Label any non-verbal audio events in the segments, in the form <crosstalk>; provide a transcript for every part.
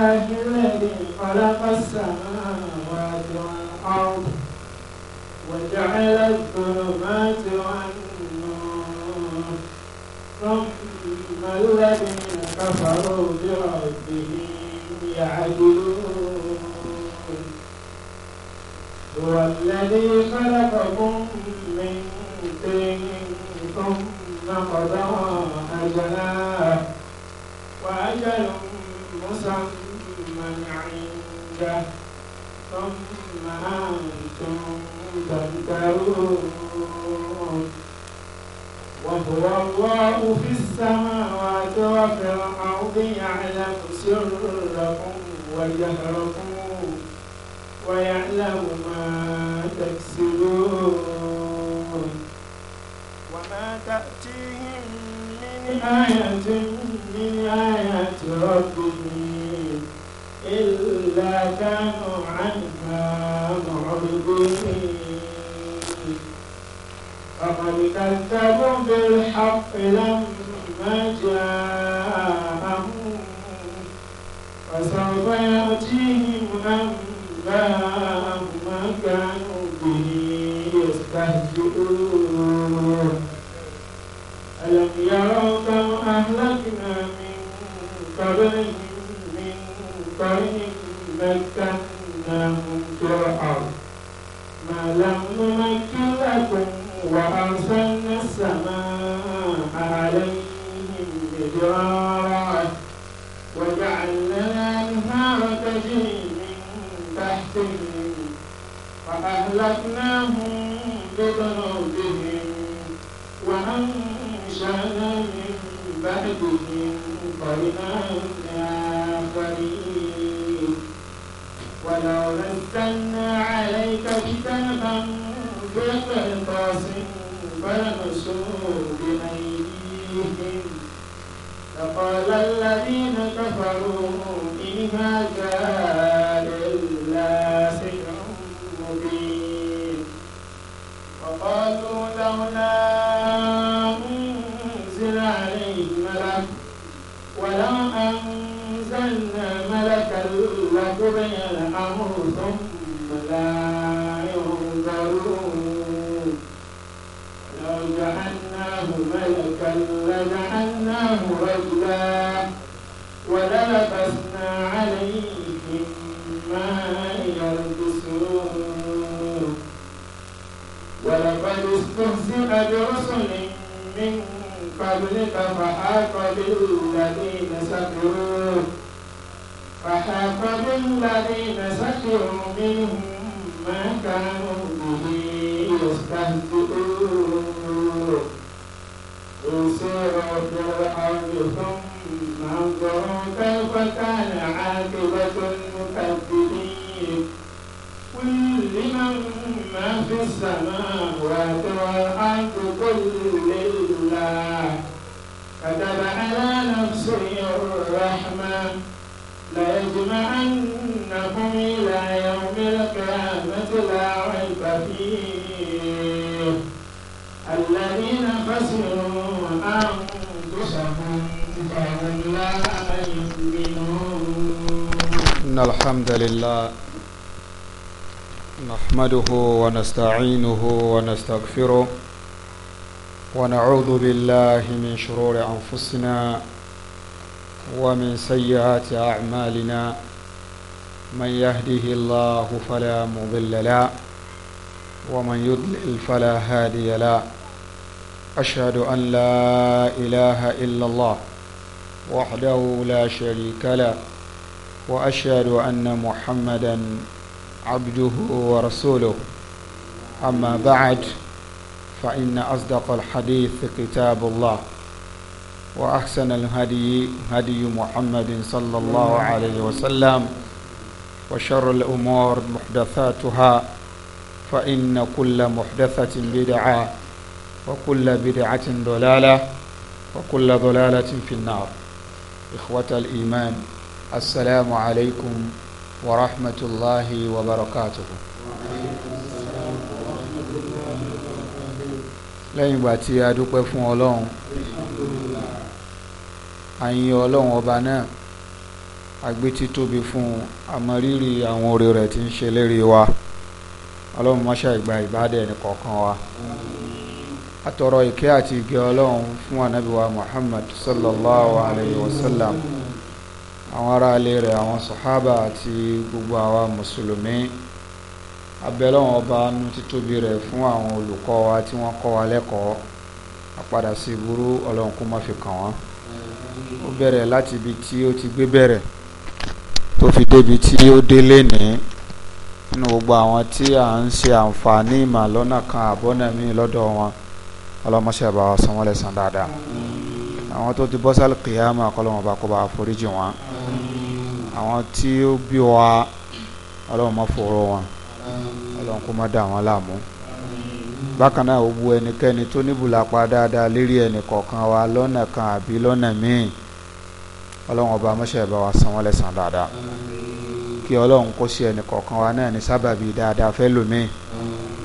الله الذي خلق السماوات والأرض وجعل الظلمات والنور ثم الذين كفروا بربهم يعدلون هو الذي خلقكم من طين ثم قضى أجلا وأجل مسمى عنده ثم أنتم تنكرون وهو الله في السماوات وفي الأرض يعلم سركم وجهركم ويعلم ما تكسبون وما تأتيهم من آية من آيات ربهم إلا كانوا عنها معرضين فقد كذبوا بالحق لما جاءهم فسوف يأتيهم أنباء ما كانوا به يستهزئون ألم يروا كم أهلكنا من قبلهم فإن مكناهم في الأرض ما لم نمكن لكم وأرسلنا السماء عليهم مدرارا وجعلنا الأنهار تجري من تحتهم فأهلكناهم بذنوبهم وأنشأنا من بعدهم قرنا آخرين ولو نزلنا عليك كتابا بقرطاس فلمسوه بأيديهم لقال الذين كفروا إن هذا إلا سحر مبين وقالوا لولا أنزل عليه ملك ولو أنزلنا ملكا قضي الأمر ثم لا ملكا لجعلناه رجلا وللبسنا عليهم ما يلبسون ولقد استهزئ برسل من قبلك فحاق بالذين سكروا فحاق بالذين سخروا منهم ما كانوا به يستهزئون انصروا في الأرض ثم انظروا كيف كان عاقبة المكذبين قل لمن ما في السماوات والأرض قل لله كتب على نفسه الرحمن ليجمعنكم إلى يوم القيامة لا ريب فيه الذين خسروا أنفسهم فهم لا يؤمنون إن الحمد لله نحمده ونستعينه ونستغفره ونعوذ بالله من شرور أنفسنا ومن سيئات أعمالنا من يهده الله فلا مضل له ومن يضلل فلا هادي له أشهد أن لا إله إلا الله وحده لا شريك له وأشهد أن محمدا عبده ورسوله أما بعد فإن أصدق الحديث كتاب الله وأحسن الهدي هدي محمد صلى الله عليه وسلم وشر الأمور محدثاتها فإن كل محدثة بدعة وكل بدعة ضلالة وكل ضلالة في النار إخوة الإيمان السلام عليكم ورحمة الله وبركاته لين باتي أدوك فون àyìn ọlọ́run ọba náà agbétí tóbi fún àmọ̀rírì àwọn oore rẹ̀ tí ń ṣe lérí wa ọlọ́run mọ́ṣẹ́ ìgbà ìbádẹ́ ẹni kọ̀ọ̀kan wa atọrọ ìkẹ́ àti ìgẹ́ ọlọ́run fún ànábì wa Muhammad sallallahu alayhi wa sallam àwọn ará ilé rẹ̀ àwọn sàhábà àti gbogbo àwa mùsùlùmí abẹ́lọ́wọ́n ọba nu títóbi rẹ̀ fún àwọn olùkọ́ wa tí wọ́n kọ́ wa lẹ́kọ̀ọ́ àpadà sí burú ọlọ́run kó má fi kàn wọ́n ó bẹ̀rẹ̀ láti ibi tí ó ti gbé bẹ̀rẹ̀ tó fi débi tí ó dé lénìí nínú gbogbo àwọn tí à ń ṣe àǹfààní ìmọ̀ lọ́nà kan àbọ́nà míì lọ́dọ̀ wọn ọlọ́mọṣẹ́ bá wa san wọ́n lẹ́san dáadáa àwọn tó ti bọ́ sálì kìyàmù àkọlọ́wọ́n bá kó bá foríjì wọn àwọn tí ó bí wa ọlọ́wọ́n má fòrò wọn ọlọ́wọ́n kó má dà wọ́n láàmú bákan náà ó bu ẹnikẹ́ni tó níbùlà pa dáadáa lérí ẹnì kọ̀ọ̀kan wa lọ́nà kan àbí lọ́nà míì ọlọ́run ọba mọ́ṣẹ́ bá wa san wọ́n lẹ́sàn dáadáa kí ọlọ́run kó sí ẹnì kọ̀ọ̀kan wa náà ní sábàbí dáadáa fẹ́ lómi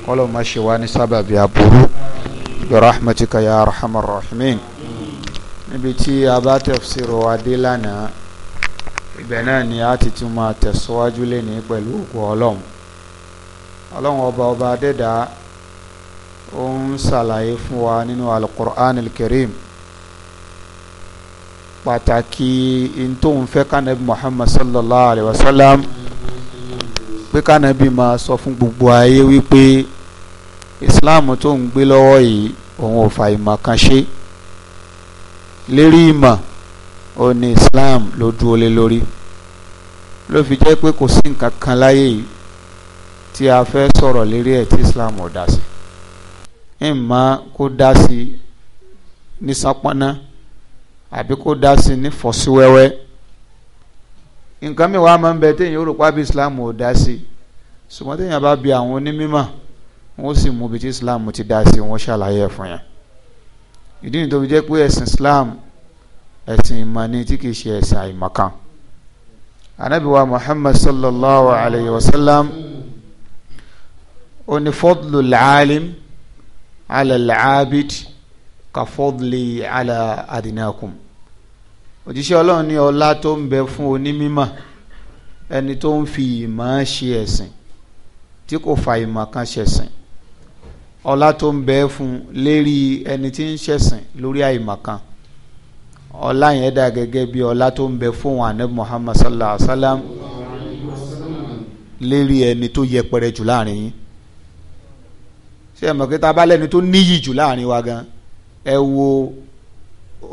kọ́lọ́ má ṣe wá ní sábàbí aburú bi rahmatika ya arhamar rahimin níbi tí a bá tafsiru wa dé lánàá ibẹ̀ náà ni a ti tún máa tẹ̀síwájú lẹ́ni pẹ̀lú òkú ọlọ́run ọlọ́run ọba ọba adẹ́dàá ó ń ṣàlàyé fún wa nínú alukur'an alkarim pàtàkì ntòun fẹ́ kánàbí Muhammad sallallahu alayhi wa sallam pé kánàbí máa sọ fún gbogbo ayé wípé Islam tó ń gbé lọ́wọ́ yìí òun ò fa ìmọ̀ kan ṣe lérí ìmọ̀ ó ní Islam ló dúró lé lórí ló fi jẹ́ pé kò sí nǹkan kan láyé yìí tí a fẹ́ sọ̀rọ̀ lérí ẹ̀ tí Islam ò dá sí ìmọ̀ kó dá sí ní sápọ́nà àbí kó dá sí ní fọ́síwẹ́wẹ́ nǹkan mi wàá máa ń bẹ téèyàn ó rò pa bí islam ò dá sí ṣùgbọ́n téèyàn bá bi àwọn onímọ̀ wọ́n sì mú ibi tí islam ti dá sí wọ́n ṣàlàyé ẹ̀ fún yẹn ìdí nìyí tó fi jẹ́ pé ẹ̀sìn islam ẹ̀sìn ìmọ̀ ni tí kìí ṣe ẹ̀sìn àìmọ̀kan anabiwa muhammad sallallahu alayhi wa sallam ó ní fọ́dùlù làálìm alẹ́ làábìd ka fọ́dùlì alẹ́ adìnnàkùn òjíṣẹ́ ọlọ́run ní ọlá tó ń bẹ fún onímímọ̀ ẹni tó ń fi ìmọ̀ ṣe ẹ̀sìn tí kò fa ìmọ̀ kan ṣẹ̀sìn ọlá tó ń bẹ fún lérí ẹni tí ń ṣẹ̀sìn lórí àìmọ̀ kan ọlá yẹn dà gẹ́gẹ́ bí ọlá tó ń bẹ fún anabi muhammad sallallahu alaihi wa sallam lérí ẹni tó yẹpẹrẹ jù láàrin yín ṣé ẹ mọ̀ pé tá a bá lẹ́ni tó níyì jù láàrin wa gan ẹ wo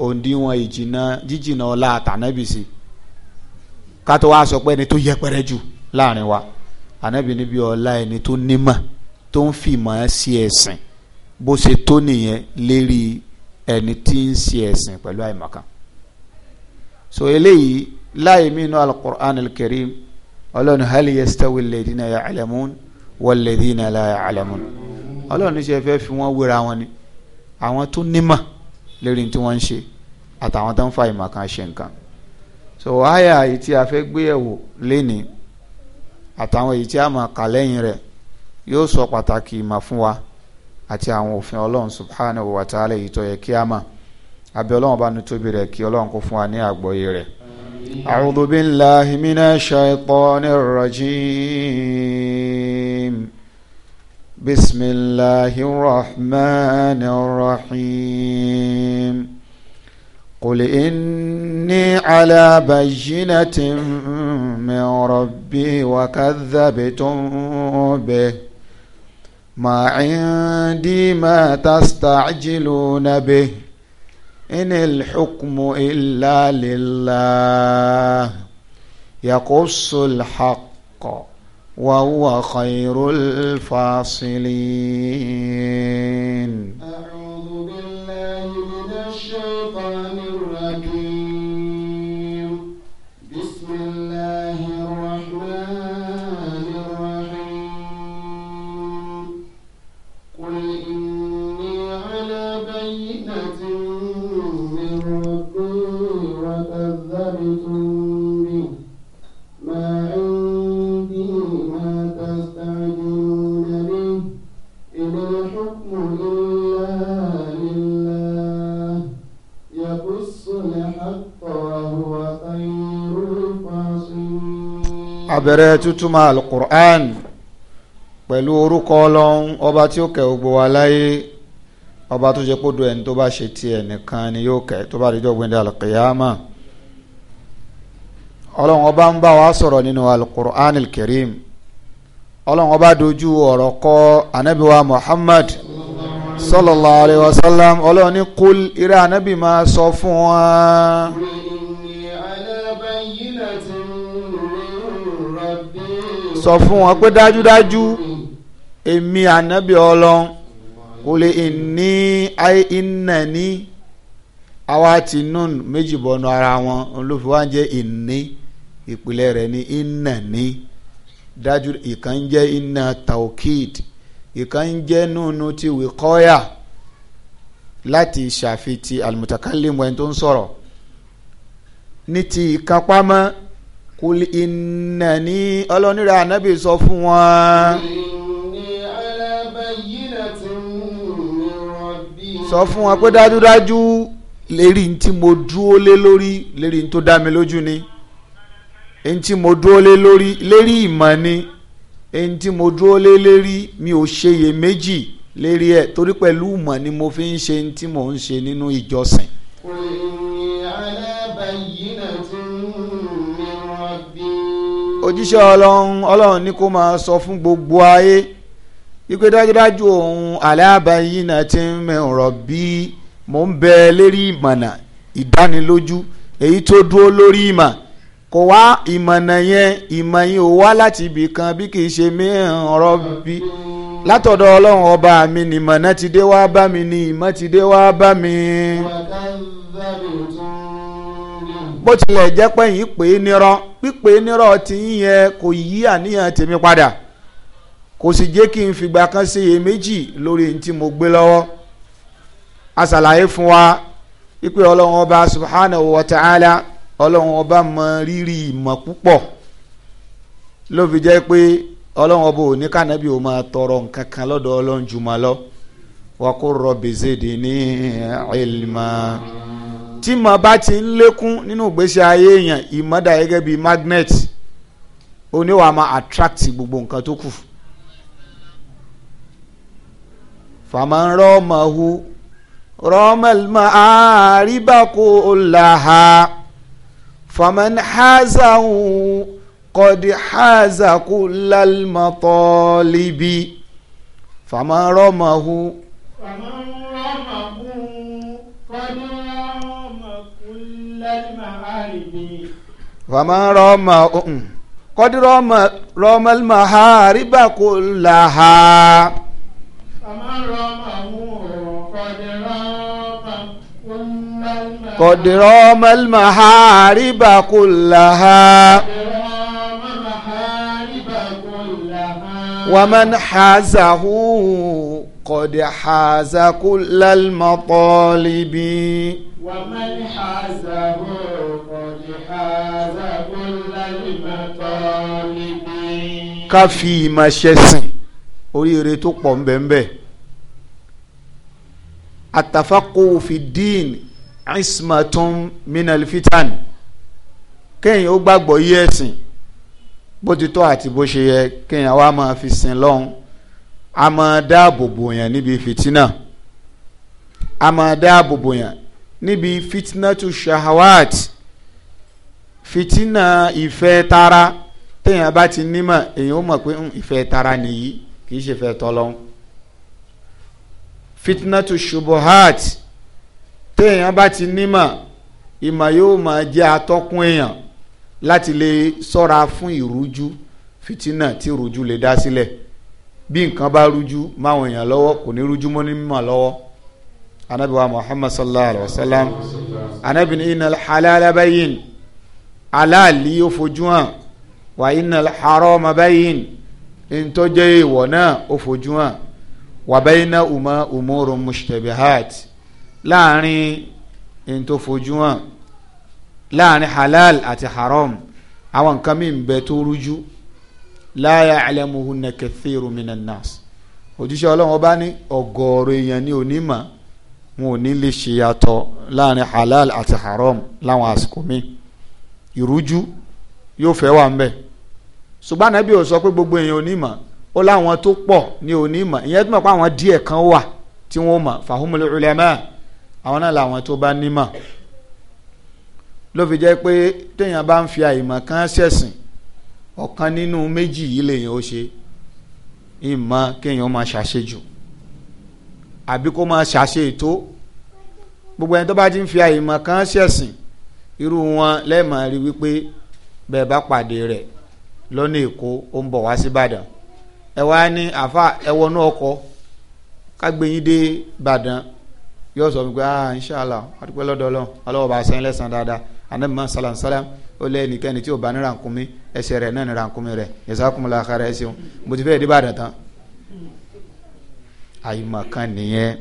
òǹdíwọ̀n ìjìnà jíjìnà ọlá àtànábì sí ká tó wá sọ pé ẹni tó yẹpẹrẹ jù láàrin wa ànábì níbi ọlá ẹni tó nímọ̀ tó ń fìmọ̀ sí ẹ̀sìn bó ṣe tó nìyẹn lérí ẹni tí ń ṣe ẹ̀sìn pẹ̀lú àìmọ̀kan so eléyìí láì mínú alukur'an alkarim ọlọ́run hali yastawi alladhina ya'lamun walladhina la ya'lamun ọlọ́run ní ṣe fẹ́ fi wọ́n wéra wọn ni àwọn tó nímọ̀ lérí tí wọ́n ń ṣe àtàwọn tó ń fa ìmọ̀ kan ṣe nǹkan so àyà èyí tí a fẹ́ gbé yẹ̀wò lénìí àtàwọn èyí tí a máa kà lẹ́yìn rẹ̀ yóò sọ pàtàkì ìmọ̀ fún wa àti àwọn òfin ọlọ́run subhanahu wa ta'ala èyí tó yẹ kí a mọ̀ abẹ́ ọlọ́run bá nu tóbi rẹ̀ kí ọlọ́run kó fún wa ní àgbọ́yé rẹ̀. a'udhu billahi minash shaitanir rajim. بسم الله الرحمن الرحيم قل إني على بينة من ربي وكذبتم به ما عندي ما تستعجلون به إن الحكم إلا لله يقص الحق وهو خير الفاصلين abẹ̀rẹ̀ tútúmọ̀ alukur'an pẹ̀lú orúkọ ọlọ́run ọba tí ó kẹ́ gbogbo wa láyé ọba tó jẹ́ kódo ẹni tó bá ṣe tiẹ̀ nìkan ni yóò kẹ́ tó bá dijọ́ gbẹ̀ndẹ̀ alukiyama ọlọ́run ọba ń bá wa sọ̀rọ̀ nínú alukur'an alkarim ọlọ́run ọba dojú ọ̀rọ̀ kọ anabiwa muhammad sallallahu alayhi wa sallam ọlọ́run ní kul ira anabi máa sọ fún wa. sọ fún wọn pé dájúdájú èmi ànábì ọlọ́run kò lè ní iná ní àwa ti nun méjì bọnu ara wọn olófin wa ń jẹ ìní ìpìlẹ̀ rẹ̀ ní iná ní dájú ìkan ń iná taokid ìkan ń nùnú ti wìkọ́yà láti ṣàfitì almutakallim ẹni tó ń sọ̀rọ̀ ní ti ìkápámọ́ kul innani ọlọ́nira ànábì sọ fún wọn. sọ fún wọn pé dájúdájú lérí ní tí mo dúró lé lórí lérí ní dá mi lójú ni èyí tí mo dúró lé lórí lérí ìmọ̀ ni èyí tí mo dúró lé lérí mi ò ṣeyè méjì lérí ẹ̀ torí pẹ̀lú ìmọ̀ ni mo fi ń ṣe ní tí ń ṣe nínú ìjọsìn. òjíṣẹ́ ọlọ́run ọlọ́run ní kó máa sọ fún gbogbo ayé ipe dájúdájú òun aláàbáyín náà ti ń mẹ́rọ̀ bí mò ń bẹ lérí ìmọ̀nà ìdánilójú èyí tó dúró lórí ìmọ̀ kò wá ìmọ̀nà yẹn ìmọ̀ yẹn ò wá láti ibì kan bí kì í ṣe mẹ́rọ̀ bí látọ̀dọ̀ ọlọ́run ọba mi ni ìmọ̀nà ti dé wá bá mi ni ìmọ̀ ti dé wá bá mi. bó tilẹ̀ jẹ́ pé yìí pè é nírọ́ pípè nírọ́ ti yín yẹn kò yí àníyàn tèmi padà kò sì jẹ́ kí n fìgbà kan ṣe méjì lórí ní tí mo gbé lọ́wọ́ a ṣàlàyé fún wa ipe ọlọ́run ọba subhanahu wa ta'ala ọlọ́run ọba mọ rírì ìmọ̀ púpọ̀ ló fi jẹ́ pé ọlọ́run ọba ò kànábì ò máa tọrọ nǹkan kan lọ́dọ̀ ọlọ́run jùmọ̀ lọ wa qur rabbi zidni ilma. tí mo bá ti ń lékún nínú ìgbésí ayé èèyàn ìmọ̀dà gẹ́gẹ́ bíi magnet oníwà máa attract gbogbo nǹkan tó kù fàmọ́ rọ́ọ̀mọ̀hu rọ́ọ̀mọ̀lmọ̀ àríbàkó làhà fàmọ́ hàzàhùn kọ́dí hàzàkú lálmọ́tọ́líbi fàmọ́ rọ́ọ̀mọ̀hu. fàmọ́ rọ́ọ̀mọ̀hu kọ́dí. المحارب رمى قد رمى رمى المحارب كلها قد رمى المحارب كلها ومن حازه قد حاز كل المطالب ومن حازه قد حاز كل المطالب ká fi ìmọ̀ ṣẹ̀sìn oríire tó pọ̀ ńbẹ̀ńbẹ̀ àtàfàkò fi dín ismatun minal fitan kéèyàn ó gbàgbọ́ yí ẹ̀sìn bó ti tọ́ àti bó ṣe yẹ kéèyàn wá máa fi sìn lọ́hùn a máa dáàbò bò yàn níbi fitina a máa dáàbò bò yàn níbi fitina tu shahawat fitina ìfẹ́ tara téèyàn bá ti nímọ̀ èèyàn ó mọ̀ pé hmm, ìfẹ́ tara nìyí kì í ṣe fẹ́ tọ́lọ́hún fitina tu shubuhat téèyàn bá ti nímọ̀ ìmọ̀ yóò máa jẹ́ atọ́kùn èèyàn láti lè sọ́ra fún ìrújú fitina tí ìrújú lè dá sílẹ̀. Si bí nǹkan bá rújú máwọn èèyàn lọ́wọ́ kò ní rújú mọ́ ní mímọ̀ lọ́wọ́ anabi wa muhammad sallallahu alaihi wa sallam anabi ni inal halala bayin alaali ó fojú hàn wà inal harama bayin ntọ́jẹ́ ìwọ̀ náà ó fojú hàn wà bayna uma umurun mushtabihat láàrin ntọ́fojú hàn láàrin halal àti haram àwọn nǹkan mi ń bẹ tó rújú la ya'lamuhunna kathiru minan nas òjíṣẹ́ ọlọ́run ọba ní ọ̀gọ̀ọ̀rọ̀ èèyàn ní onímọ̀ wọn ò ní lè ṣe yàtọ̀ láàrin halal àti haram láwọn àsìkò mi ìrújú yóò fẹ́ wà ń bẹ̀ ṣùgbọ́n ànábì ò sọ pé gbogbo èèyàn onímọ̀ ó láwọn tó pọ̀ ní onímọ̀ ìyẹn tó mọ̀ pé àwọn díẹ̀ kan wà tí wọ́n mọ̀ fahumul ulama àwọn náà làwọn tó bá nímọ̀ ló fi jẹ́ pé téèyàn bá ń fi àìmọ̀ kan ṣẹ̀sìn ọ̀kan nínú méjì yìí lèyàn ó ṣe ìmọ̀ kéèyàn máa ṣàṣejù àbí kó máa ṣàṣe ètò gbogbo ẹni tó bá ti ń fi àìmọ̀ kan ṣẹ̀sìn irú wọn lẹ́ẹ̀mọ̀ rí wípé bẹ́ẹ̀ bá pàdé rẹ̀ lọ́nà èkó ó ń bọ̀ wá síbàdàn ẹ wá ní àfa ẹ wọnú ọkọ̀ dé ìbàdàn yóò sọ wípé ah inshallah adúpẹ́ lọ́dọ̀ ọlọ́wọ́ bá a sẹ́yìn lẹ́sàn-án dáadáa anabi ma salam ó lé ẹnikẹ́ni tí ò bá ní rànkúnmí ẹsẹ̀ rẹ̀ náà ní rankumi rẹ̀ jazakumullahu khaira ẹsẹ̀ wọn mo ti fẹ́ dé Ìbàdàn tán àyùmọ̀kan nìyẹn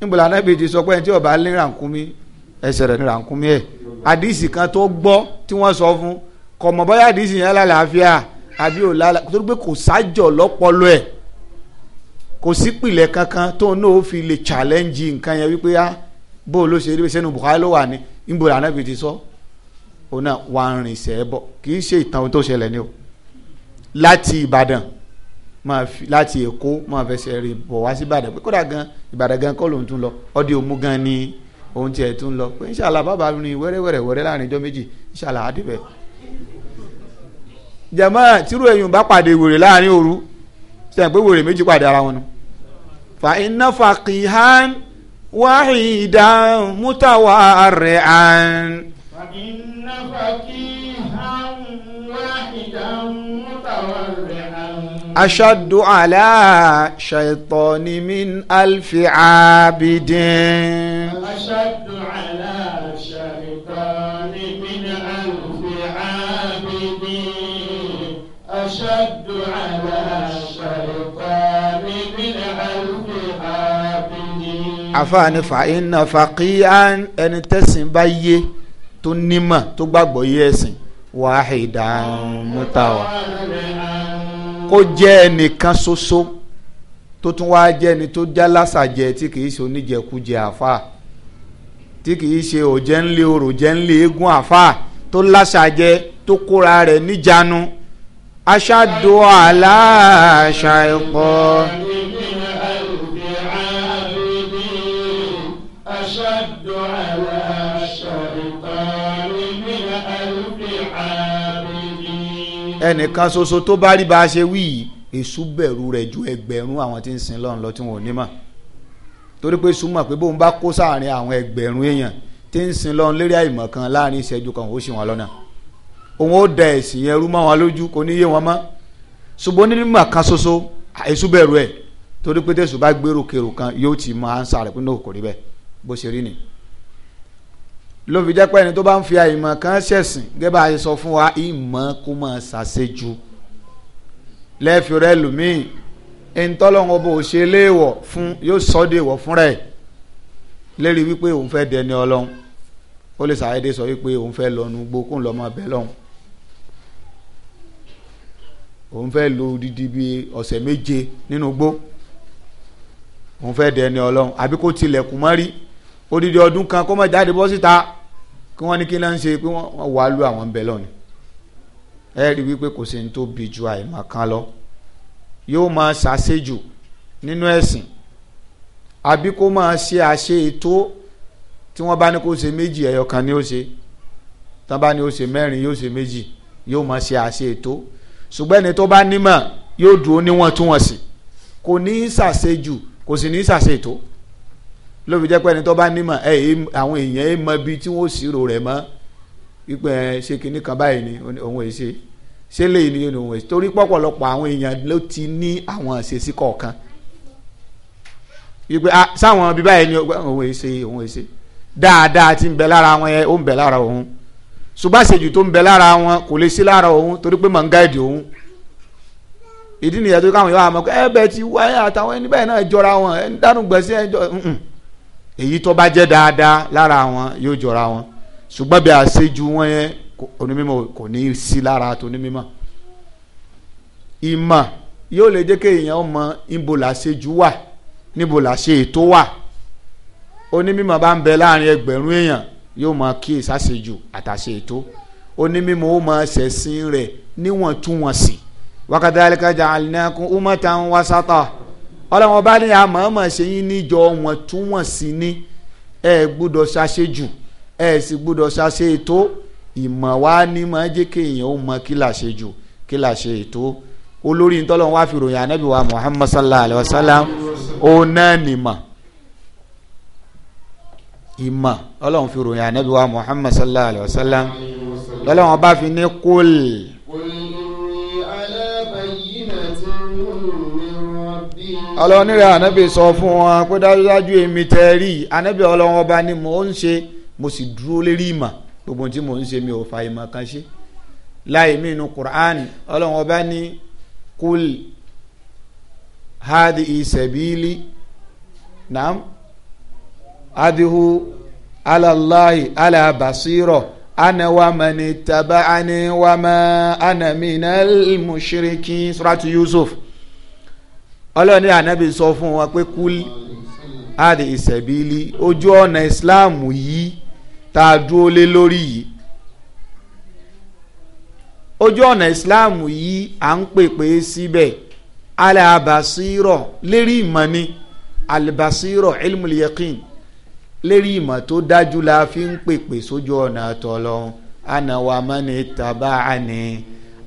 níbula anábì ti sọ pé ẹni tí ó bá lé rankumi ẹsẹ̀ rẹ̀ ní rankumi ẹ̀ àdìsí kan tó gbọ́ tí wọ́n sọ fún kọ̀mọ̀ bóyá àdìsí yẹn lálàáfíà àbí ò lálàá tó gbé kò sájọ̀ lọ́pọlọ ẹ̀ kò sí pìlẹ̀ kankan tó náà fi lè challenge nǹkan yẹn wípé á ah, bó o ló ṣe rí bẹ́ẹ̀ sẹ́nu Bukhari ló wà ní níbula anábì ti So òun náà wà ń rìn sẹ́ bọ̀ kì í ṣe ìtàn ohun tó ṣẹlẹ̀ ni o láti Ìbàdàn máa fi láti Èkó máa fẹsẹ̀ rìn bọ̀ wá sí Ìbàdàn pé kódà gan Ìbàdàn gan kọ́ lòun tún lọ ọdí òmu gan ni òun tiẹ̀ tún lọ pé inṣàlá bàbá rìn wẹ́rẹ́wẹ́rẹ́ wẹ́rẹ́ láàrin ijọ́ méjì inṣàlá àdìbẹ́ jàmáà tírú ẹ̀yìn bá pàdé wèrè láàrin òru sẹ́yìn pé wèrè méjì pàdé ara wọn nu fa iná faqihan wáhìdá mútàwá rẹ̀ àn. فإن فقيها واحدا متورعا أشد على شيطان من ألف عابد أشد على شيطان من ألف عابد أشد على شيطان من ألف عابد àfààní fàáyín náà fàáyín ẹni tó nímọ̀ tó gbàgbọ́ yé ẹ̀sìn wàhídà mútawà kó jẹ́ ẹnìkan ṣoṣo tó tún wáá jẹ́ ẹni tó já lásàjẹ tí kìí ṣe oníjẹkújẹ àfà tí kìí ṣe òjẹ́ ńlẹ̀ eégún àfà tó lásàjẹ tó kóra rẹ̀ níjànú aṣáájú àlàáṣà ẹ̀kọ́. ẹnìkan ṣoṣo tó bá rí bá a ṣe wí yìí èṣù bẹ̀rù rẹ̀ ju ẹgbẹ̀rún àwọn tí ń sin lọ́run lọ tí wọn ò ní mọ̀ torí pé èṣù mọ̀ pé bóun bá kó sáàrin àwọn ẹgbẹ̀rún èèyàn tí ń sin lọ́run lérí àìmọ̀ kan láàrin ìṣẹ́jú kan ó sì wọn lọ́nà òun ó da ẹ̀sìn yẹn rú mọ́ wọn lójú kò ní yé wọn mọ́ ṣùgbọ́n ní mímọ̀ kan ṣoṣo èṣù bẹ̀rù ẹ̀ torí pé tẹ̀sù bá gbèrò kèrò kan yóò ti máa ń sàrẹ̀ pé náà kò rí bẹ́ẹ̀ bó ṣe rí nìyí ló fi jẹ́ pé ẹni tó bá ń fi àìmọ̀ kan ṣẹ̀sìn gẹ́gẹ́ bá a sọ fún wa ìmọ̀ kó máa ṣàṣejù lẹ́ẹ̀fì rẹ lùmíì ntọ́lọ́wọ́n bò ṣe léèwọ̀ fún yóò sọ de wọ̀ fúnra ẹ̀ lérí wípé òun fẹ́ dẹni ọlọ́run ó lè ṣàyẹ̀dẹ̀ sọ wípé òun fẹ́ lọ́nu gbó kóun lọ́mọ bẹ́ẹ̀ lọ́hùn òun fẹ́ lo odidi bíi ọ̀sẹ̀ méje nínú gbó òun fẹ́ dẹni ọlọ́run àbí kó tilẹ̀kùn mọ́rí odidi ọdún kan kó má jáde bọ́ síta kí wọ́n ní kí ló ń ṣe pé wọ́n wàá lu àwọn bẹ́ẹ̀ lọ́ni ẹ rí wípé kò sí ní tó bi ju àìmọ̀ kan lọ yóò máa ṣàṣejù nínú ẹ̀sìn àbí kó máa ṣe àṣe ètò tí wọ́n bá ní kó ṣe méjì ẹyọ kan ni ó ṣe tí wọ́n bá ní ó ṣe mẹ́rin yóò ṣe méjì yóò máa ṣe àṣe ètò ṣùgbọ́n ẹni tó bá nímọ̀ yóò dúró níwọ̀ntúnwọ̀nsì kò ní ṣàṣejù kò sì ní ṣàṣe ètò ló fi jẹ́ pé ẹni tó bá nímọ̀ ẹ àwọn èèyàn ẹ mọ ibi tí wọ́n ṣírò rẹ̀ mọ́ wípé ẹ ṣe kinní kan báyìí ni òun èsè ṣé léyìí ni òun èsè torí pọ̀pọ̀lọpọ̀ àwọn èèyàn ló ti ní àwọn àṣesí kọ̀ọ̀kan wípé ah sáwọn ibi báyìí ni òun èsè òun èsè dáadáa ti ń bẹ lára wọn yẹn ó ń bẹ lára òun ṣùgbọ́n àṣejù tó ń bẹ lára wọn kò lè sí lára òun torí pé mọ̀ ń gáìdì òun ìdí nìyẹn tó káwọn yóò àmọ́ ẹ bẹ ti wáyé àtàwọn ẹni bẹ́ẹ̀ náà jọra wọn ẹ dánú gbẹ̀sí ẹ jọ èyí tó bá jẹ́ dáadáa lára wọn yóò jọra wọn ṣùgbọ́n bí àṣejù wọn yẹn onímọ̀ kò ní í sí lára tó onímọ̀ ìmọ̀ yóò lè jẹ́ kéèyàn mọ ibo làṣejù wà níbo làṣe ètò wà onímọ̀ bá ń bẹ láàrin ẹgbẹ̀rún èèyàn yóò mọ kí ìsàṣejù àtàṣe ètò onímọ̀ ó mọ ṣẹ̀sìn rẹ̀ níwọ̀ntúnwọ̀nsì wakadhalika ja'alnakum umatan wasata ọlọ́run ọba ní àmọ́ọ́mọ́ ṣe yín níjọ wọn tún wọ̀n sí ní ẹ gbúdọ̀ ṣàṣe jù ẹ sì gbúdọ̀ ṣàṣe ètò ìmọ̀ wa ní mọ̀ jẹ́ kéèyàn ó mọ kí là ṣe jù kí là ṣe ètò olórí ntọ́lọ́run wá fi ròyìn ànábì wa muhammad sallallahu alayhi wa sallam ó náà nìmọ̀ ìmọ̀ ọlọ́run fi ròyìn ànábì wa muhammad sallallahu alayhi wa sallam lọ́lọ́run ọba fi ní kúl. ọlọ́nìrẹ́ ànábì sọ fún wọn pé dájúdájú èmi tẹ́ rí ànábì ọlọ́wọ́n ọba ni mò ń ṣe mo sì dúró lérí ìmọ̀ gbogbo tí mò ń ṣe mi ò fa ìmọ̀ kan ṣe láì mí inú Qur'an ọlọ́wọ́n ọba ní kúl hadi isabili naam adihu alalahi alabasiro ana wa mani tabaani wa ana minal mushiriki suratu Yusuf. ọlọ́run ní ànábì sọ fún wa pé kúl àdì ìsẹ̀bílì ojú ọ̀nà islam yìí tá a dúró lé lórí yìí ojú ọ̀nà islam yìí à ń pèpè síbẹ̀ alabasirọ lérí ìmọ̀ ni alabasirọ ilmul lérí ìmọ̀ tó dájú la fi ń pèpè sójú ọ̀nà àtọ̀lọ́ àná wa mọ́ni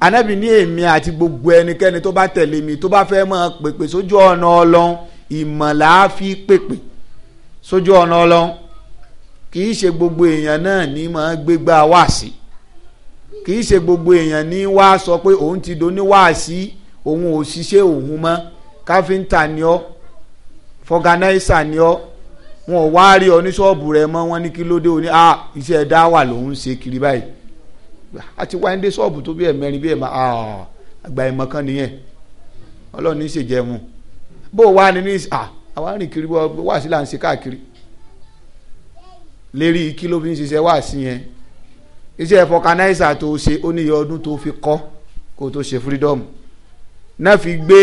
anabi ní èmi àti gbogbo ẹnikẹ́ni tó bá tẹ̀lé mi tó bá fẹ́ máa pèpè sójú ọ̀nà ọlọ́run ìmọ̀lá fi pèpè sójú ọ̀nà ọlọ́run kì í ṣe gbogbo èèyàn náà ní máa gbégbá wáàsí kì í ṣe gbogbo èèyàn ní wá sọ pé òun ti do ní wáàsí òun ò ṣiṣẹ́ òun mọ́ káfíńtà ni ọ́ fọganáísà ni ọ́ wọn ò wá rí ọ ní ṣọ́ọ̀bù rẹ mọ́ wọn ní kí ló dé òní à ah, iṣẹ́ dá wà lòun ṣe kiri báyìí àti wáyéndé ṣọ́ọ̀bù tó bí ẹ̀mẹ́rin bí ẹ̀mà àgbà ẹ̀mọ kan nìyẹn ọlọ́run ní í ṣèjẹun bó wà ní ní àwa rìn kiri wá sí là ń ṣe káàkiri lérí kí ló fi ń ṣiṣẹ́ wá sí yẹn iṣẹ́ fọkanáísà tó ṣe ó níyẹ ọdún tó fi kọ́ kó tó ṣe freedom náà fi gbé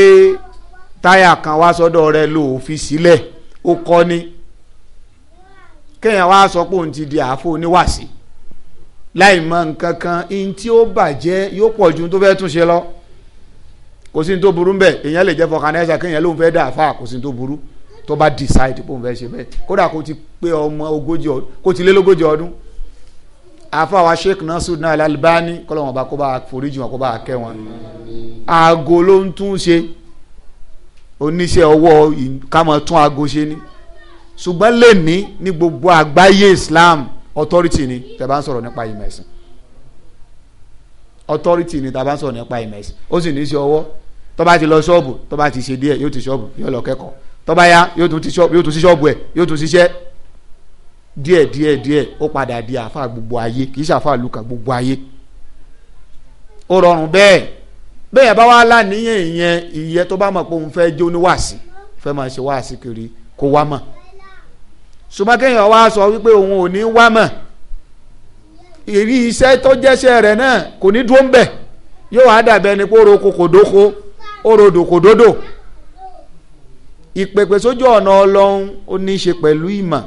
táyà kan wá sọ́dọ̀ rẹ lò ó fi sílẹ̀ ó kọ́ ni kéèyàn wá sọ pé òun ti di àáfò oníwàsí láì mọ nǹkan kan ihun tí ó bàjẹ́ yóò pọ̀ ju tó fẹ́ tún ṣe lọ kò sí ní tó burú bẹ́ẹ̀ èèyàn lè jẹ́ fọkànáìsà kéèyàn lóun fẹ́ dà fà kò sí ní tó burú tó bá decide bóun fẹ́ ṣe bẹ́ẹ̀ kódà kó ti pé ọmọ ogójì ọdún kó ti lé lógójì ọdún àfàwà sheikh nasud náà Al-Albani kọ́lọ́wọ́n bá kó bá foríjì wọn kó bá kẹ́ wọn aago ló ń tún ṣe oníṣẹ́ ọwọ́ ká máa tún aago ṣe ni ṣùgbọ́n lè ní ní gbogbo àgbáyé Islam authority ni tẹ́ bá ń sọ̀rọ̀ nípa ìmọ̀ ẹ̀sìn authority ni tẹ́ bá ń sọ̀rọ̀ nípa ìmọ̀ ẹ̀sìn ó sì ní í ṣe ọwọ́ tó bá ti lọ ṣọ́ọ̀bù tó bá ti ṣe díẹ̀ yóò ti ṣọ́ọ̀bù yóò lọ kẹ́kọ̀ọ́ tó bá yá yóò tún sí ṣọ́ọ̀bù ẹ̀ yóò tún ṣiṣẹ́ díẹ̀ díẹ̀ díẹ̀ ó padà di àfa gbogbo ayé kì í ṣàfa lùkà gbogbo ayé ó rọrùn bẹ́ẹ̀ bẹ́ẹ̀ bá wá láníyàn ìyẹn ìyẹn tó bá mọ̀ pé òun fẹ́ jó wàásì fẹ́ máa ṣe wàásì kiri kó wá mọ̀ ṣùgbọ́n kéèyàn wá sọ wípé òun ò ní wá mọ̀ ìrí iṣẹ́ tó jẹ́ṣẹ́ rẹ̀ náà kò ní dúró ń bẹ̀ yóò wá dàbẹ́ ni pé ó ro kòkòdóko ó ro dòkòdódò ìpèpè sójú ọ̀nà ọlọ́run ó ní í ṣe pẹ̀lú ìmọ̀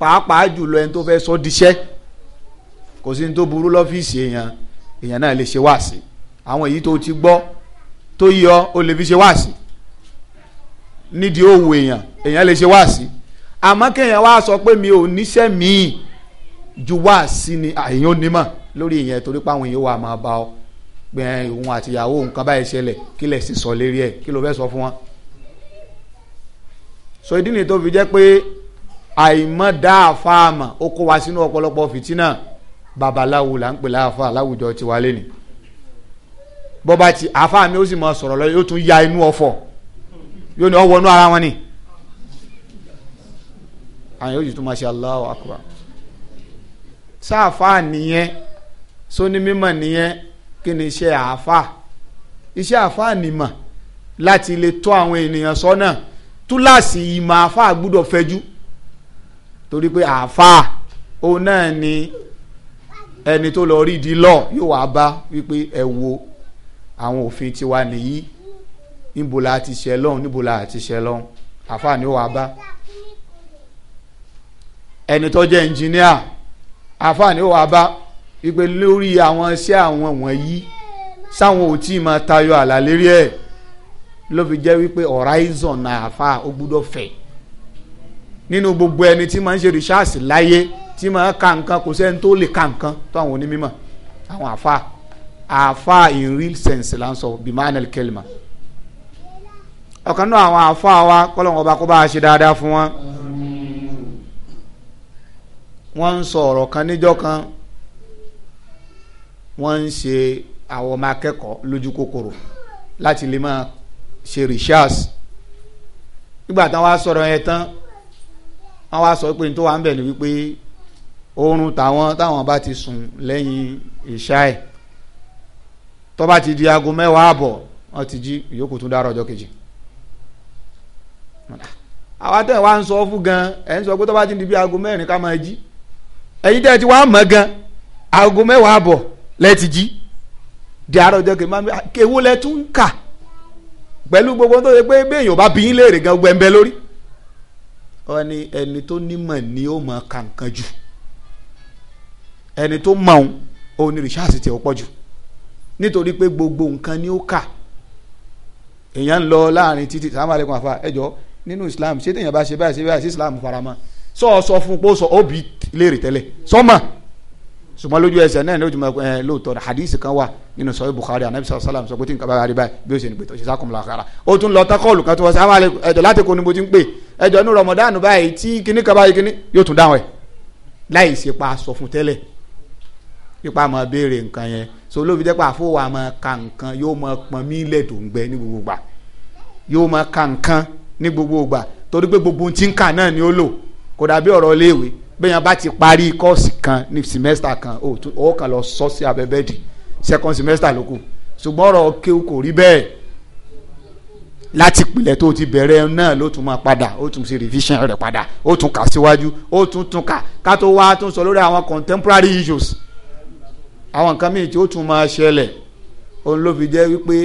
pàápàá jùlọ ẹni tó fẹ́ sọ diṣẹ́ kò sí ní tó burú lọ́fíìsì èèyàn èèyàn náà lè ṣe wáàsí àwọn èyí tó ti gbọ́ tó yọ ó lè fi ṣe wáàsí nídìí òwò èèyàn èèyàn lè ṣe wáàsí àmọ́ kéèyàn wá sọ pé mi ò níṣẹ́ míì ju wá sí ni àyìn onímọ̀ lórí ìyẹn torí pé àwọn èèyàn wà máa bá ọ gbẹ̀yìn òun àtìyàwó nǹkan báyìí ṣẹlẹ̀ kí lẹ̀ sì sọ lérí ẹ̀ kí ló fẹ́ sọ fún wọn. sọ ìdí nìyí tó fi jẹ́ pé àìmọ̀ dá àfáàmà ó kó wa sínú ọ̀pọ̀lọpọ̀ fìtínà babaláwo là ń pè láàfáà láwùjọ tiwa lẹ́nu bọ́ba ti àfáàmì ó sì mọ sọ̀rọ̀ lọ yóò tún ya inú ọ̀fọ̀ yóò ní ọwọ́ inú ara wọn ni àwọn yóò tún máa ṣe Allahu Akbar sáàfà nìyẹn sóní mímọ̀ nìyẹn kí ni iṣẹ́ àáfà iṣẹ́ àáfà nìmọ̀ láti lè tọ́ àwọn ènìyàn sọ́nà túláàsì ìmọ̀ àáfà gbúdọ̀ fẹjú torí pé àáfà òun náà ni ẹni tó lọ rí di lọ yóò wá bá wípé ẹ wo àwọn òfin tiwa nìyí níbo la ti ṣe lọ́hùn níbo la ti ṣe lọ́hùn àáfà ni ó wá bá ẹni tó jẹ́ ẹnjìníà àfààní ó wà bá wípé lórí àwọn iṣẹ́ àwọn wọ̀nyí sáwọn ò tí ì máa tayọ àlà lérí ẹ̀ ló fi jẹ́ wípé horizon náà àfa ó gbúdọ̀ fẹ̀ nínú gbogbo ẹni tí máa ń ṣe rìṣáàsì láyé tí máa ka nǹkan kò sẹ́ni tó lè ka nǹkan tó àwọn onímọ̀ àwọn àfa àfa in real sense là ń sọ bimanel kelma ọ̀kan náà àwọn àfa wa kọ́lọ́wọ́n ọba kó bá a ṣe dáadáa fún wọn wọ́n ń sọ ọ̀rọ̀ kan níjọ́ kan wọ́n ń ṣe àwọn ọmọ akẹ́kọ̀ọ́ lójú kòkòrò láti lè máa ṣe rìṣáàsì nígbà táwọn wá sọ̀rọ̀ yẹn tán wọ́n wá sọ pé ní tó wà ń bẹ̀ ni wípé oorun táwọn táwọn bá ti sùn lẹ́yìn ìṣá ẹ̀ tó bá ti di aago mẹ́wàá àbọ̀ wọ́n ti jí ìyókù tún dárọ̀ ọjọ́ kejì àwa tẹ̀ ń sọ fún gan ẹ̀ ń sọ pé tó bá ti di bí aago mẹ́rin ká máa jí ẹ̀yin tẹ́ ẹ ti wá mọ̀ gan aago mẹ́wàá àbọ̀ lẹ́ ti jí di àárọ̀ ọjọ́ kejì máa ń lẹ tún kà pẹ̀lú gbogbo tó ṣe pé béèyàn bá bí léèrè gan gbẹ̀ǹbẹ̀ lórí ẹni ẹni tó nímọ̀ ni ó mọ̀ kàǹkan jù ẹni tó mọ̀ òun òun ni rìṣáàsì tiẹ̀ pọ̀ jù nítorí pé gbogbo nǹkan ni ó kà èèyàn ń lọ láàrin títí sàmàlẹ́kùn àfa ẹ̀jọ̀ nínú Islam ṣé téèyàn bá ṣe báyìí ṣe báyìí sí Islam faramọ́ sọ ọ sọ fún pé ó sọ ó bìí léèrè tẹ́lẹ̀ sọ́mà ṣùgbọ́n lójú ẹsẹ̀ náà ní ojúmọ̀ ẹ eh, lóòótọ́ hadith kan wà nínú sọ Bukhari anabi sọ sálàm sọ pé tí nǹkan bá rí báyìí bí ó ṣe ní pé tó ṣe sákùnmùlà kára ó tún lọ takọ́ọ̀lù kan tó wọ́n sáwọn alẹ́ láti kó ni mo ti ń pè ẹ̀jọ̀ ní Ramadan báyìí tí kinní kan báyìí kinní yóò tún dáhùn ẹ̀ láì ṣe pa sọ fún tẹ́lẹ̀ ipa mọ béèrè nǹkan yẹn so olóbi jẹ́ pé àfọwọ́ àmọ́ ka nǹkan yóò mọ pọn mílẹ̀ tó ń gbẹ ní gbogbo gbà yóò mọ ka ní gbogbo gbà torí pé gbogbo ti ń kà náà ni ó lò kò dàbí ọ̀rọ̀ iléèwé bẹ́ẹ̀ bá ti parí kọ́ọ̀sì kan ní semester kan ó ó kàn lọ sọ sí abẹ́bẹ́ di second semester ló kù ṣùgbọ́n ọ̀rọ̀ kéwù kò rí bẹ́ẹ̀ láti ìpìlẹ̀ tó ti bẹ̀rẹ̀ náà ló tún máa padà ó tún ṣe revision rẹ̀ padà ó tún kà síwájú ó tún tún kà ká tó wá tún sọ lórí àwọn contemporary issues àwọn nǹkan míì tí ó tún máa ṣẹlẹ̀ òun ló fi jẹ́ wípé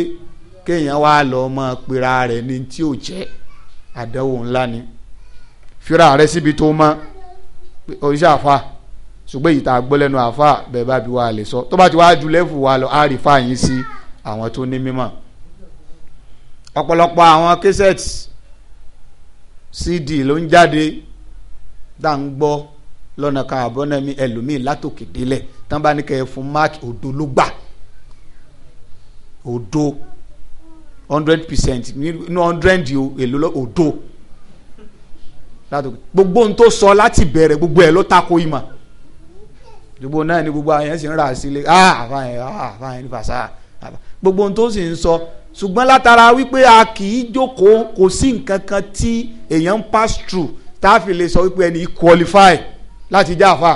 kéèyàn wá lọ mọ pera rẹ̀ ní tí ò jẹ́ àdánwò ńlá ni fira rẹ̀ síbi tó mọ́ oníṣẹ́ àfa ṣùgbọ́n èyí tá a gbọ́ lẹ́nu àfa bẹ́ẹ̀ bá bí wàá lè sọ tó bá ti wàá ju lẹ́fù wa lọ á rí fáyín sí àwọn tó ní mímọ̀ ọ̀pọ̀lọpọ̀ àwọn cassette cd ló ń jáde dá ń gbọ́ lọ́nà kan àbọ́nẹ́mí ẹlòmíì látòkè délẹ̀ tán bá ní kẹ́ ẹ fún mark odo ló gbà odo hundred percent ní hundred èlò odo látòkè gbogbo ohun tó sọ láti bẹ̀rẹ̀ gbogbo ẹ̀ ló tako ìmọ̀ gbogbo náà ni gbogbo àyẹ̀sí ń rà sílé ah àfààyàn ah àfààyàn ní fàṣà gbogbo ohun tó sì ń sọ ṣùgbọ́n látara wípé a kì í jókòó kò sí nǹkan kan tí èèyàn ń pass through tá a fi lè sọ wípé ẹni qualify láti jẹ́ àfa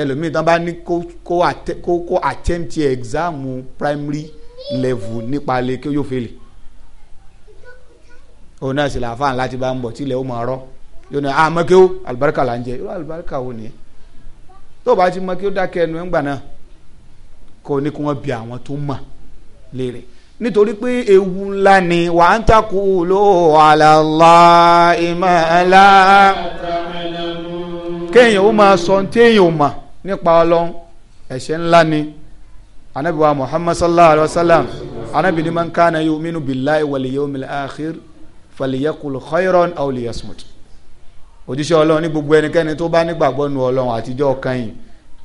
ẹlòmíì tán bá ní kó kó attempt exam primary level nípa lè kí yóò fèlè òun náà sì là fáwọn láti bá ń bọ̀ tilẹ̀ ó máa rọ́ yóò ní ah mọ́kí ó àlùbáríkà là ń jẹ irú àlùbáríkà wo nìyẹn tó o bá ti mọ́kí ó dákẹ́ ẹnu ẹ̀ ń gbà náà kò ní kí wọ́n bi àwọn tó mọ̀ léèrè nítorí pé ewu ńlá ni wà á ń takò ló ala Allah kéèyàn ó máa sọ téèyàn ò mọ̀ nípa ọlọ́run ẹ̀ṣẹ̀ ńlá ni anabiwa muhammad sallallahu alaihi wa sallam anabi ni man kana yu'minu billahi wal yawmil akhir faliyakul khayran aw liyasmut òjíṣẹ́ ọlọ́run ní gbogbo ẹnikẹ́ni tó bá nígbàgbọ́ nu ọlọ́run àtijọ́ kan yìí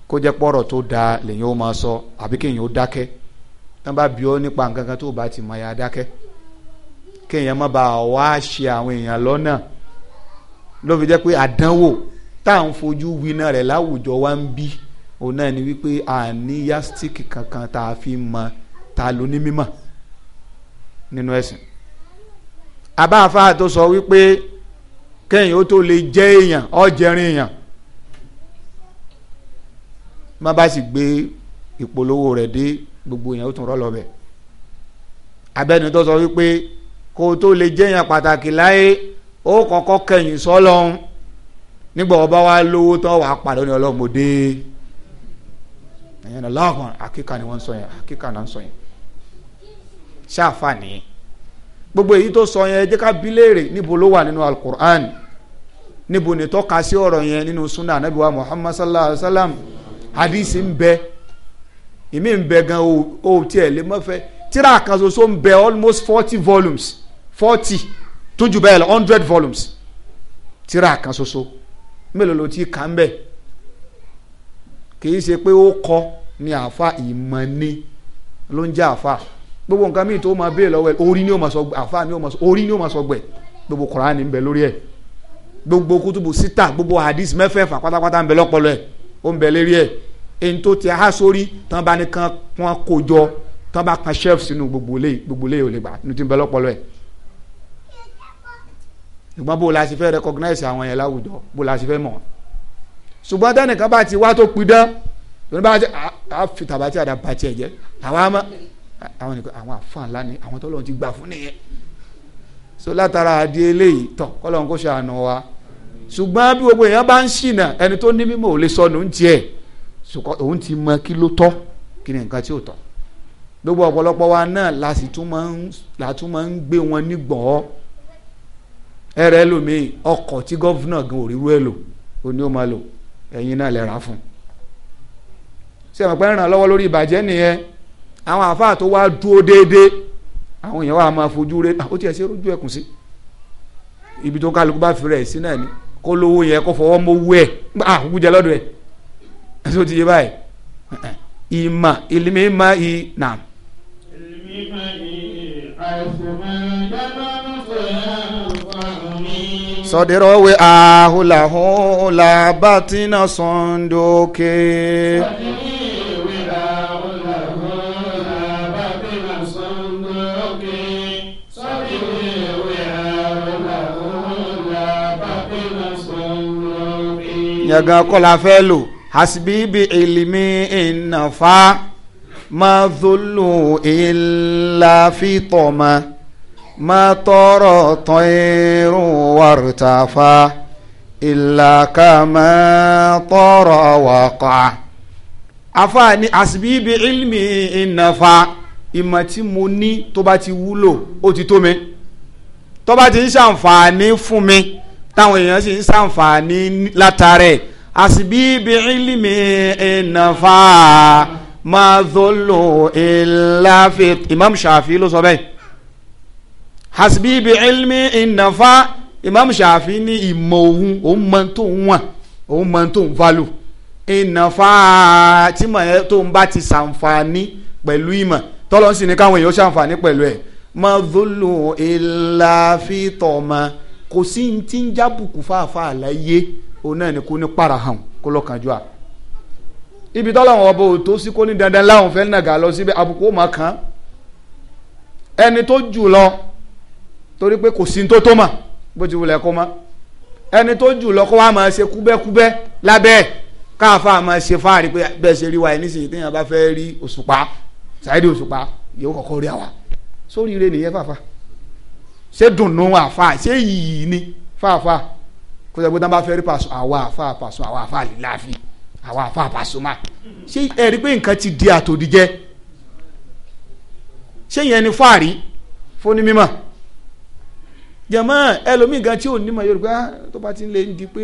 kó jẹ́ pọ̀rọ̀ tó dáa lèyìn ó máa sọ àbí kéèyàn ó dákẹ́ tán bá bí ọ nípa nǹkan kan tó bá ti mọ ya dákẹ́ kéèyàn má bàa wá ṣe àwọn èèyàn lọ́nà ló fi jẹ́ pé àdánwò tá à ń fojú winá rẹ̀ láwùjọ wa ń bí òun náà ni wípé àníyásítíkì kankan tá a fi mọ ta ló ní nínú ẹ̀sìn abáfáà tó sọ wípé kẹ́yìn ó tó lè jẹ́ èèyàn ọ̀jẹ̀rin èèyàn má bá sì gbé ìpolówó rẹ̀ dé gbogbo èèyàn ó tún rọ́ lọ́bẹ̀ abẹ́ni tó sọ wípé kó o tó lè jẹ́ èèyàn pàtàkì láyé ó kọ́kọ́ kẹ́yìn sọ́lọ́hún nígbà ọba wa lówó tán wàá pàdé ní ọlọ́mọdé ẹ̀yẹn náà láwọn ni wọ́n ń sọ yẹn àkíkà náà ń sọ yẹn ṣáà nìyẹn gbogbo èyí tó sọ yẹn jẹ́ ká bí léèrè níbo ló wà nínú alukur'an níbo ni tọ́ka sí ọ̀rọ̀ yẹn nínú sunna anabi wa muhammad sallallahu alayhi wa sallam hadisi ń bẹ ìmí ń bẹ gan o tiẹ̀ lè mọ́ fẹ́ tíra kan ń bẹ almost forty volumes forty tó bẹ́ẹ̀ lọ hundred volumes tíra kan ṣoṣo mélòó ló ti kà ń bẹ̀ kì í ṣe pé ó kọ́ ni àáfà ìmọ̀ ni ló ń jẹ́ àáfà gbogbo nǹkan míì tó máa béè lọ́wọ́ ẹ̀ orí ni ó máa sọ àfa ni ó máa sọ orí ni ó máa sọ gbẹ̀ gbogbo kùránì ń bẹ lórí ẹ̀ gbogbo kutubu sita gbogbo hadith mẹ́fẹ̀ẹ̀fà pátápátá ń bẹ lọ́pọlọ ẹ̀ ó ń bẹ lérí ẹ̀ èyí tó ti há sórí tán bá nìkan wọn kó jọ tán bá kan shelf sínú gbogbo lé gbogbo lé ò lè gbà ní ti ń bẹ lọ́pọlọ ẹ̀ ṣùgbọ́n bó la ṣe fẹ́ recognize àwọn yẹn láwùjọ bó la ṣe fẹ́ mọ̀ ṣùgbọ́n tẹ́nìkan bá ti wá tó pidán lónìí bá a fi tàbátì àdàbàtì ẹ̀ àwa máa àwọn nìkan àwọn àfa ńlá ni àwọn tọ́lọ́run ti gbà fún nìyẹn so látara àdí eléyìí tọ̀ kọ́lọ́run kó ṣàánú wa ṣùgbọ́n bí gbogbo èèyàn bá ń ṣìnà ẹni tó ní mímọ̀ ò lè sọnù ń tiẹ̀ ṣùgbọ́n òun ti mọ kí ló tọ́ kí ni nǹkan tí ò tọ́ gbogbo ọ̀pọ̀lọpọ̀ wa náà la sì tún máa ń la tún máa ń gbé wọn nígbọ̀ ẹrẹ lómiì ọkọ̀ tí gọ́fúnà gan òrírú ẹ̀ lò ó ní ó máa lò ẹ̀yin náà lè fún un ṣé àwọn pẹ́ ń ràn lọ́wọ́ lórí ìbàjẹ́ nìyẹn àwọn àáfàá tó wá dúró déédéé àwọn èèyàn wa máa fojú rẹ ah, ó tiẹ̀ sí ojú ẹkùn sí ibi tó kálukú bá fi rẹ̀ sí náà ni kó lówó yẹ kó fọwọ́ mowó ẹ̀ ah wújẹ lọ́dọ̀ ẹ̀ ẹ̀sọ́ ti yé báyìí ìmà ìlímì ìmà ì nà. ìlímì ìmà ì àìsùnmọ̀ dáná sọdẹ̀rọ̀ wẹ̀ ahùlàhùn làbàtìnà sọ̀ndọ̀kẹ́. sọdẹ̀rọ̀ wẹ̀ yàgàn kọ́lá fẹ́ lò hasibibi ilimi ìnàfà máa zolo ìlà fìtọ̀mà máa tọrọ tán irun wàrútàfà ìlà kàmá tọrọ wàkà. afa ni hasibibi ilimi ìnàfà ìmọ̀ tí mo ní tó bá ti wúlò ó ti tó mi tó bá ti ń ṣàǹfààní fún mi táwọn èèyàn sì ń ṣàǹfààní látàrẹ̀ àsìbí ibi ìlímì ìnàfà máa dọ́lọ̀ ìlàfẹ́ imam shafi ló sọ bẹ́ẹ̀ àsìbí ibi ìlímì ìnàfà imam shafi ní ìmọ̀ òun òun mọ tó ń wọ̀n òun mọ tó ń valù ìnàfà tí mọ̀ ẹ́ tó ń bá ti ṣàǹfààní pẹ̀lú ìmọ̀ tọ́lọ́sìn ní káwọn èèyàn ṣàǹfààní pẹ̀lú ẹ̀ máa dọ́lọ̀ ìlàfẹ́ tọ̀ mọ́ kò sí ní tí ń jábùkù fáfá àlàyé òun náà ni kò ní para hàn kó lọ́kànjú à ibi tọ́lọ́wọ́n ọba ò tó sí kó ní dandan láwọn fẹ́ nàgà lọ síbẹ̀ àbùkù ó máa kàn án ẹni tó jù lọ torí pé kò sí tó tó mà bó ti wulẹ̀ kó mọ́ ẹni tó jù lọ kó wá máa ṣe kúbẹ́kúbẹ́ lábẹ́ káfa máa ṣe fáàrí pé bẹ́ẹ̀ ṣe rí wa ẹ̀ nísìnyí téèyàn bá fẹ́ rí òṣùpá ṣáìdì òṣùpá yóò kọ́kọ́ rí àwa sóríire nìyẹn fàáfàá ṣé dùnú àfa ṣé yìí ni fàáfà kó sọ pé dáná bá fẹ́ rí pàṣọ àwa àfa pàṣọ àwa àfa àlìláàfin àwa àfa pàṣọ máa ṣé ẹ rí pé nǹkan ti di àtòdìjẹ ṣé yẹn ni fáàrí fóní mímọ́ jẹmọ ẹlòmíì gan tí ò ní mọ yorùbá ah, tó bá ti ń lè di pé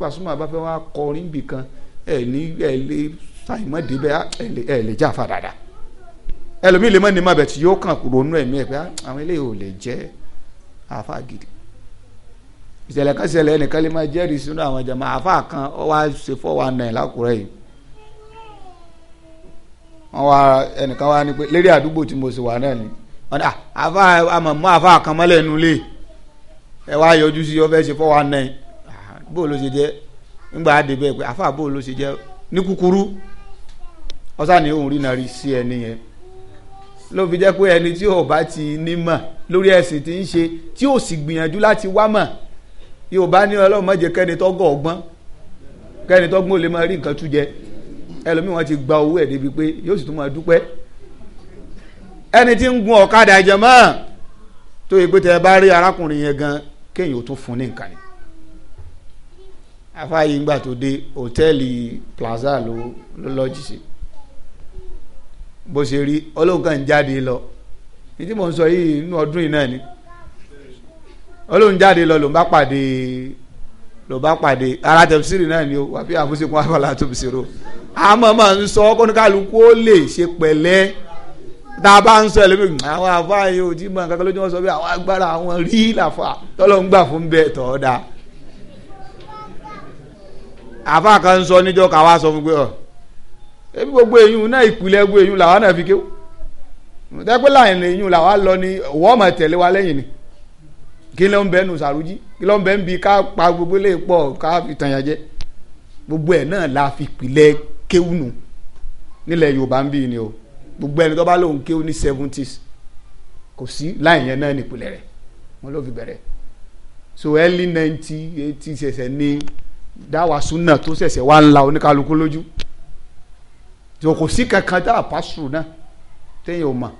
pàṣùmọ̀ àbáfẹ́ wa kọrin bìkan ẹ ní ẹ lè ṣàìmọ̀ débẹ̀ ẹ lè jáfa dáadáa ẹlòmíì lè mọ ní mabẹ tí yóò kàn ronú ẹ̀mí ẹ pé ah, àwọn eléyìí ò lè jẹ àáfà gidi ìṣẹ̀lẹ̀ kan ṣẹlẹ̀ ẹnìkan lè máa sínú àwọn àáfà kan wá ṣe fọ wa nà ẹ lákùrẹ yìí wọn wá ẹnìkan wá ní pé lérí àdúgbò tí mo sì wà náà ni wọn ní àáfà àmọmọ àáfà kan mọ́lẹ̀ nu lé ẹ wá yọjú sí ọfẹ ṣe fọ wa nà ẹ bó ló ṣe jẹ nígbà á pé àáfà bó ló ṣe jẹ ní kúkúrú ọsàn ló fi jẹ́ pé ẹni tí ò bá ti nímọ̀ lórí ẹ̀sìn tí ń ṣe tí ò sì gbìyànjú láti wá mọ̀ yóò bá ní ọlọ́run má jẹ́ kẹ́ni tọ́gọ̀ ọgbọ́n kẹ́ni tọ́gbọ́n ò lè máa rí nǹkan tú jẹ ẹlòmíì wọn ti gba owó ẹ̀ débi pé yóò sì tún máa dúpẹ́ ẹni tí ń gun ọ̀kadà jẹ̀mọ́ tó yẹ pé tẹ bá rí arákùnrin yẹn gan kéèyàn ò tún fún ní nǹkan ni afáyé ńgbà tó dé hòtẹ́ẹ̀lì plaza ló lọ́jì sí bó ṣe rí olóhùn kan jáde lọ ní tí mò ń sọ yìí nínú ọdún yìí náà ni olóhùn jáde lọ ló ń bá pàdé ló bá pàdé ara tẹ̀síìrì náà ni o wà bí àbúṣekun afọlá tó fi ṣòro àmọ́ máa ń sọ kọ́nukálukú ó lè ṣe pẹ̀lẹ́ tá a bá ń sọ ẹlẹ́mìí àwọn àfáàyè ò tí mọ nǹkan kan lójú wọn sọ bí àwọn agbára àwọn rí làfà tọ́lọ́ ń gbà fún bẹ́ẹ̀ tọ́ da àfáà kan sọ níjọ́ ká sọ fún pé ọ̀ ebi gbogbo eyín náà ìpìlẹ̀ gbogbo eyín làwa náà fi kéwù tẹ́pẹ́ láàyìn eyín làwa lọ ni wọ́n mọ̀ tẹ̀lé wa lẹ́yìn ni kí ló ń bẹ́ nu sàrújí kí ló ń bẹ́ ń bi ká pa gbogbo lè pọ̀ ká fi tàn yàn jẹ gbogbo ẹ̀ náà la fi pìlẹ̀ kéwù nù nílẹ̀ Yorùbá ń bí ni o gbogbo ẹni tó bá lóun kéwù ní seventies kò sí láì yẹn náà nípìlẹ̀ rẹ̀ wọ́n ló fi bẹ̀rẹ̀ so early ninety eighty ni, ní dáwàsúnà tó ṣẹ̀ṣẹ̀ wá ń oníkálukú lójú tó kò sí kankan tá a pa sùn náà téèyàn ò mọ̀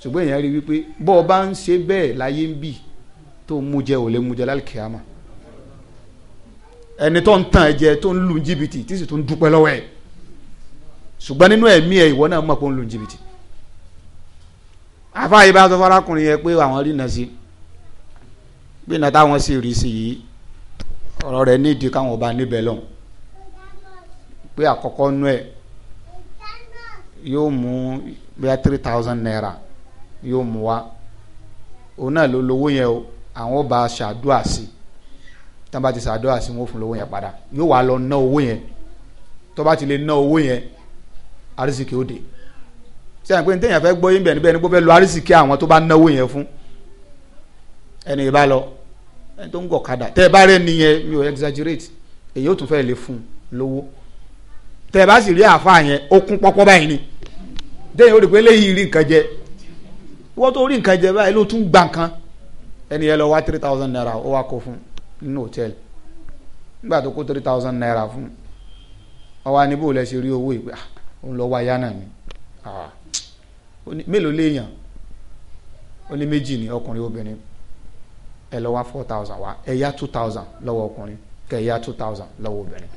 ṣùgbọ́n èèyàn rí wípé bọ́ ọ bá ń ṣe bẹ́ẹ̀ láyé ń bì tó mú jẹ ò lè mú jẹ lálẹ́ kìámà ẹni tó ń tàn ẹ jẹ tó ń lu jìbìtì tí sì tó ń dúpẹ́ lọ́wọ́ ẹ̀ ṣùgbọ́n nínú ẹ̀mí ẹ̀ ìwọ náà mọ̀ pé ó ń lu jìbìtì afáyé bá sọ fọlákùnrin yẹn pé àwọn rí iná sí bí iná táwọn sì rí sí yìí ọ̀rọ̀ rẹ̀ nídìí káwọn ọba níbẹ̀ lọ́hùn pé àkọ́kọ́ nú ẹ̀ yóò mú bíi three thousand naira yóò mú wa òun náà ló lówó yẹn o àwọn bá ṣàdúrà sí tí wọ́n bá ti ṣàdúrà sí wọn fún lówó yẹn padà yóò wá lọ ná owó yẹn tó bá ti lè ná owó yẹn arísìkì ó dé ṣé àpè ní téèyàn fẹ́ gbọ́ yín bẹ̀ ni kó fẹ́ lọ arísìkì àwọn tó bá náwó yẹn fún ẹni ìbá lọ ẹni tó ń gọ̀kadà tẹ́ ẹ bá rẹ̀ nìyẹn mi ò exaggerate èyí ó tún fẹ́ lè fún lówó tẹ bá sì rí àfa yẹn ó kún pọ́pọ́ báyìí ni déyìn ó rí pé léyìí rí nǹkan jẹ wọ́n tó rí nǹkan jẹ báyìí ló tún gbà nǹkan ẹni yẹn lọ wá three thousand naira ó wá kó fún nínú hòtẹ́ẹ̀lì nígbà tó kó three thousand naira fún ọwọ́ aníbò lẹ ṣe rí owó ìgbà òun lọ́ọ́ wá yá náà ni ah, mélòó léèyàn ó ní méjì ní ọkùnrin obìnrin ẹ lọ wá four thousand wá ẹ yá two thousand lọ́wọ́ ọkùnrin kẹ ẹ yá two thousand lọ́wọ́ obìnrin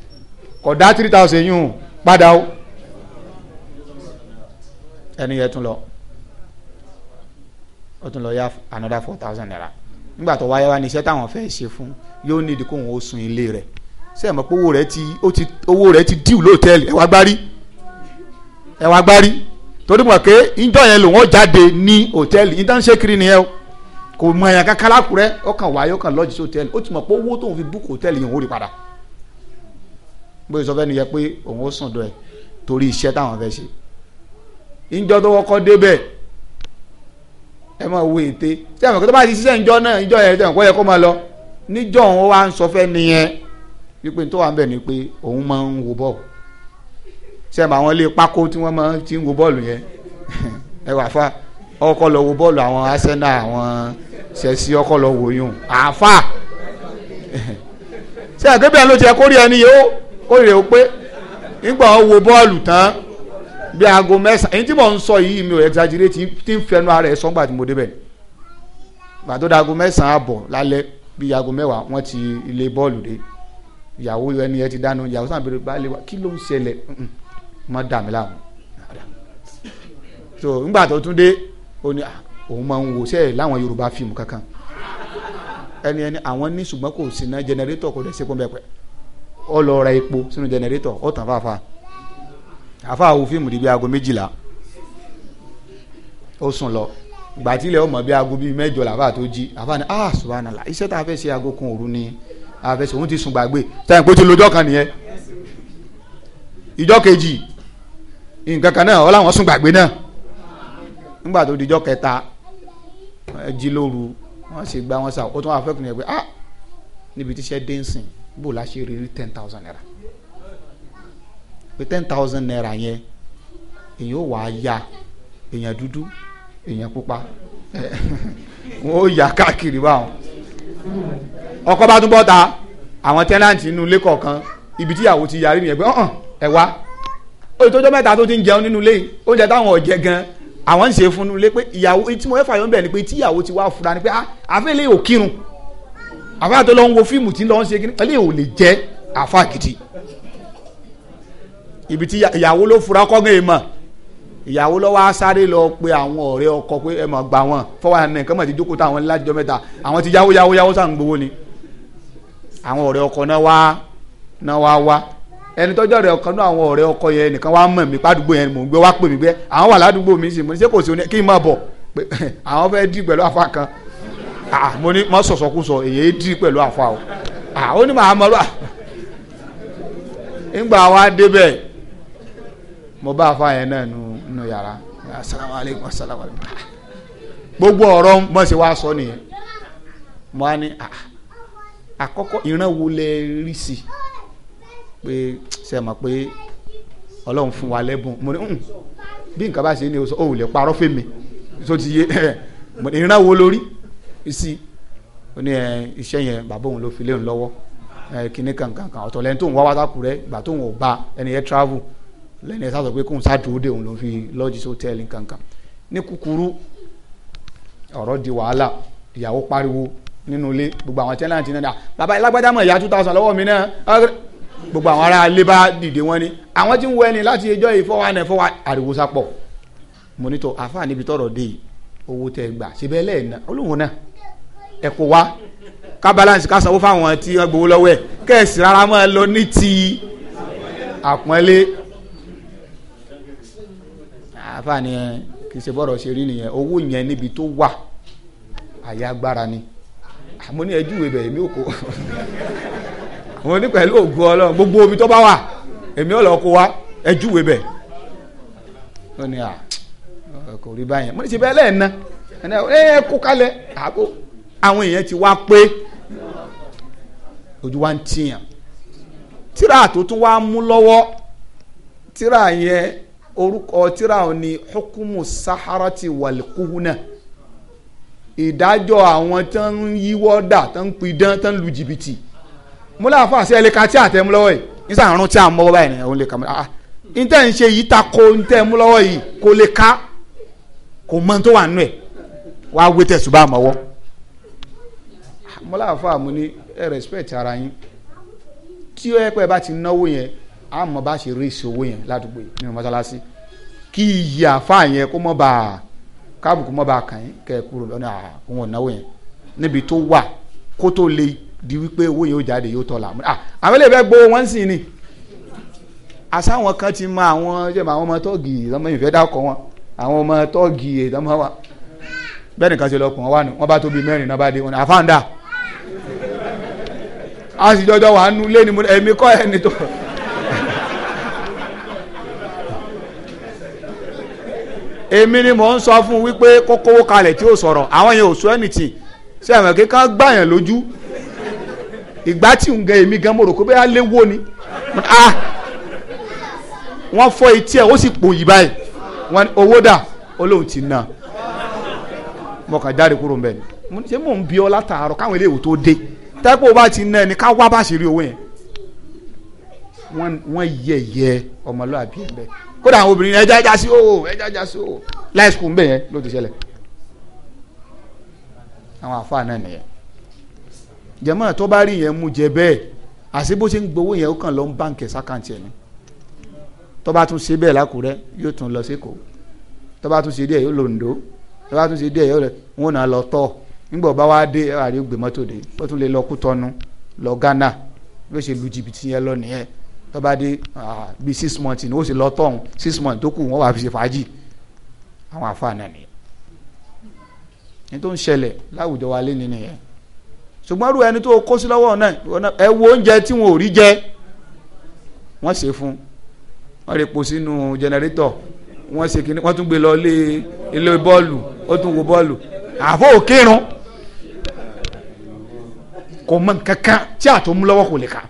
kódà three thousand yún padà o ẹni yẹn tún lọ ó tún lọ yá another four thousand naira nígbà tó wáyé wá ní iṣẹ́ táwọn fẹ́ ṣe fún yóò ní ìdí kóhun ó sun ilé rẹ̀ ṣé ẹ̀ mọ̀ pé owó rẹ̀ ti owó rẹ̀ ti díù lóòtẹ́ẹ̀lì ẹ̀ wá gbárí ẹ̀ wá gbárí torí mọ̀ pé ìjọ yẹn lòun ó jáde ní hòtẹ́ẹ̀lì ìdá ń ṣe kiri nìyẹn o kò mọ ẹ̀yàn kankan lákùrẹ́ ọkàn wáyé ọkàn lọ́ọ̀jì sí hòtẹ́ẹ̀lì ó ti mọ̀ pé owó tóun fi búkù hòtẹ́ẹ̀lì yẹn ò rí padà pé sọ fẹ́ nìyẹn pé òun ó sùn dọ̀ ẹ̀ torí iṣẹ́ táwọn fẹ́ ṣe ìjọ tó kọ́kọ́ débẹ̀ ẹ máa wo ète tí àwọn akẹ́kọ̀ọ́ bá ti ṣiṣẹ́ ìjọ náà ìjọ yẹn tẹ̀ kọ́ yẹ kó máa lọ níjọ òun wá ń sọ fẹ́ nìyẹn wípé tó wà ń bẹ̀ ni pé òun máa ń wo bọ́ọ̀lù sẹ́mi àwọn ilé pákó tí wọ́n máa ti ń wo bọ́ọ̀lù yẹn <laughs> ẹ wà fà ọkọ lọ wo bọ́ọ̀lù àwọn Arsenal àwọn Chelsea ọkọ lọ wo yùn àfà sẹ́mi <laughs> àgbẹ̀bẹ̀ ló ti ẹ kórìí ẹni yìí ó ó rè ó pé nígbà wọn wo bọ́ọ̀lù tán bí aago mẹ́sàn-án èyí tí mò ń sọ yìí mi ò exaggerate tí ń fẹnu ara ẹ̀ sọ́ngbà tí mo débẹ̀ gbà tó da aago mẹ́sàn-án àbọ̀ lálẹ́ bí aago mẹ́wàá wọ́n ti ilé bọ́ọ̀lù dé ìyàwó ẹni ẹ ti dáná ìyàwó sàn bèrè bá lè wá kí ló ń ṣẹlẹ̀ mọ́ láwọn so ńgbà tó tún dé ó ní òun máa ń wo sẹ́ẹ̀ láwọn Yorùbá fíìmù kankan ẹni ẹni àwọn ní ṣùgbọ́n kò sí ọ lọ ra epo sínú jẹnẹrétọ̀ ọ tàn fàáfà àfa àwo fíìmù di bí aago méjìlá ó sùn lọ gbàtílẹ̀ ọmọ bí aago bíi mẹ́jọ làbá tó jí àfa ni ah subhanallah iṣẹ́ tá a fẹ́ ṣe aago kan òru ni a fẹ́ ṣe òun ti sùn gbàgbé táyìn pé ti lójọ́ kan nìyẹn ìjọ́ kejì nǹkan kan náà ọláwọn sùn gbàgbé náà nígbà tó di ìjọ́ kẹta jí lóru wọ́n sì gbá wọn sà ó tún wà fẹ́kùnrin yẹn pé ah níbi tíṣẹ́ dé ń sìn bó la ṣe rí ten thousand naira pé ten thousand naira yẹn èyàn ò wá ya èyàn dúdú èyàn pupa wọn ò yà káàkiri báwọn ọkọ bá tún bọ́ ta àwọn tẹ́nàntì inú ilé kọ̀ọ̀kan ibi tíyàwó ti yarí nìyẹn pé ọ̀hún ẹ̀ wá olùtọ́jọ́ mẹ́ta tó ti ń jẹun nínú ilé oúnjẹ táwọn ọ̀jẹ̀ gan àwọn ń ṣe fún un lé pé ìyàwó tí mo fẹ́ fàyọ̀ ń bẹ̀ ni pé tíyàwó ti wá fura ni pé ah, àfẹ́lẹ́ ò kírun àfa tó lọ ń wo fíìmù tí ń lọ ń ṣe kíní ẹlẹ́yìn ò lè jẹ́ àfa gidi ibi tí ìyàwó ló fura kọ́gàn èèmọ̀ ìyàwó lọ́wọ́ á sáré lọ pe àwọn ọ̀rẹ́ ọkọ pé ẹ mọ̀ gbà wọn fọwọ́ àná nǹkan mọ̀ ti jókòó táwọn ńlá jọ mẹ́ta àwọn ti yáwó yáwó yáwó sàn gbowó ni àwọn ọ̀rẹ́ ọkọ náà wá náà wá wá ẹni tọ́jọ́ ọ̀rẹ́ ọkọ náà àwọn ọ̀rẹ́ ọkọ yẹn nìkan wá mọ̀ mí pàdúgbò yẹn mò ń gbé wá pè mí gbé àwọn wà ládùúgbò mi sì mo ní ṣé oní kí n má bọ̀ <laughs> àwọn fẹ́ dì pẹ̀lú àfa kan Ah, ah mo ní má sọ̀sọ̀kúsọ èyí dì pẹ̀lú àfa o ah ó ní màá mọ́lúwà ńgbà wa débẹ̀ mo bá àfa yẹn náà nù yàrá assalamu alaikum assalamu ah, gbogbo ọ̀rọ̀ mọ̀ sí wa sọ nìyẹn mo á ní ah, ah àkọ́kọ́ ìran wo rí pé ṣe mọ̀ pé ọlọ́run fún wa lẹ́bùn o sọ ò lè parọ́ ti yé <laughs> ìran isi ó ní ẹ iṣẹ́ yẹn bàbá òun ló fi léun lọ́wọ́ ẹ kíní kankankan ọ̀tọ̀ lẹ́ni tó ń wá wá sákùrẹ́ ìgbà tó ń wò bá ẹni yẹn travel lẹ́ni yẹn sá sọ pé kóun sá dúró dé òun ló fi lọ́ọ̀jì sọ́tẹ́ẹ̀lì kankan ní kúkúrú ọ̀rọ̀ di wàhálà ìyàwó pariwo nínú ilé gbogbo àwọn tẹ́lẹ̀ àti náà ah, bàbá ìlágbádá mọ̀ ìyá two thousand lọ́wọ́ mi náà gbogbo àwọn ará ilé bá dìde wọn ni àwọn tí ń wọ ẹni láti ẹjọ́ ìfọwọ́ náà fọwọ́ ariwo sápọ̀ mo ní àfáà níbi tọ̀rọ̀ dé owó tẹ gbà síbẹ̀ lẹ́ẹ̀ náà olóhùn náà ẹ kó wá ká balance ká sanwó fáwọn tí wọ́n gbowó lọ́wọ́ ẹ̀ kẹ́sì rárá máa lọ ní ti àpọ́nlé àfààní ẹ kì í ṣe bọ́rọ̀ ṣe rí nìyẹn owó yẹn níbi tó wà àyà ni àmọ́ ní ẹjú ìwé bẹ̀rẹ̀ mi ò kó àwọn ní pẹ̀lú ògùn ọlọ́run gbogbo omi tó bá wà èmi ò lọ kó wa ẹjú ìwé bẹ̀ wọ́n ní à kò rí báyẹn mo ní ṣe bẹ́ẹ̀ lẹ́ẹ̀ ná ẹ̀ kó kalẹ̀ àbò àwọn èèyàn ti wá pé ojú wa ń tiyàn tíra tó tún wá mú lọ́wọ́ tíra yẹn orúkọ tíra ò ní hukumu saharati walikuhuna ìdájọ́ àwọn tó ń yíwọ́ dà tó ń pidán tó ń lu jìbìtì múlá fàṣẹ ẹlẹ́ka tí àtẹ mú lọ́wọ́ yìí nísà àrùn tí a mọ́ báyìí ni òun lè kà mọ́ ah, ah. níta ń ṣe yìí ta ko níta mú lọ́wọ́ yìí kò lè ká kò mọ́ tó wà nù ẹ̀ wá wé tẹ̀sùbà mọ́wọ́ mo láàfáà mo ní ẹ respect ara yín tí ó yẹ pé bá ti náwó yẹn a mọ̀ bá ṣe rí ìṣe owó yẹn ládùúgbò yìí nínú mọ́ṣáláṣí kí iyì àfáà yẹn kó mọ́ bá a káàbùkù mọ́ bá a kàn yín kẹ́ ẹ kúrò lọ́nà àwọn ìnáwó yẹn níbi tó wà kó tó lè di wípé owó yẹn ó jáde yóò tọ́la àwọn ilé ìfẹ́ gbowó wọn sì ni àsáwọn kan ti mọ àwọn jẹ́mọ̀ àwọn ọmọ tọ́ọ̀gì ìdánmọ́ ìfẹ́ dákọ̀ wọn àwọn ọmọ tọ́ọ̀gì ìdánmọ́ wa bẹ́ẹ̀ nìkan ṣe lọkùn wọn wà ní wọn bá tóbi mẹ́rin náà bá dé wọn àfáàndà a sì jọjọ wà nú lé ni mo ẹ̀mí kọ́ ẹni tó. èmi ni mò ń sọ fún un wípé kó kalẹ̀ tí ó sọ̀rọ̀ àwọn yẹn ò sọ ẹni tì sí àwọn kíkà lójú ìgbà tí ń gẹ èmi gan mo rò pé bẹ́ẹ̀ léwó ni ah! wọ́n fọ́ etí ẹ̀ ó sì pò yí báyìí wọ́n owó dà olóhùn ti nà mọ̀kàn jáde kúrò mbẹ́ni. ṣé mò ń bí ọ látàárọ̀ káwọn eléyìí tó dé tẹ́pọ̀ bá ti ná ẹni ká wá bá ṣe rí owó yẹn wọ́n yẹ̀yẹ́ ọmọlúwàbí ẹ̀ bẹ́ẹ̀ kódà àwọn obìnrin ẹja ẹja sí òwò ẹja ẹja sí òwò láì sùkúù ń bẹ̀ yẹn ló ti ṣẹlẹ̀ àwọn àfa náà nìyẹn jẹmọ tó bá rí yẹn mú jẹ bẹ́ẹ̀ àti bó ṣe ń gbowó yẹn ó kàn lọ ń báǹkì sákàǹtì ẹ ni tó bá tún ṣe bẹ́ẹ̀ lákùrẹ́ yóò tún lọ sí Èkó tó bá tún ṣe díẹ̀ yóò lọ tó bá tún ṣe díẹ̀ yóò lọ nígbà ọba wa dé àrí gbé mọ́tò dé ó tún lè lọ kú tọ́nu lọ Ghana bí ó ṣe lu jìbìtì yẹn lọ nìyẹn tó bá dé bíi six months ni ó sì lọ tọ̀hún six months tó kù wọ́n wàá fi ṣe fàájì àwọn àfààní nìyẹn ní tó ń ṣẹlẹ̀ láwùjọ wa lé nínú yẹn ṣùgbọ́n rú ẹni tó kó sí lọ́wọ́ náà ẹ wo oúnjẹ tí wọn ò rí jẹ wọ́n ṣe fún wọ́n rí epo sínú jẹnẹrétọ̀ wọ́n ṣe kíní wọ́n tún gbé lọ ilé bọ́ọ̀lù ó tún wo bọ́ọ̀lù àfọ̀ òkèrún kò mọ nǹkan kan tí àtò mú lọ́wọ́ kò lè kà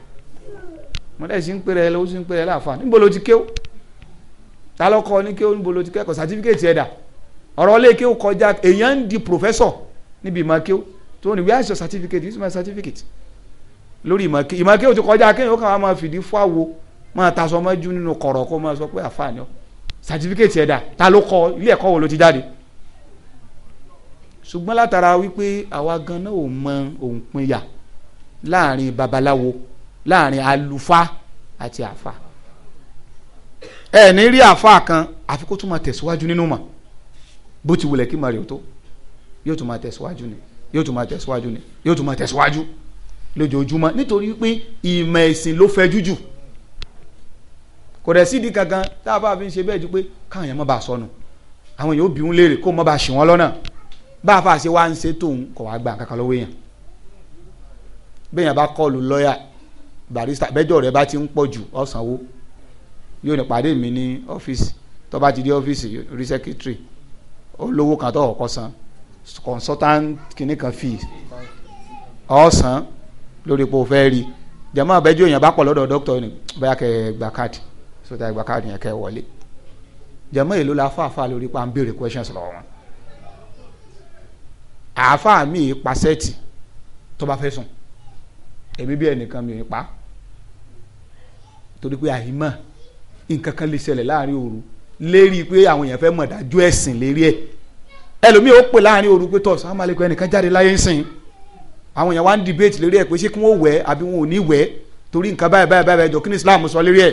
mọ̀lẹ́ sí ń pèrè ẹ lọ́wọ́ sí ń pèrè ẹ láàfà níbo ló ti kéwò ta ló kọ́ ní kéwò níbo ló ti kẹ́kọ̀ọ́ sàtífíkẹ́tì ẹ̀dà ọ̀rọ̀ lè kéwò kọjá èèyàn ń di pòfẹ́sọ̀ níbi ìmọ̀ kéwò tó ní where is your certificate use certificate lórí ìmọ̀ kéwò ìmọ̀ kéwò ti kọjá kéwò kan máa fìdí fún àwo máa tasọ mọ́jú nínú kọ̀rọ̀ kó máa sọ pé àfààní ọ sàtífíkẹ́tì ẹ̀dà ta ló kọ́ ilé ẹ̀kọ́ wo ló ti jáde láàrin babaláwo láàrin àlùfáà àti àfà ẹ ní rí àfà kan àfi kó tún máa tẹ̀síwájú nínú mà bó ti wulẹ̀ kí màrí o tó yóò tún máa tẹ̀síwájú ni yóò tún máa tẹ̀síwájú ni yóò tún máa tẹ̀síwájú lójoojúmọ́ nítorí pé ìmọ̀ ẹ̀sìn ló fẹ́ jújù kò dẹ̀ sídi kankan tá a bá fi ń ṣe bẹ́ẹ̀ ju pé káwọn èèyàn má bàa sọnù àwọn èèyàn bí wọn léèrè kó má bàa ṣì wọn lọ́nà bá a fà ṣe wá ń ṣe tóun kò wá gba nǹkan kan lọ́wọ́ èèyàn bẹ́ẹ̀yàn bá kọ́ọ̀lù lọ́ọ̀yà barista bẹ́jọ́ rẹ bá ti ń pọ̀ jù ọ̀sánwó yóò ní pàdé mi ní ọ́fíìsì tó bá ti dé ọ́fíìsì rí sẹ́kítírì olówó kan tó kọ́kọ́ san consultant kìnnì kan fee ọ̀sán lórí pé o fẹ́ rí jẹ̀mọ́ àbẹ́jọ́ èèyàn bá pọ̀ lọ́dọ̀ dókítà ni bóyá kẹ́ ẹ gba káàdì sóta ẹ gba káàdì yẹn kẹ́ ẹ wọlé jẹ̀mọ́ èlò la fàáfàá lórí pa ń béèrè questions lọ́wọ́ wọn àáfàá mi pàṣẹ́tì tó bá fẹ́ sùn èmi bí ẹnìkan mi ò ní pa torí pé àyímọ̀ nǹkan kan lè ṣẹlẹ̀ láàrin òru lérí pé àwọn èèyàn fẹ́ mọ̀ dájú ẹ̀sìn lérí ẹ̀ ẹlòmíì ó pè láàrin òru pé tọ̀ sàmà lẹ́kọ̀ọ́ ẹnìkan jáde láyé ń sìn àwọn èèyàn wá ń debate lérí ẹ̀ pé ṣé kí wọ́n wẹ̀ àbí wọn ò ní wẹ̀ torí nǹkan báyìí báyìí báyìí jọ kí ni Islam sọ lérí ẹ̀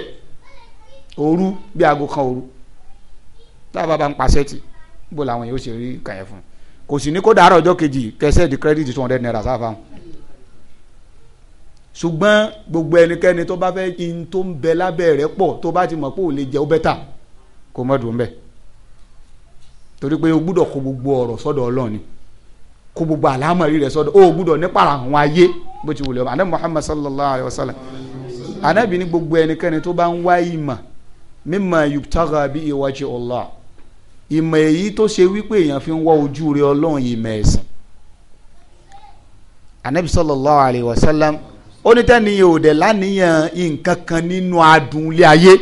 òru bí aago kan òru táwa bá ń paṣẹ́ tì bó làwọn èèyàn ó ṣe rí kàyẹ̀ kò sì ní kó dàárọ̀ ọjọ́ kejì kẹsẹ́ di credit two hundred naira sáfà wọn ṣùgbọ́n gbogbo ẹnikẹ́ni tó bá fẹ́ kí n tó ń bẹ lábẹ́ rẹ̀ pọ̀ tó bá ti mọ̀ pé ò lè jẹ́ ó bẹ́tà kó mọ̀ dùn bẹ́ẹ̀ torí pé o gbúdọ̀ kó gbogbo ọ̀rọ̀ sọ́dọ̀ ọlọ́ọ̀ni kó gbogbo àlámọ̀rí rẹ̀ sọ́dọ̀ o gbúdọ̀ nípa àwọn ayé bó ti wùlẹ̀ ọ̀bà anabi muhammad sallallahu alayhi wa sallam anabi ní gbogbo ẹnikẹ́ni tó bá ń wá ìmọ̀ mímọ yubtaga bí iwájú Allah ìmọ̀ èyí tó ṣe wípé èèyàn fi ń wá ojú rẹ̀ ọlọ́run ìmọ̀ ẹ̀sìn anabi sallallahu alayhi wa sallam ó ní tẹ́ni yìí ò dẹ̀ láníyàn nǹkan kan nínú adùn ilé ayé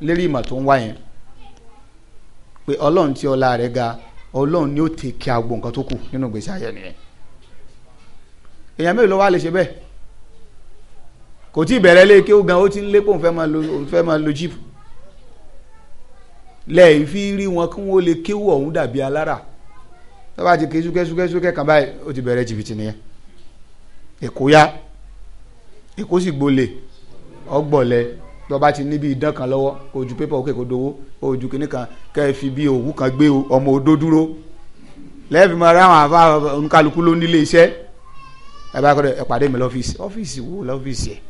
lérí ìmọ̀ tó ń wá yẹn pé ọlọ́run tí ọlá rẹ̀ ga ọlọ́run ni ó ti kí agbo nǹkan tó kù nínú ìgbésí ayé nìyẹn èèyàn mélòó wá lè ṣe bẹ́ẹ̀ kò tí ì bẹ̀rẹ̀ lé kí ó gan ó ti ń lé pé òun fẹ́ máa lo òun fẹ́ máa lo jíìpù lẹ́yìn fi rí wọn kí wọ́n lè kéwọ́ ọ̀hún dàbí alára tó bá ti ké èkó sì gbolè ọgbọ̀lẹ̀ tó bá ti níbi idán kan lọ́wọ́ kò ju pépà òkè kó dowó kò ju kinní kan kẹ́ ẹ fi bí òwú kan gbé ọmọ odó dúró lẹ́ẹ̀fì máa ráwọn àfa oníkálukú ló nílé iṣẹ́ ẹ bá kọ́dọ̀ ẹ mi lọ́fíìsì ọ́fíìsì wo lọ́fíìsì ẹ̀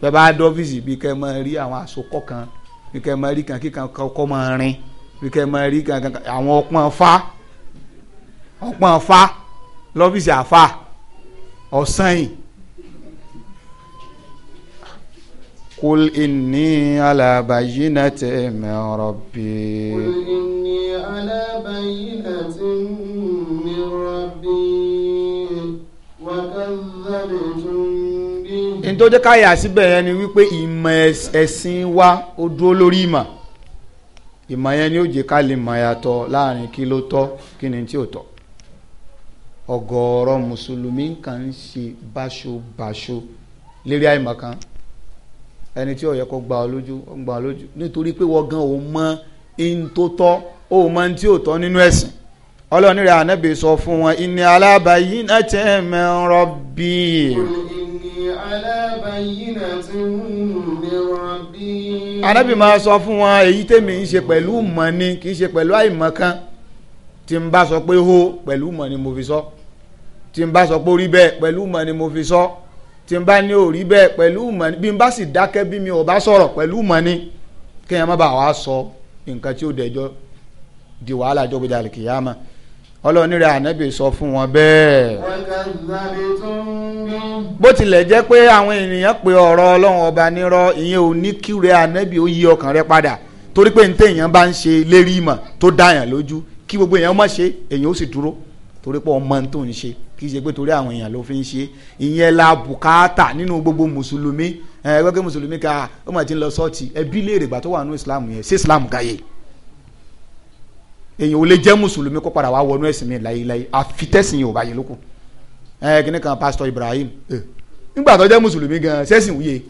bẹ́ẹ̀ bá dé ọ́fíìsì bí kẹ́ ẹ máa rí àwọn àsokọ́ kan bí kẹ́ ẹ máa rí kan kíkan kọ́ máa rin bí kẹ́ ẹ máa rí kan àwọn ọpọ́n fa ọpọ́n fa lọ́fíìsì àfa ọ̀sán yìí قل إني على بينة من ربي قل إني على بينة من ربي وكذبتم ní tó jẹ́ káyà síbẹ̀ yẹn ni wípé ìmọ̀ ẹ̀sìn wa ó dúró lórí ìmọ̀ ìmọ̀ yẹn ni ó jẹ́ ká lè mọ̀ yàtọ̀ láàrin kí ló tọ́ kí ni tí ò tọ́ ọ̀gọ̀ọ̀rọ̀ mùsùlùmí kan ń ṣe báṣobàṣo lérí àìmọ̀ kan ẹni tí ó yẹ kó gbà ọ lójú ó gbà ọ lójú nítorí pé wọ́n gan ò mọ in tó tọ́ ó mọ in tí ò tọ́ nínú ẹ̀sìn ọlọ́ọ̀ni rẹ̀ ànábì sọ fún wọn ìní alábàáyí náà tẹ́ mi rọ bí. ìní alábàáyí náà tẹ́ mi máa sọ fún wọn èyí tèmi ń ṣe pẹ̀lú mọ̀ ni kì í ṣe pẹ̀lú àìmọ̀kan tí n bá sọ pé hó pẹ̀lú mọ̀ ni mo fi sọ tí n bá sọ pé orí bẹ́ẹ̀ pẹ̀lú mọ̀ ni mo fi sọ. So tí n bá ní òrí bẹ́ẹ̀ pẹ̀lú ìmọ̀ ni bí n bá sì dákẹ́ bí mi ò bá sọ̀rọ̀ pẹ̀lú ìmọ̀ ni kí ẹ má bàa wá sọ nǹkan tí ó dẹjọ́ di wàhálà jọ́ gbẹdẹ àlìkìyàmà ọlọ́ọ̀ni rẹ̀ ànábì sọ fún wọn bẹ́ẹ̀. bó tilẹ̀ jẹ́ pé àwọn ènìyàn pe ọ̀rọ̀ ọlọ́run ọba nírọ́ ìyẹn ò ní kí rẹ̀ ànábì ó yí ọkàn rẹ̀ padà torí pé ntẹ́ èèyàn bá ń ṣe lérí ìmọ̀ tó dáyàn lójú kí gbogbo èèyàn má ṣe èèyàn ó sì dúró torí pé ọmọ tó ń ṣe kì í ṣe pé torí àwọn èèyàn ló fi ń ṣe ìyẹn la bùkátà nínú gbogbo mùsùlùmí ẹ gbẹ́gbẹ́ mùsùlùmí ká ó mà ti ń lọ sọ́ọ̀tì ẹbí léèrè gbà tó wà nínú islam yẹn ṣé islam káyè èèyàn ò lè jẹ́ mùsùlùmí kó padà wá wọnú ẹ̀sìn mi láyéláyé àfitẹ́sìn yóò bá yẹ lóko ẹ kíní kan pásítọ̀ Ibrahim nígbà tó jẹ́ mùsùlùmí gan sẹ́sìn wúye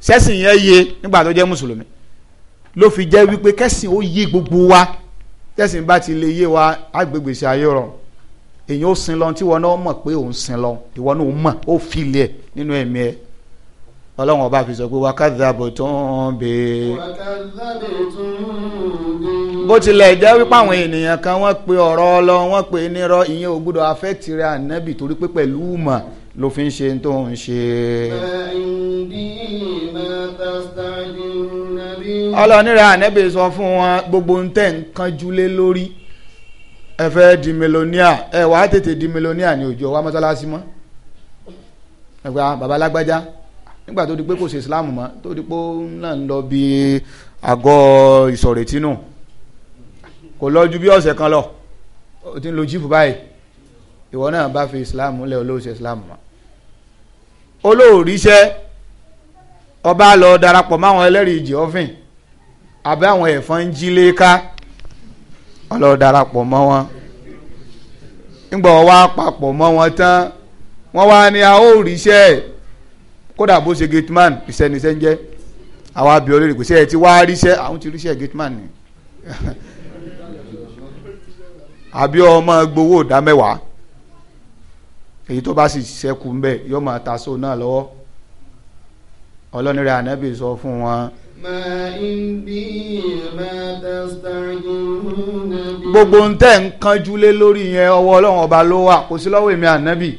sẹ́sìn yẹn yé nígbà tó jẹ́ mùsùlùmí ló fi jẹ́ wípé kẹ́sìn ó yé gbogbo wa tẹ̀sìn bá ti lè yé wa agbègbèsè ayé rọ èyàn ó sin lọ tí wọn náà mọ̀ pé òun sin lọ ìwọ náà ó mọ̀ ó fi lẹ̀ nínú ẹ̀mí ẹ̀ ọlọ́run ọba fi sọ pé wákàtàbọ̀ tó ń bè é. bó tilẹ̀ jẹ́ wípé àwọn ènìyàn kan wọ́n pe ọ̀rọ̀ ọlọ́run wọ́n pe nírọ́ ìyẹn ò gbọ́dọ̀ affect rẹ̀ ànábì torí pé pẹ̀lú ìmọ̀ ló fi ń ṣe tó ń ṣe. bẹ́ẹ̀ ni bí ọlọ́nira ànẹ́bẹ̀ sọ fún wọn gbogbo ń tẹ̀ ń kánjú lé lórí ẹ fẹ́ di melonia ẹ wàá tètè di melonia ní òjò wa mọ́sálásí mọ́ ẹgbẹ́ baba lágbájá nígbà tó di pé kò ṣe islam mọ́ tó di pé náà ń lọ bí àgọ́ ìsọ̀rètí nù kò lọ ju bí ọ̀sẹ̀ kan lọ o ti ń lo jíìpù báyìí ìwọ náà bá fi islam lẹ̀ olóòṣè islam mọ́ olóòríṣẹ́ ọba lọ darapọ̀ máwọn ẹlẹ́rìí jehofin àbí àwọn ẹ̀fọn ń jí léka ọlọ darapọ̀ mọ́ wọn ńgbọ̀ wá papọ̀ mọ́ wọn tán wọ́n wá ní a ó ríṣẹ́ kódà bó ṣe gateman ìṣẹ́niṣẹ́ ń jẹ́ àwọn abiyọ̀ lórí ìgbésẹ̀ ẹ̀ ti wá ríṣẹ́ àwọn ti ríṣẹ́ gateman ni <laughs> àbí ọmọ gbowó ìdámẹ́wàá èyí tó bá sì ṣẹ́kù ń bẹ̀ yọ máa ta sóun náà lọ́wọ́ ọlọ́ni rẹ̀ ànábì sọ fún wọn. gbogbo ń tẹ̀ ń kánjú lé lórí yẹn ọwọ́ ọlọ́run ọba ló wà kò sí lọ́wọ́ èmi ànábì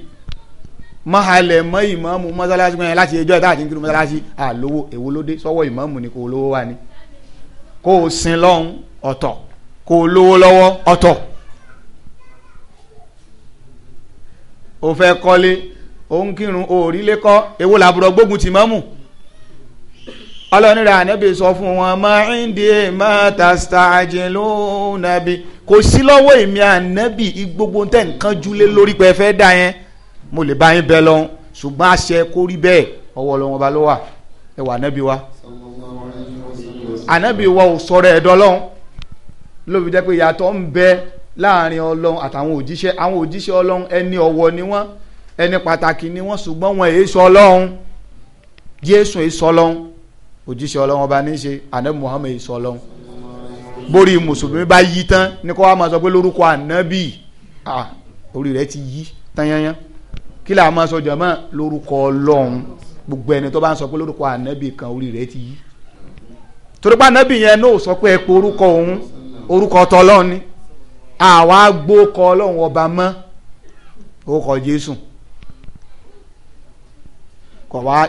mahalẹ̀ mọ́ ìmáàmù mọ́sálásí gbọ́n yẹn láti ẹjọ́ ìta àti nkiri mọ́sálásí àlówó èwo ló sọ́wọ́ ìmáàmù ni kò lówó wá ni kò sin lọ́hún ọ̀tọ̀ kò lówó lọ́wọ́ ọ̀tọ̀ o fẹ́ kọ́lé o ń kírun o ò rí lé kọ́ èwo làbúrò gbógun tì máàmù ọlọ́run rẹ̀ ànábì sọ fún wọn máa ń di máa tàṣà àjẹló nàbí kò sí lọ́wọ́ èmi ànábì gbogbo tẹ̀ nǹkan júlé lórí pé fẹ́ dà yẹn mo lè bá yín bẹ lọ́hún ṣùgbọ́n àṣẹ kó rí bẹ́ẹ̀ ọwọ́ ọlọ́run ọba ló wà ẹ wà ànábì wa ànábì wa ò sọ̀rọ̀ ẹ̀dọ́ lọ́hún lóbi jẹ́ pé ìyàtọ̀ ń bẹ láàrin ọlọ́run àtàwọn òjíṣẹ́ àwọn òjíṣẹ́ ọlọ́run ẹni ọ̀wọ̀ ni wọ́n ẹni òjíṣẹ́ ọlọ́run ọba ní í ṣe anabi muhammed sọ ọlọ́run borí mùsùlùmí bá yí tán ní kó wá máa sọ pé lórúkọ anabi orí rẹ ti yí tanyanya kí là á máa sọ jọmọ lórúkọ ọlọ́run gbogbo ẹni tó bá ń sọ pé lórúkọ anabi kan orí rẹ ti yí torí pé anabi yẹn náà sọ pé ẹ orúkọ òun orúkọ tọlọ́run ni àwa gbókọ ọlọ́run ọba mọ́ orúkọ jésù kọ̀ wá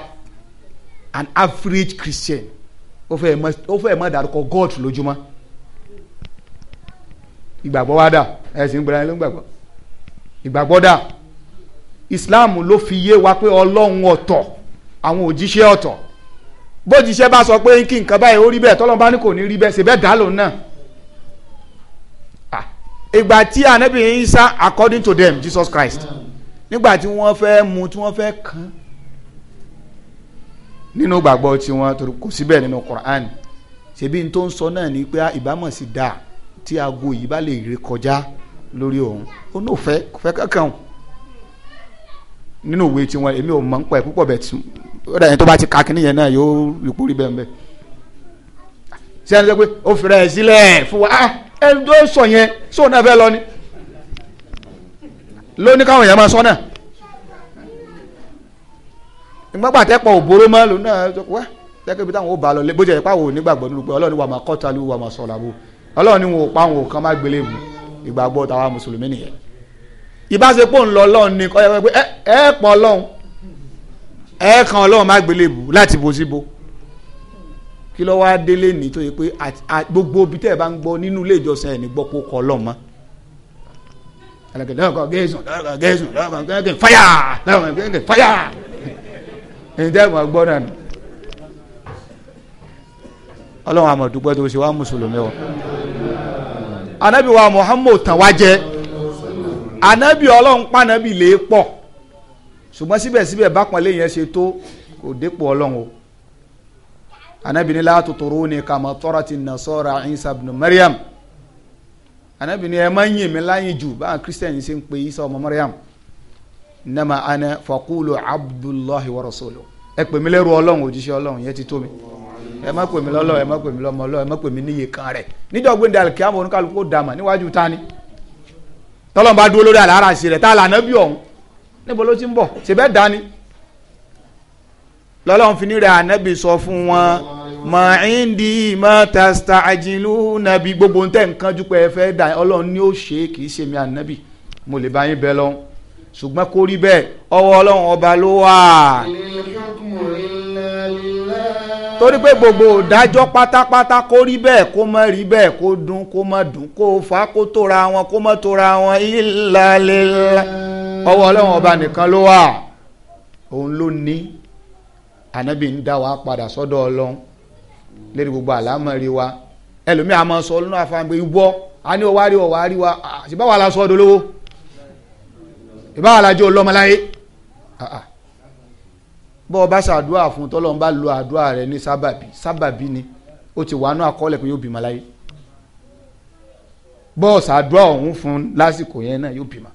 an average Christian ó fẹ́ mọ ó fẹ́ mọ dárúkọ God lójúmọ́ ìgbàgbọ́ wa dà ẹ̀sìn gbẹ̀rẹ̀ ló ń gbàgbọ́ ìgbàgbọ́ dà Islam ló fi yé wa pé ọlọ́run ọ̀tọ̀ àwọn òjíṣẹ́ ọ̀tọ̀ bójíṣẹ́ bá sọ pé kí nǹkan báyìí ó rí bẹ́ẹ̀ tọ́lọ́mbá ní kò ní rí bẹ́ẹ̀ ṣe dá lòun náà ah, ìgbà tí anabi Isa according to them Jesus Christ nígbà tí wọ́n fẹ́ mu tí wọ́n fẹ́ kàn nínú gbàgbọ́ tiwọn torí kò síbẹ̀ nínú Quran ṣebí n tó ń sọ náà ni pé ìbámọ̀ sí dáa tí aago yìí bá lè ré kọjá lórí òun ó ní òfẹ́ òfẹ́ kankan nínú òwe tiwọn èmi ò mọ̀ ń pẹ́ púpọ̀ bẹ̀ tí ó dàgbẹ́ tó bá ti ka kínní yẹn náà yóò rìpó rí bẹ́ẹ̀ bẹ́ẹ̀ ṣé ẹni sọ pé ó fìrà ẹ̀ sílẹ̀ fún wa ah, ẹni tó sọ yẹn sóun náà fẹ́ lọ ni lóní káwọn yẹn máa sọ náà ìgbàgbà tẹ́pọ̀ òbóró mọ́ lòun náà wá tẹ́kẹ́ ibi táwọn ò bá lọ lé bójú ẹ̀pá òun nígbàgbọ́ nílùú pé ọlọ́run ni wà máa kọ́ta lù wà máa sọ̀rọ̀ àbò ọlọ́run ni wọn ò pa àwọn òkan má gbélé wù ìgbàgbọ́ tàwa mùsùlùmí nìyẹn ìbáṣepọ̀ ńlọ ọlọ́run ni kọ́ ẹ pé ẹ pọ̀ ọlọ́run ẹ kan ọlọ́run má gbélé wù láti bo síbo kí ló wá délé ní tó yẹ pé gbogbo ibi tẹ́ ẹ bá ń gbọ́ nínú ilé ìjọsìn ẹ̀ ní tẹ́ mọ̀ gbọ́ náà nù ọlọ́run àmọ̀ tó ṣe wá mùsùlùmí o anabi wa muhammad tàn wá anabi ọlọ́run pànàbì lè pọ̀ ṣùgbọ́n síbẹ̀síbẹ̀ bákanlé yẹn ṣe tó kò dépò ọlọ́run o anabi ní la tuturuni kama turati nasara isa ibn mariam anabi ní ẹ má yìn mí láyìn jù báwọn kristian ṣe ń pe isa ọmọ mariam nama ana fakulu abdullahi wa rasulu ẹ pè mí lẹ́rú ọlọ́run òjíṣẹ́ ọlọ́run yẹn ti tó mi ẹ má pè mí lọ́lọ́run ẹ má pè mí lọ́mọ ọlọ́run ẹ má pè mí níyè kan rẹ̀ nídọ̀gbìn dàlẹ́ kí àwọn oníkàlùkù ó dàmà níwájú ta ni tọ́lọ́n bá dúró lórí àlàárà sí rẹ̀ tá a lànà bí ọ̀hún níbo ló ti ń bọ̀ ṣèbẹ́ dání lọ́lọ́run fi ní rẹ̀ ànábì sọ fún wọn mà ń di mà àjìnlú nàbí gbogbo ntẹ̀ nǹkan jù ẹ fẹ́ dà ọlọ́run ni ó ṣe kì í ṣe mi ànábì mo lè bá yín bẹ lọ́hún ṣùgbọ́n kó rí bẹ́ẹ̀ ọwọ́ ọlọ́run ọba ló wà. torí pé gbogbo ìdájọ́ pátápátá kó rí bẹ́ẹ̀ kó má rí bẹ́ẹ̀ kó dùn kó má dùn kó fa kó tóra wọn kó má tóra wọn ìlàlélà ọwọ́ ọlọ́run ọba nìkan ló wà òun ló ní ànábì ń dá wa padà sọ́dọ̀ ọlọ́run lérí gbogbo àlámọ̀rí wa ẹlòmíà máa sọ ọlọ́run àfàǹgbé ibọ́ a ní ọwárí ọwárí wa àṣìbáwá la sọ lówó ìbá alájọ ọlọ́mọláyé ah, ah. bọ́ ọ bá ṣàdúrà fún tọ́lọ́ ń bá lo àdúrà rẹ ní sábàbí sábàbí ni ó ti wà ní àkọọ́lẹ̀ pé yóò bímọ láyé bọ́ ọ ṣàdúrà ọ̀hún fún lásìkò yẹn náà yóò bímọ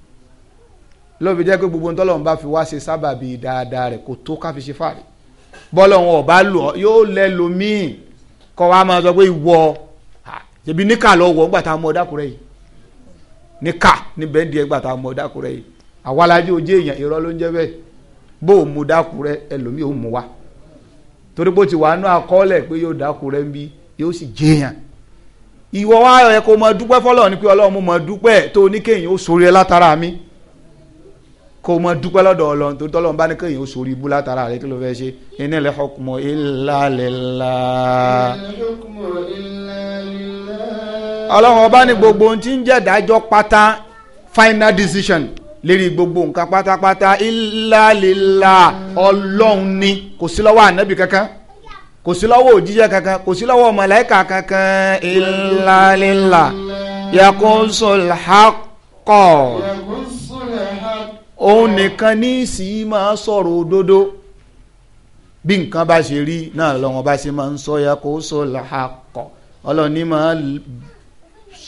lọ́bi jẹ́ pé gbogbo tọ́lọ́ ń bá fi wá ṣe sábàbí dáadáa rẹ̀ kò tó ká fi ṣe fàárẹ̀ bọ́lọ̀ wọn ọba lò ọ yóò lẹ́ lomíì kọ́ wa máa sọ pé ìwọ ṣèbí níkà lọ wọ̀ ńgbà tá a mọ yìí níkà níbẹ̀ ń di ẹgbà àwalájú ojú èèyàn irọ́ ló ń jẹ́ bẹ́ẹ̀ bó o mu dákú rẹ ẹlòmíì ò mu wa torí bó ti wà nú akọ́lẹ̀ pé yóò dákú rẹ ń bí yóò sì jẹyàn ìwọ wa yẹ kó mọ dúpẹ́ fọlọ́ ni pé ọlọ́run mo mọ dúpẹ́ tó ní kéèyàn ó sórí ẹ látara mi kó mọ dúpẹ́ lọ́dọ̀ ọlọ́run tó tọ́lọ́run bá ní kéèyàn ó sórí ibú látara rẹ kí ló fẹ́ ṣe iná ilẹ̀ hukmu illa ọlọ́run ọba ní gbogbo ohun tí ń jẹ́ ìdájọ́ pátá final decision lérí gbogbo nǹkan pátápátá illa lillah ọlọ́run ni kò sí lọ́wọ́ ànábì kankan kò sí lọ́wọ́ òjíṣẹ́ kankan kò sí lọ́wọ́ màláíkà kankan illa lillah yakunsul haqqa òun nìkan ní ìsì máa sọ̀rọ̀ òdodo bí nǹkan bá ṣe rí náà lọ́wọ́n bá ṣe máa ń sọ yakunsul haqqa máa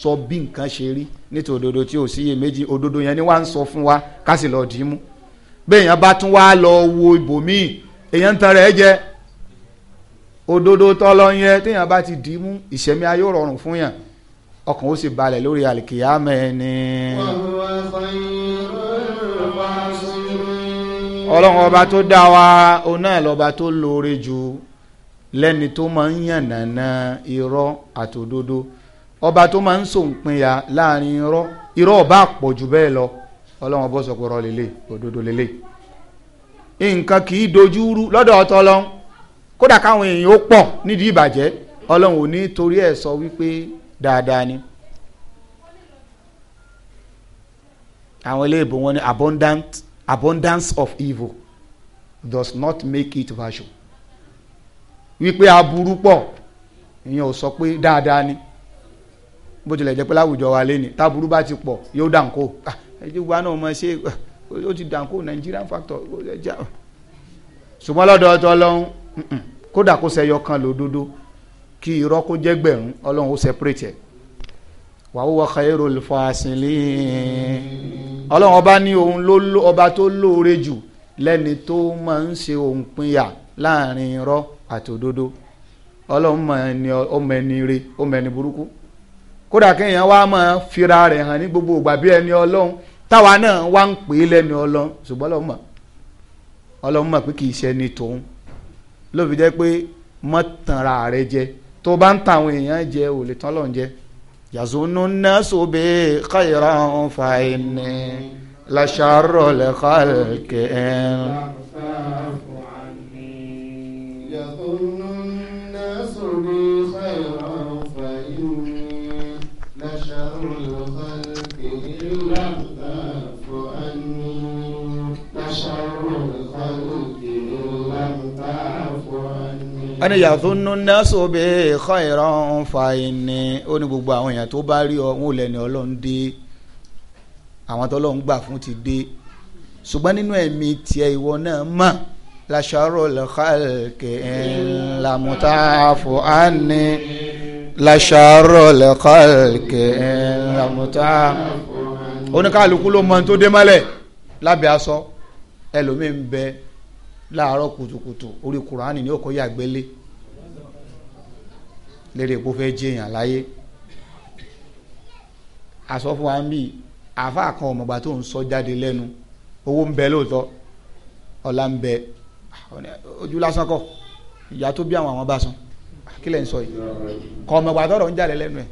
sọ bí nǹkan ṣe rí nítorí òdodo tí ò síye méjì òdodo yẹn ni wàá ń sọ fún wa ká sì lọ dì í mú bẹ́ẹ̀ yẹn bá tún wá lọ wo ibòmíì èèyàn ń tan rẹ̀ jẹ òdodo tọ́lọ yẹn téèyàn bá ti dì í mú ìṣẹ̀mí ayé rọrùn fún yàn ọkàn ó sì balẹ̀ lórí àlìkìyàmẹ́ ni. ọlọ́run ọba tó dá wa òun náà lọ́ba tó lóore jù lẹ́ni tó máa ń yànnàna irọ́ àtòdodo ọba tó máa ń sòǹpinya láàrin irọ́ irọ́ ọba pọ̀ jù bẹ́ẹ̀ lọ ọlọ́wọ́n bọ́ sọ̀kò rọ lélẹ̀ òdodo lélẹ̀ nǹkan kì í dojú rú lọ́dọ̀ ọ̀tọ̀ lọ kódà káwọn èèyàn ó pọ̀ nídìí ìbàjẹ́ ọlọ́run ò ní torí ẹ̀ sọ wípé dáadáa ni àwọn eléèbó wọn ni abundant abundance of evil does not make it virtue wípé aburú pọ̀ ìyẹn ò sọ pé dáadáa ni bó tilẹ̀ jẹ́ pé láwùjọ wa lé ní táburú bá ti pọ̀ yóò dànkó ẹjẹ́ wa náà mọ̀ ṣe ó ti dànkó Nigerian factor ṣùgbọ́n lọ́dọ̀ ọtọ ọlọ́run kódà kó ṣẹyọ kan lódodo kí irọ́ kó jẹ́ gbẹ̀rún ọlọ́run ó separate ẹ̀ wa huwa khairul fasilin ọlọ́run ọba ní òun ló ọba tó lóore jù lẹ́ni tó máa ń ṣe òun pinya láàrin irọ́ àtòdodo ọlọ́run ọmọ ẹni re ọmọ ẹni burúkú kódà kéèyàn wá máa fira rẹ̀ hàn ní gbogbo ìgbà bí ẹni ọlọ́run táwa náà wá ń pè é lẹ́ni ọlọ́run ṣùgbọ́n ọlọ́run mọ̀ ọlọ́run mọ̀ pé kì í ṣe ẹni tòun ló jẹ́ pé mọ́ rẹ jẹ tó bá ń tan èèyàn jẹ ò lè tán ọlọ́run jẹ yàzónú náà sóbè káyọ̀rọ̀ fa ẹni làṣàrọ̀ lẹ́kọ̀ọ́ kẹ́hìn. ẹni yàtò nùnà sóbè ẹ̀kọ́ ìran fa ẹni ó ní gbogbo àwọn èèyàn tó bá rí ọ wọn ò lẹ́ni ọlọ́run dé àwọn tó lọ́n gbà fún ti dé ṣùgbọ́n nínú ẹ̀mí tiẹ̀ ìwọ náà mà làṣàrò lẹ́kàlùkì ńlámùtàfù àní làṣàrò lẹ́kàlùkì ńlámùtàfù. oníkàlùkù ló mọ tó dé mọ́lẹ̀ lábẹ́ aṣọ ẹlòmíín bẹ́ẹ̀ láàárọ̀ kùtùkùtù orí kùránì ní ọkọ̀ yàgbélé lérí epo fẹ́ jẹyàn láyé àsọ fún wa ń bí àáfàá kan ọmọọba tó ń sọ jáde lẹ́nu owó ń bẹ lóòótọ́ ọlá ń bẹ ojú lásán kọ ìyá tó bí àwọn àwọn bá san kí lẹ ń sọ yìí kọ ọmọọba tọrọ ń jáde lẹ́nu ẹ̀.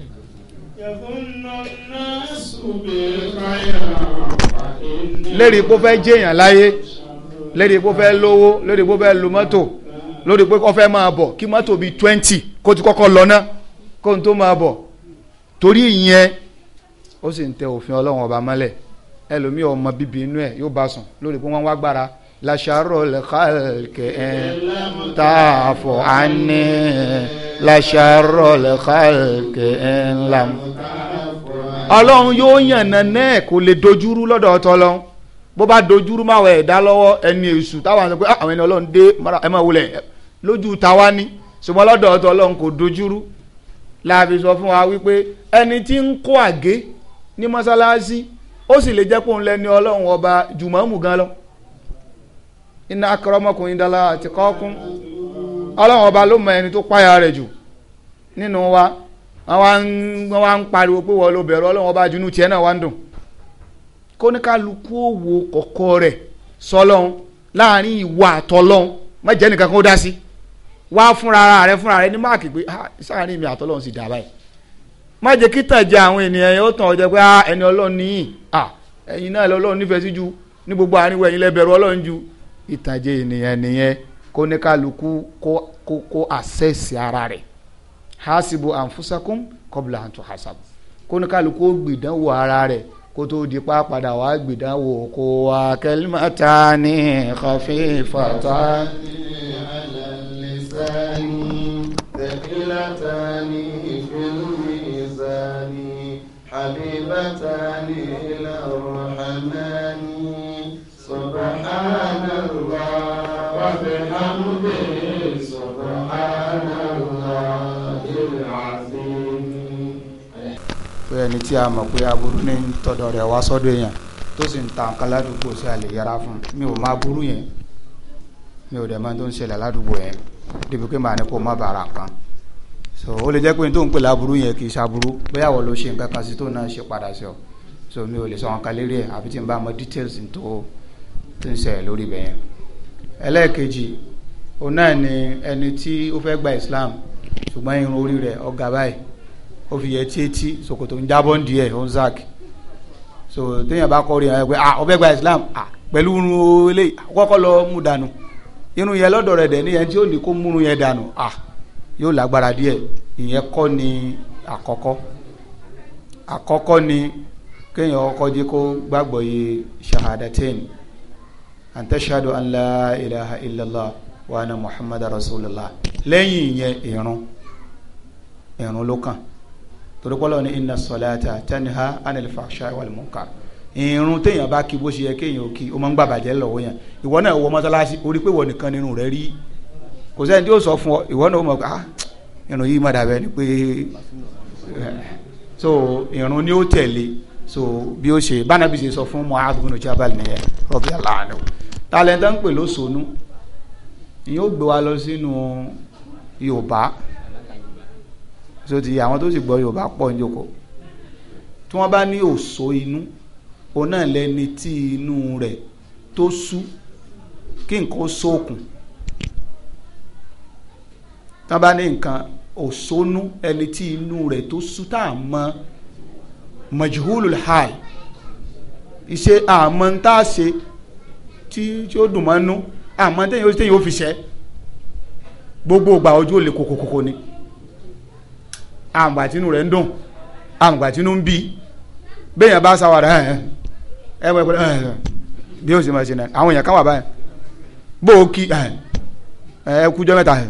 lérí epo fẹ́ jẹyàn láyé lórí pé ó fẹ́ lówó lórí pé ó fẹ́ lu mọ́tò lórí pé ó fẹ́ máa bọ̀ kí mọ́tò bíi twenty kó ti kọ́kọ́ lọ ná kó n tó máa bọ̀ torí ìyẹn ó sì ń tẹ òfin ọlọ́run ọba mọ́lẹ̀ ẹlòmíì ọmọ bíbí inú ẹ̀ yóò bá sùn lórí pé wọ́n wá gbára lasaro lexalke ɛn taafo ani lasaro lexalke ɛn lam. ọlọ́run yóò yànnà náà kò lè dojúrú lọ́dọ̀ ọ̀tọ̀ lọ́wọ́ bó bá dojúrú máa wọ ẹ̀dá lọ́wọ́ ẹni èṣù táwọn sọ pé ah, àwọn ẹni ọlọ́run dé ẹ máa wulẹ̀ lójú tàwa ni ṣùgbọ́n lọ́dọ̀ ọ̀tọ̀ ọlọ́run kò dojúrú láàbí sọ fún wa wípé ẹni tí ń kó àgé ní mọ́sálásí ó sì lè jẹ́ pé wa wá ń pariwo pé wọ́n lo bẹ̀rù ọlọ́run ọba kóníkálukú òwò kọ̀kọ́ rẹ̀ sọlọ́n láàrin ìwà àtọ́lọ́n má jẹ́ nìkan kó dá sí wá fúnra rẹ fúnra rẹ ní máàkì pé ah, sáàrin mi àtọ́lọ́n sì dà báyìí má jẹ́ kí tàjẹ́ àwọn ènìyàn yẹn ó tàn ọ́ jẹ́ pé ah, ẹni ọlọ́run ẹ̀yin náà nífẹ̀ẹ́ sí ju ní gbogbo lẹ́bẹ̀rù ọlọ́run ju ìtàjẹ́ ènìyàn nìyẹn kó àṣẹ̀sì ara rẹ̀ hasibu anfusakum àtúnhasabu ó gbìdánwò ara rẹ̀ kó tó di pa padà wá gbìdánwò kó wa kẹlímọ́tà ní kọfí fàtà. ثقيلتان في الميزان حبيبتان إلى الرحمن سبحان الله وبحمده pé ẹni tí a mọ̀ pé aburú ní tọ̀dọ̀ rẹ̀ wá sọ́dọ̀ èèyàn tó sì ń ta nǹkan ládùúgbò sí a lè yẹra fún mi ò máa burú yẹn mi ò dẹ̀ máa tó ń ṣẹlẹ̀ ládùúgbò yẹn débi pé màá ní kó má bàrà nǹkan so ó lè jẹ́ pé tó ń pè láburú yẹn kì í ṣaburú bóyá wọ́n ló ṣe nǹkan kan sí tó náà ṣe padà sí ọ so mi ò lè sọ nǹkan lérí ẹ̀ àfi tí n bá mọ details tó tó ń ṣẹlẹ̀ lórí ibẹ̀ yẹn ẹlẹ́ẹ̀kejì òun náà ni ẹni tí ó fẹ́ gba Islam ṣùgbọ́n irun orí rẹ̀ ọ̀gá báyìí ó fi yẹ tiẹ́tí ṣòkòtò ń jábọ́ ń ó ń zak so téèyàn bá kọ́ rí ẹ ah ọbẹ̀ gba Islam ah pẹ̀lú irun olè kọ́kọ́ lọ mú dànù irun yẹn lọ́dọ̀ rẹ̀ dẹ̀ níyẹn tí ó ní kó mú irun yẹn dànù ah yóò lágbára díẹ̀ ìyẹn kọ́ ni àkọ́kọ́ àkọ́kọ́ ni kéèyàn kọ́kọ́ jẹ́ kó gbàgbọ́ yé shahadatain an tashhadu an la ilaha illallah wa anna muhammadu rasulillah lẹ́yìn ìyẹn ìrun ìrun ló kàn. torí pé Ọlọ́run inna tanha anil fahsha'i wal munkar irun téèyàn bá kí bó ṣe yẹ kéèyàn o máa ń gbà bàjẹ́ lọ́wọ́ yẹn ìwọ náà wọ mọ́sálásí orí pé nìkan nínú rẹ rí kò sẹ́ni tí ó sọ fún ọ ìwọ náà ó mọ̀ ah irun yìí má dàbẹ́ ni pé eh. so irun ni ó so bí ó ṣe bánabi ṣe sọ fún nìyẹn talẹ̀ ń tán pè gbé wa lọ sínú so ti àwọn tó sì gbọ́ yorùbá pọ̀ ń jókòó tí wọ́n bá ní òṣó inú òun náà lẹni tí inú rẹ̀ tó sú kí nǹkan ó sókun tí wọ́n bá ní nǹkan òṣónú ẹni tí inú rẹ̀ tó sú tá à mọ majhulul hal àmọ́ ń tá a ṣe tí tí ó dùn mọ́ nú àmọ́ tẹ́yìn ó fi ṣẹ́ gbogbo ìgbà ojú ò lè kòkòkòkò ni àmùgbà tínú rẹ̀ ń dùn àmùgbà tínú ń bí bẹ́ẹ̀ yẹn bá sáwàdà ẹ̀ ẹ̀ wẹ́ pẹ́lẹ́ ẹ̀ bí ó sì máa ṣe náà àwọn èèyàn kan wà báyìí bó o kí ẹ̀ ẹ̀ kújọ́ mẹ́ta ẹ̀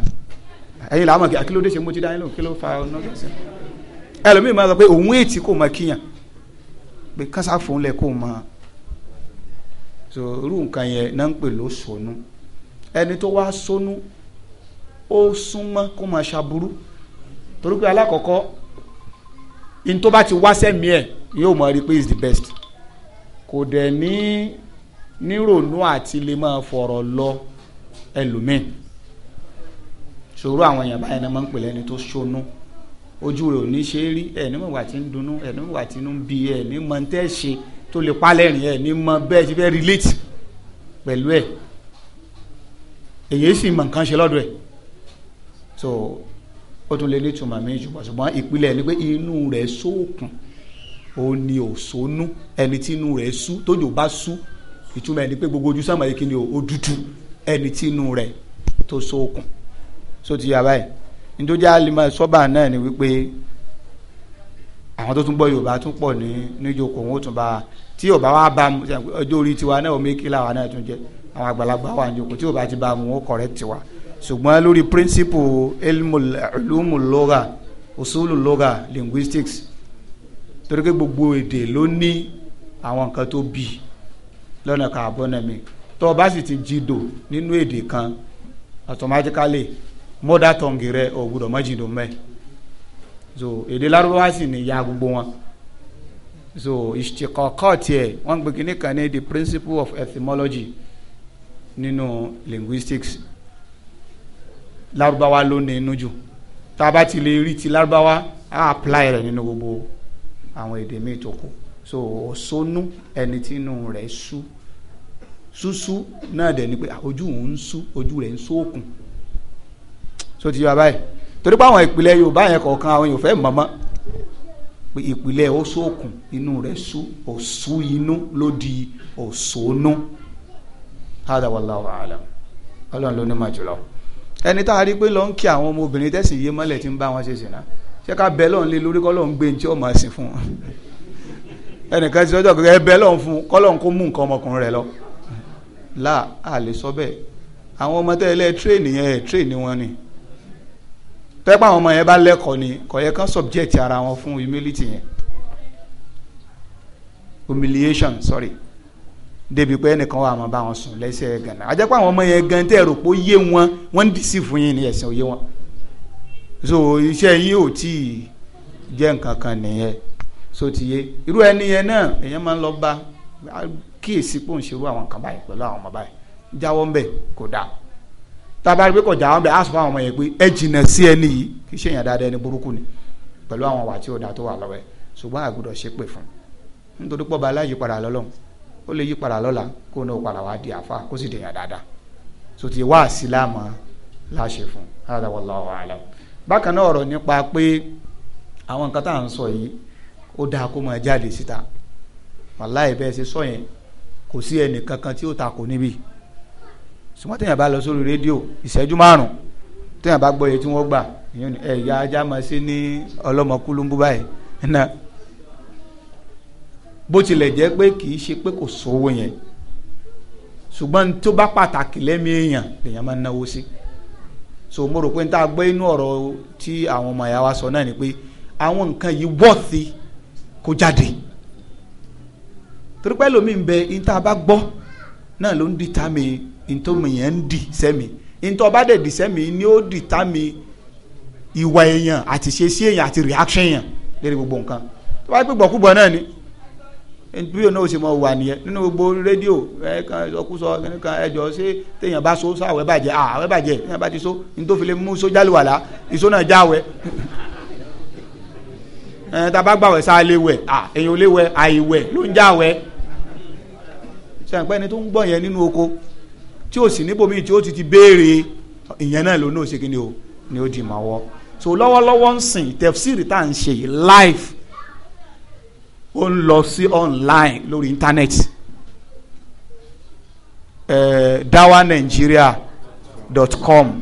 ẹ̀yin làwọn kí akílódé ṣe mú ti dáhìn kí ló fa ọ̀nà kẹsẹ̀ ẹlòmíì máa sọ pé òun ètí kò máa kíyàn pé kásá fòun lẹ kó máa so irú nǹkan yẹn náà ń pè ló sọnù ẹni tó wá sọnù ó súnmọ́ kó máa ṣaburú torí pé alákọ̀ọ́kọ́ in tó bá ti wá sẹ́mi ẹ̀ yóò mọ̀ rí pé is the best kò dẹ̀ ní nírònú àti lè máa fọ̀rọ̀ lọ ẹlòmíì ṣòro àwọn èèyàn báyìí náà máa ń pè lẹ́ni tó ṣonú ojú rẹ̀ ò ní ṣe é rí ẹ̀ ní mọ̀gbà tí ń dunnú ẹ̀ ní mọ̀gbà tí ń bi ẹ̀ ní mọ̀ ń tẹ́ tó lè palẹ̀rìn ẹ̀ ní mọ̀ bẹ́ẹ̀ ti fẹ́ relate pẹ̀lú ẹ̀ èyí sì mọ̀ nǹkan ṣe lọ́dọ̀ ẹ̀ so ó tún lè ní ìtumọ̀ mi ṣùgbọ́n ṣùgbọ́n ìpìlẹ̀ ni pé inú rẹ̀ sókun ó ní òṣónú ẹni tí inú rẹ̀ sú tójò bá sú ìtumọ̀ ẹni pé gbogbo ojú sáàmù yìí kìíní ó dúdú ẹni tí inú rẹ̀ tó sókun só ti yà báyìí nítorí alimọ̀ sọ́bà náà ni wípé àwọn tó tún gbọ́ yorùbá tún pọ̀ ní níjókòó wọn ó tún bá tí yorùbá wa bá ọjọ́ orí tiwa náà omi kíláwa náà tún jẹ àwọn àgbàlagbà wà níjókòó tí yorùbá ti bá mu wọn kọ̀rẹ́ tiwa ṣùgbọ́n lórí píríncípù ilmu lọ́gà usulu lọ́gà linguistics torí pé gbogbo èdè ló ní àwọn nǹkan tó bí lọ́nà kan àbọ̀nàmí tó o bá sì ti jìdò nínú èdè kan automatically mother tongue rẹ ò gbọ́dọ̀ má jìdò mẹ́ so èdè lárúbáwá sì ní ya gbogbo wọn so ìṣèkọ̀kọ̀ tiẹ̀ wọ́n gbé kínní kan ní the principle of etymology nínú linguistics. No lárúbáwá ló ní inú jù tá a bá ti lè rí ti lárúbáwá á apply rẹ̀ nínú gbogbo àwọn èdè míì tó kù so òsónú ẹni tí inú rẹ̀ sú súsú náà dẹ̀ ni pé ojú òun ń sú ojú rẹ̀ ń sókun so ti yọ abáyé torí pé àwọn ìpìlẹ̀ Yorùbá yẹn kọ̀ọ̀kan àwọn Yorùbá fẹ́ mọ̀mọ́ pé ìpìlẹ̀ ó sókun inú rẹ̀ sú òsú inú ló di òsónú hádà wallahu alam ọlọ́run ló ní màjùlọ ẹni tá a rí pé lọ ń kí àwọn ọmọbìnrin tẹ̀sìn yé mọ́lẹ̀ tí ń bá wọn ṣe ṣìnà ṣé ká bẹ́ẹ̀ lọ́n lé lórí kọ́ lọ́n gbé tí ó máa sìn fún wọn ẹnìkan ti sọ́jọ́ kẹ́kẹ́ bẹ́ẹ̀ lọ́n fún kọ́ lọ́n kó mú nǹkan ọmọkùnrin rẹ̀ lọ là á lè sọ bẹ́ẹ̀ àwọn ọmọ tẹ́lẹ̀ tírèènì yẹn ẹ̀ tírèènì wọn ni tẹ́pọ̀ àwọn ọmọ yẹn bá lẹ́kọ̀ọ́ ni kò yẹ kán subject ara wọn fún humility yẹn humiliation sorry débi pé ẹnìkan wà máa bá wọn sùn lẹ́sẹ̀ gànà àjẹ́ pé àwọn ọmọ yẹn gan tẹ́ rò pé ó yé wọn wọ́n ń dìsí fún yín ní ẹ̀sìn òye wọn so iṣẹ́ yín ò tí ì jẹ́ nǹkan kan nìyẹn so ti yé irú ẹni yẹn náà èèyàn máa ń lọ bá kíyèsí pò ń ṣerú àwọn nǹkan báyìí pẹ̀lú àwọn ọmọ báyìí jáwọ́ ń kò dáa tábà rí pé kò jáwọ́ ń á sọ fún àwọn ọmọ yẹn pé ẹ jìnnà sí ẹni yìí kì í ṣe èèyàn dáadáa ẹni burúkú ni pẹ̀lú àwọn wà tí ò dáa tó wà lọ́wọ́ ẹ̀ ṣùgbọ́n àgùdọ̀ ṣépè fún nítorí pọ̀ bá aláyípadà lọ́lọ́run ó lè yí padà lọ́la kó náà padà wá di àfa kó sì dèyàn dáadáa so ti wá síláàmù láṣẹ fún hada wallahu alam bákan náà ọ̀rọ̀ nípa pé àwọn nǹkan tá à ń sọ yìí ó dáa kó máa jáde síta wàláì bẹ́ẹ̀ ṣe sọ yẹn kò sí ẹnì kankan tí ó ta kò níbí ṣùgbọ́n téèyàn bá lọ sórí rédíò ìṣẹ́jú márùn téèyàn bá gbọ́ iye tí wọ́n gbà ẹ̀yà ajá máa ṣe ní ọlọ́mọkúlùmbú báyìí <laughs> bó tilẹ̀ jẹ́ pé kì í ṣe pé kò sówó yẹn ṣùgbọ́n tó bá pàtàkì lẹ́mí èèyàn lèèyàn máa ń náwó sí so mo rò pé n ta gbé inú ọ̀rọ̀ tí àwọn ọmọ ìyá wa sọ náà ni pé àwọn nǹkan yìí wọ́ọ̀tì kó jáde torí pé lómi ń bẹ n ta bá gbọ́ náà ló ń di tá mi n tó mi yẹn ń di sẹ́mi n tó bá dẹ̀ di sẹ́mi ni ó di tá mi ìwà èèyàn àti sí èèyàn àti reaction èèyàn lérí gbogbo nǹkan tó bá gbé gbọ̀kúgbọ̀ náà ni bí òun náà ṣe mọ wà nìyẹn nínú gbogbo rédíò ẹ kan ọkùsọ kan ẹjọ ṣé téèyàn bá so sáwẹ bàjẹ àwẹ bàjẹ téèyàn bá ti so nítòfilé mú sójà lè wà lá ìṣó náà jáwẹ ẹ tá a bá gbàwẹ sá lè wẹ à èèyàn lè wẹ àìwẹ ló ń jáwẹ ṣàǹpẹ́ ni tó ń gbọ̀n yẹn nínú oko tí ò sì níbòmí tí ó ti ti béèrè ìyẹn náà ló náà ṣe kí ni o ni ó di màwọ́ so lọ́wọ́lọ́wọ́ ń sìn tẹ̀fsíìrì tá à ń ṣe yìí life ó ń lọ sí online lórí internet eh, dawanigeria.com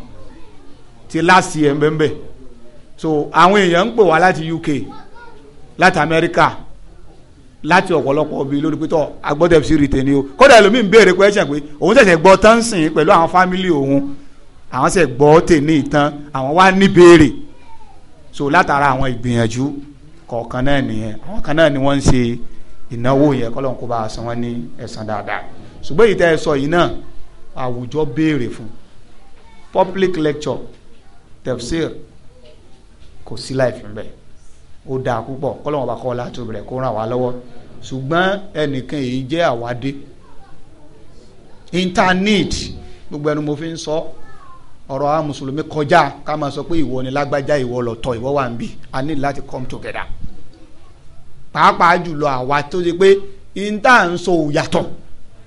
ti last year mbẹ́mbẹ́ so àwọn èèyàn ń pè wá láti UK láti America láti ọ̀pọ̀lọpọ̀ bí lórí pétọ́ agbọ́dẹ̀bísí rìtẹ̀ ni o kódà ẹlòmíín béèrè question pé òun ṣẹ̀ṣẹ̀ gbọ́ tán sìn pẹ̀lú àwọn fámìlì òun àwọn ṣẹ̀ gbọ́ tè ní ìtàn àwọn wá ní béèrè so látara àwọn ìgbìyànjú kọ̀ọ̀kan náà nìyẹn àwọn kan náà ni wọ́n ń ṣe ìnáwó yẹn kọ́lọ́n kó bá a san wọ́n ní ẹ̀san dáadáa ṣùgbọ́n èyí tẹ́ yìí náà àwùjọ béèrè fún public lecture tefsir kò sí láìfí ń bẹ̀ ó dáa púpọ̀ kọ́lọ́n bá kọ́ láti obìnrin kó ràn wá lọ́wọ́ ṣùgbọ́n ẹnìkan èyí jẹ́ àwádé internet gbogbo ẹnu mo fi ń sọ ọ̀rọ̀ àwọn mùsùlùmí kọjá ká máa sọ pé ìwọ ni lágbájá ìwọ lọ̀tọ̀ ìwọ wà ń bì a ní láti come together pàápàá jùlọ àwa tó ṣe pé ìta ń sọ òyàtọ̀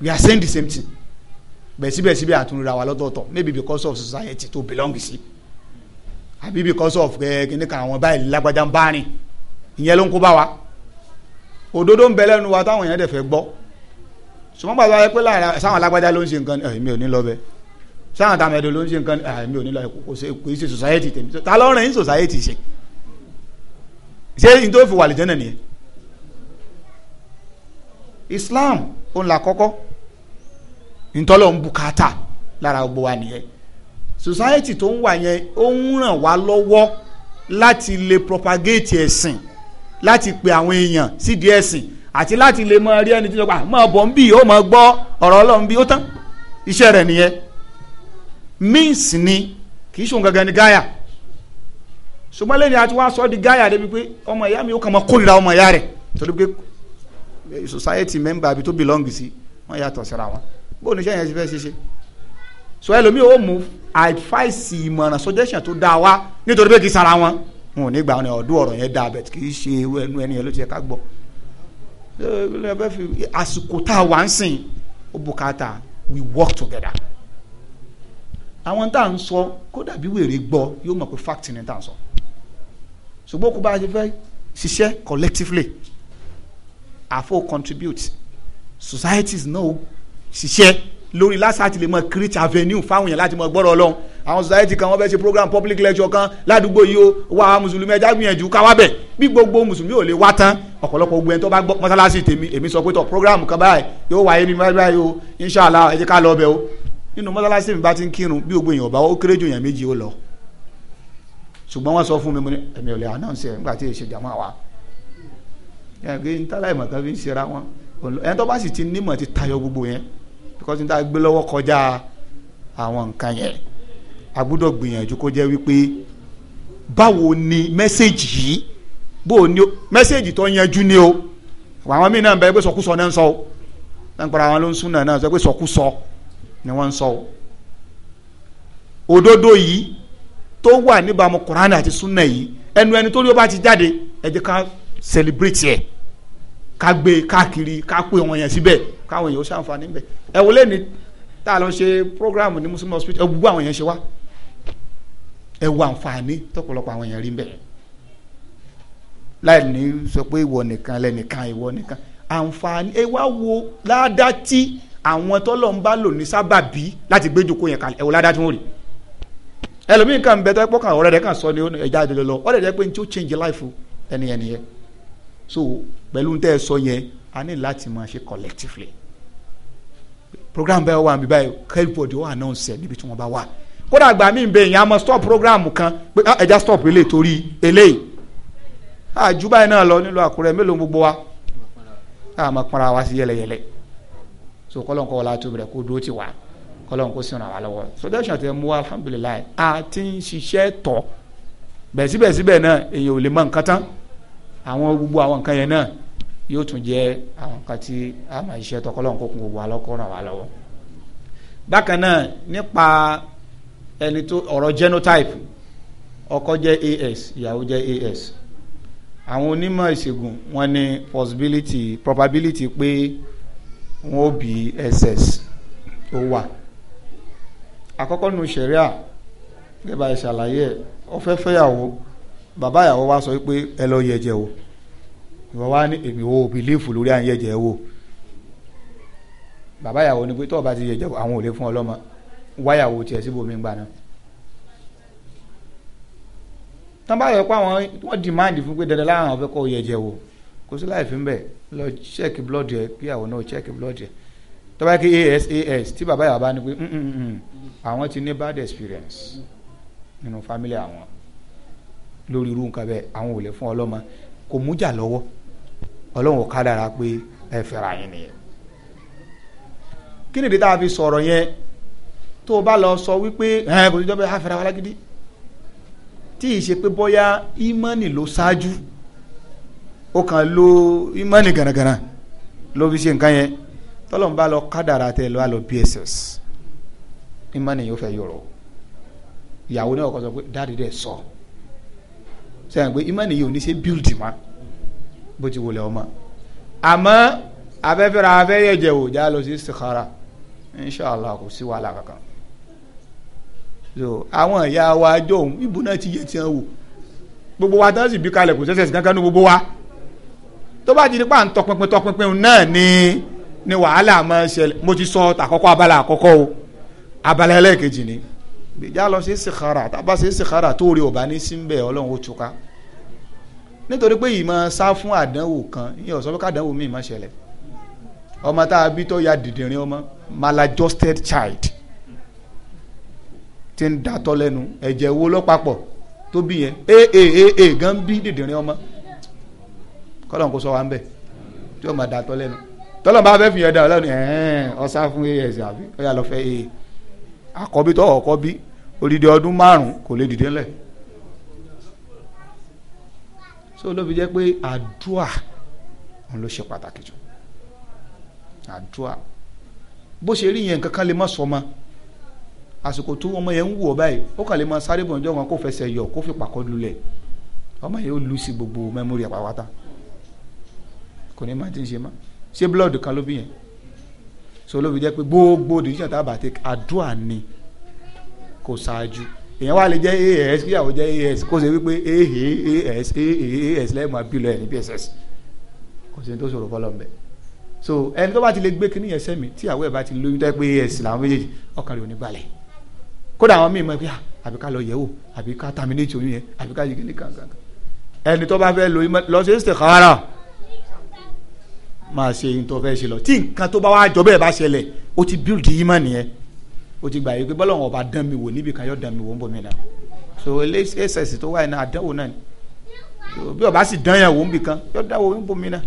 we are saying the same thing bẹ́ẹ̀ síbẹ̀síbẹ̀ àtúnra wa lọ́tọ̀ọ̀tọ̀ maybe because of society to belong sí àbí because of eh, kíní kan àwọn báyìí lágbájá ń bá rìn ìyẹn ló ń kó bá wa òdodo ń bẹ lẹ́nu wa táwọn èèyàn dẹ̀ fẹ́ gbọ́ ṣùgbọ́n pàtó ayé pé lára sáwọn alágbájá ló ń ṣe nǹkan ẹ̀mí ò ní lọ bẹ́ẹ̀ sáwọn tàmẹ̀dọ̀ ló ń ṣe nǹkan ah, ẹ̀mí ò ní lọ kò í ṣe society tèmi ta ló ń society ṣe ṣé n tó Islam òun là kọ́kọ́ ntọ́lọ̀ ń bùkátà lára gbogbo wa nìyẹn society tó ń wà yẹn ó ń ràn wá lọ́wọ́ láti lè propagate ẹ̀sìn láti pe àwọn èèyàn sídìí ẹ̀sìn àti láti lè máa rí ẹni tó jọba máa bọ̀ ń bí ó máa gbọ́ ọ̀rọ̀ ọlọ́run bí ó tán iṣẹ́ rẹ̀ nìyẹn means ni kì í ṣòun gangan ni gáyà ṣùgbọ́n lẹ́yìn àti wá sọ ọ́ di gáyà débi pé ọmọ ìyá mi ó kàn máa kórìíra ọmọ ìyá rẹ̀ torí pé society member àbí tó belong sí wọ́n yàtọ̀ síra wọn bóun iṣẹ́ yẹn ti fẹ́ ṣe so ẹlòmíì ó mú advice ìmọ̀ràn suggestion tó dáa wá nítorí pé kì í sara wọn wọn ò ní gbà wọn ọdún ọ̀rọ̀ yẹn dáa bẹ̀t kì í ṣe irú ẹnu ẹni yẹn ló ti yẹ ká gbọ́ àsìkò tá a wà ń sìn ó bùkátà we work together àwọn tá à ń sọ kódà bí wèrè gbọ́ yóò mọ̀ pé fact ni tá à ń sọ ṣùgbọ́n kó bá a ṣe fẹ́ ṣiṣẹ́ collectively àfo contribute societies náà ó ṣiṣẹ́ lórí láti lè mọ create avenue fáwọn èèyàn láti mọ gbọ́rọ̀ ọlọ́run àwọn society kan wọ́n fẹ́ ṣe program public lecture kan ládùúgbò yìí ó wà á mùsùlùmí ẹja gbìyànjú ká wá bẹ̀ bí gbogbo mùsùlùmí ò lè wá tán ọ̀pọ̀lọpọ̀ gbogbo ẹni tó bá gbọ́ mọ́sálásí tèmi èmi sọ pé tọ̀ program kan báyìí yóò wáyé ní báyìí o inshàlá ẹ jẹ́ ká lọ bẹ̀ o nínú mọ́sálásí mi bá ti ń kírun bí gbogbo èèyàn ọ̀bá ó kéré jù èèyàn méjì ó lọ ṣùgbọ́n wọ́n sọ fún mi mo ní ẹ̀mí ò yàgé ntàlá ìmọ̀tán fi ń ṣera wọn ẹni tó bá sì ti nímọ̀ ti tayọ gbogbo yẹn because níta gbé lọ́wọ́ kọjá àwọn nǹkan yẹn a gbọ́dọ̀ gbìyànjú kó jẹ́ wípé báwo ni mẹ́sẹ̀gì yìí bó o ní o mẹ́sẹ̀gì tó yanjú ni o àwọn míì náà ń pé sọkúsọ náà ń sọ o náà ń para àwọn ló ń súnà náà sọ pé sọkúsọ ni wọ́n ń sọ o òdodo yìí tó wà níbàámu Kùránì àti súnà yìí ẹnu ẹni tó rí o bá ti jáde ẹ jẹ́ ká celebrate yẹ ká gbé káàkiri ká pé wọn yẹn síbẹ̀ káwọn èèyàn ó ṣàǹfààní bẹ̀ ẹ wọlé ní tá a lọ ṣe program ní muslim hospital ẹ gbogbo àwọn èèyàn ṣe wá ẹ wo àǹfààní tọ̀pọ̀lọpọ̀ àwọn èèyàn rí bẹ̀ láì ní sọ pé ìwọ nìkan lẹnìkan ìwọ nìkan àǹfààní ẹ wá wo ládàá tí àwọn tọ́lọ̀ ń bá lò ní sábàbí láti gbé jòkó yẹn kalẹ̀ ẹ wo ládàá tí wọ́n rí ẹlòmíín kan bẹ tó ẹ pọ kan ọ̀rẹ́ change life ẹni ẹni yẹ so pẹ̀lú tẹ́ ẹ sọ yẹn a ní láti máa ṣe collectively program bẹ́ẹ̀ wà mí báyìí everybody wà náà sẹ̀ níbi tí wọ́n bá wà kódà àgbà mí bẹ́ẹ̀ yẹn a máa stop program kan pé ah, ẹja stop eléyìí torí eléyìí àjú báyìí náà lọ nílùú Àkúrẹ́ mélòó gbogbo wa a máa pọnra wa sí yẹlẹyẹlẹ so kọ́lọ́n kọ́ wọlé àtúbẹ̀rẹ̀ kó dúró ti wà kọ́lọ́n kó sìnrà wà lọ́wọ́ sọdọ́sọ̀ tẹ mú alhamdulilayi a ti ń ṣiṣẹ́ tọ̀ bẹ̀síbẹ̀síbẹ̀ náà èèyàn ò lè mọ nǹkan tán àwọn gbogbo àwọn nǹkan yẹn náà yóò tún jẹ́ àwọn kan tí a máa ṣiṣẹ́ tọkọlọ́n kó kun gbogbo alọ́kọ́ ràn wá lọ́wọ́. bákan náà nípa ẹni tó ọ̀rọ̀ genotype ọkọ jẹ́ as ìyàwó jẹ́ as àwọn onímọ̀ ìṣègùn wọ́n ní possibility probability pé wọ́n ó bí ss ó wà àkọ́kọ́ nu sẹ̀ríà gẹ́gẹ́ bá ẹ ṣàlàyé ẹ̀ ọ fẹ́ bàbá ìyàwó wa sọ pé ẹ lọ yẹ̀jẹ̀ o ìwọ wá ní èmi wo bìlífù lórí à ń yẹ̀jẹ̀ wò bàbá ìyàwó ni pé tó o bá ti yẹ̀jẹ̀ àwọn ò lè fún ọ lọ́mọ wáyàwó tiẹ̀ síbòmí gbà náà tán bá yọ pé àwọn wọ́n dìmáàdì fún pé dandan láwọn fẹ́ kọ́ yẹ̀jẹ̀ wò kò sí láì fi ń bẹ̀ lọ ṣẹ́ẹ̀kì blọ́ọ̀dì ẹ̀ kí àwọn náà ṣẹ́ẹ̀kì blọ́ọ̀dì ẹ̀ tó bá kí asas tí bàbá yàrá bá ní pé mm, mm, mm, àwọn ti ní bad experience nínú family àwọn lórí irú nǹkan bẹ́ẹ̀ àwọn ò lè fún ọlọ́mọ kò mújà lọ́wọ́ ọlọ́run ò kádàrá pé ẹ fẹ́ra yín nìyẹn kí tá a fi sọ̀rọ̀ yẹn tó o bá lọ sọ wípé ẹ kò sí jọ́bẹ̀ àfẹ́ra wa lágídí tí ì ṣe pé bóyá ímọ́nì ló ṣáájú ó kàn lo ímọ́nì gànàgànà ló fi ṣe nǹkan yẹn tọ́lọ́run bá lọ kádàrá tẹ lọ́wọ́ lọ pss ímọ́nì yóò fẹ́ yọ̀rọ̀ ìyàwó náà kọ́ sọ pé dẹ̀ sọ sẹ́yìn pé ímọ́nì yìí ò ní ṣe bó ti wulẹ̀ ọmọ àmọ́ abẹ́fẹ́ra afẹ́yẹ jẹ̀wò já lọ sí istikhara inshàlá kò sí wàhálà kankan so àwọn ìyá wa jọ̀hún ibú náà ti yẹ ti hàn wò gbogbo wa tán sì bí kalẹ̀ kò sẹ́sẹ̀ sí kankan ní gbogbo wa tó bá ti di pa ntọpinpin tọpinpin náà ni ni wàhálà máa ń ṣẹlẹ̀ mo ti sọ àkọ́kọ́ abala àkọ́kọ́ o abala ẹlẹ́ẹ̀kejì ni gbèjà lọ sí sèkara tábà sí sèkara tó rí ọba ní sínbẹ̀ ọlọ́run ó túká nítorí pé ìmọ̀ sá fún àdánwò kan ìyẹn ọ̀sán bọ́ká àdánwò mi ìmọ̀ ṣẹlẹ̀ ọmọ tá a bí tó ya dìdìrín ọmọ maladjusted child ti ń datọ́ lẹ́nu ẹ̀jẹ̀ wo ló papọ̀ tó bí yẹn ee ee ee gan bí dìdìrín ọmọ kọ́lọ̀ kó sọ wa ń bẹ̀ tí ó datọ́ lẹ́nu tọ́lọ̀ bá fẹ́ fi yẹn da ọ lẹ́nu ẹ̀ẹ́n ọ̀sá fún as àbí ó yà lọ fẹ́ ee àkọ́bí tó ọ̀kọ́ bí odidi ọdún márùn-ún kò lè dìde ńlẹ̀ so ló fi jẹ́ pé àdúà òun ló ṣe pàtàkì jù àdúà bó ṣe rí yẹn kankan lè má sọ ma àsìkò tó ọmọ yẹn ń wù ọ báyìí ó kàn lè máa sáré bọ̀ ọjọ́ kan kó fẹsẹ̀ yọ kó fi pàkọ́ lulẹ̀ ọmọ yẹn ó lu sí gbogbo mẹ́mórì àpáwátá kò ní máa ti ń ṣe má ṣé blood kan ló bí yẹn so ló fi jẹ́ pé gbogbo dìjọ́ tá a bá ti àdúà ni kò ṣáájú èèyàn wà lè jẹ́ AAS kíyàwó jẹ́ AAS kó ṣe wípé AAS AAS lẹ́ẹ̀mọ́ abilọ̀ ẹ̀ ní PSS kò sí ní tó ṣòro fọlọ́ mbẹ́ so ẹni tó bá ti lè gbé kíní yẹn sẹ́mi tíyàwó ẹ̀ bá ti lóyún tó yẹ pé AAS làwọn méjèèjì ọkàn rẹ̀ ò ní balẹ̀ kódà àwọn míì mọ̀ pé ah, àbí ká lọ yẹ̀ wò àbí ká terminate oyún yẹn àbí ká yí kíní kankan ẹni tó bá fẹ́ lóyún lọ sí istikhara máa ṣe ohun tó fẹ́ ṣe lọ tí nǹkan tó bá wá jọ bẹ́ẹ̀ bá ṣẹlẹ̀ ó ti build yìí mọ̀ nìyẹn o ti gbà yìí pé bọ́lọ̀ wọn ọba dán mi wò níbi kan yọ dán mi wò ń bọ̀ mí náà so ss tó wáyé náà àdánwò náà ni bí ọba sì dán yàn wò ń bì kan yọ dán wò ń bọ̀ mí náà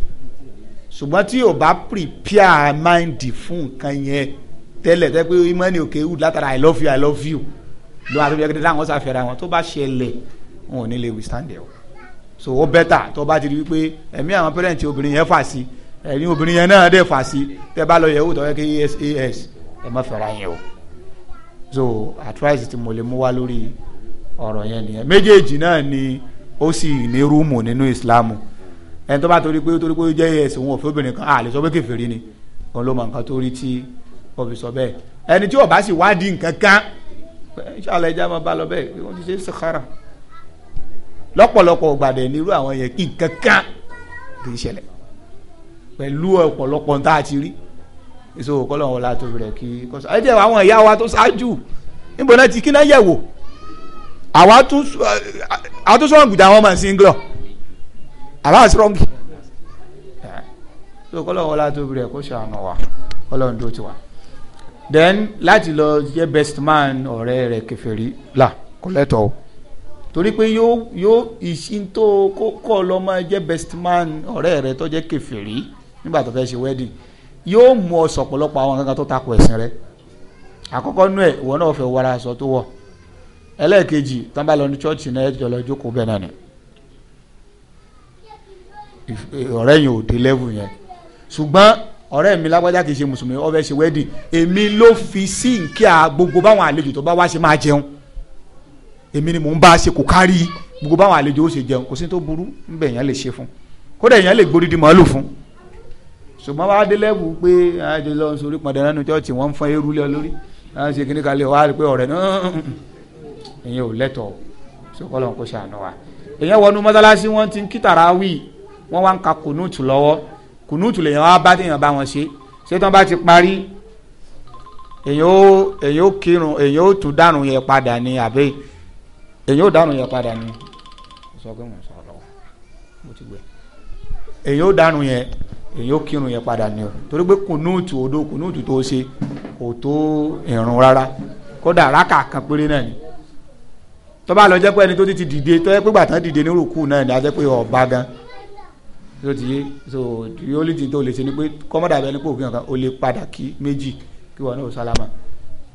ṣùgbọ́n tí ọba prepare mind fún nǹkan yẹn tẹ́lẹ̀ tẹ́ pé imani òkè wù látara i love you i love you lọ́wọ́ àti bíyẹn kí dáhùn ọ̀sà fẹ́ra wọn tó bá ṣẹlẹ̀ wọn ò ní lè withstand ẹ̀ o so ó bẹ́tà tó bá ti rí wípé ẹ̀mí àwọn pẹ́rẹ́ǹtì obìnrin yẹn fà sí ẹ̀mí obìnrin yẹn náà dẹ̀ fà sí tẹ́ bá lọ yẹ̀ wò kí as e as e ẹ̀ mọ́ fẹ́ra yẹn o so advice tí mo lè mú wá lórí ọ̀rọ̀ yẹn nìyẹn méjèèjì náà ni ó sì ní rúùmù nínú ìsìláàmù ẹni tó bá torí pé torí pé ó jẹ́ ẹ̀sìn òun òfin obìnrin kan a lè sọ pé kèfèrí ni òun ló mọ nǹkan tó rí tí ó fi sọ bẹ́ẹ̀ ẹni tí ó bá sì wádìí nǹkan kan ṣàlẹ̀ ìjà máa bá lọ bẹ́ẹ̀ wọ́n ti ṣe sàkárà lọ́pọ̀lọpọ̀ gbàdẹ̀ nírú àwọn yẹn kí nǹkan kan kì í ṣẹlẹ̀ pẹ̀lú ọ̀pọ̀lọpọ̀ nǹkan tá a ti rí èso kọ́lọ́hún ọ̀la tó rẹ̀ kí kọ́sọ́ ẹ jẹ́ àwọn ìyá wa tó ṣáájú níbo náà ti kíná yẹ̀wò àwa tún àtúnṣọ́ọ̀gù dá wọn máa ń singlọ̀ àbá àṣírọ́ọ̀gì so kọ́lọ́hún ọ̀la tó rẹ̀ kó ṣàánú wa kọ́lọ́hún dó tiwa then láti lọ jẹ́ best man ọ̀rẹ́ rẹ̀ kèfèrí là kò lẹ́tọ̀ọ́ o torí pé yóò yóò ìṣintó kókó lọ́mọ jẹ́ best man ọ̀rẹ́ rẹ̀ tó jẹ́ kèfèrí nígbà tó fẹ́ ṣe wedding yóò mú ọ sọ̀pọ̀lọpọ̀ àwọn kankan tó takò ẹsịn rẹ àkọ́kọ́ nú ẹ̀ ìwọ náà fẹ́ wọra aṣọ tó wọ̀ ẹlẹ́ẹ̀kejì tán bá lọ ní náà lọ jókòó eh, yẹn ò dé yẹn mi lágbájá kì í ṣe mùsùlùmí ó èmi ló fi gbogbo báwọn àlejò tó bá wá ṣe máa jẹun èmi ni mò ń bá ṣe kárí gbogbo báwọn àlejò ó ṣe jẹun kò sí tó ṣùgbọ́n wàá dé lẹ́bù pé àjọ lọ sórí pàdé lẹ́nu chọ́ọ̀chì wọ́n ń fọ́n eérú lé ọ lórí láti ṣe kíní kalẹ̀ wàá rí pé ọ̀rẹ́ náà ìyẹn ò lẹ́tọ̀ọ́ sọkọlọ́n kò ṣàánú wa èyàn wọnú mọ́sálásí wọ́n ti ń kí tàràwì wọ́n wá ń ka kùnúùtù lọ́wọ́ kùnúùtù lèyàn wá bá téèyàn bá wọn ṣe ṣé tán bá ti parí èyàn ó èyàn ó kírun èyàn ó tún dànù yẹn padà ní àbẹ èyàn ó dànù yẹn padà ní. èyàn ó dànù yẹn èyí ó kírun yẹn padà ni o torí pé kùnúùtù odò kùnúùtù tó ṣe kò tó ìrun rárá kódà rákà kan péré náà ni tó bá lọ jẹ́ pé ẹni tó ti dìde tó yẹ pé gbàtàn dìde ní rúkú náà ni a jẹ́ pé ọba gan tó ti yé so yóò lè ti tó lè ṣe ni pé kọ́mọ́dà bẹ́ẹ̀ ni kò kíyàn kan o lè padà kí méjì kí wọn náà sálámà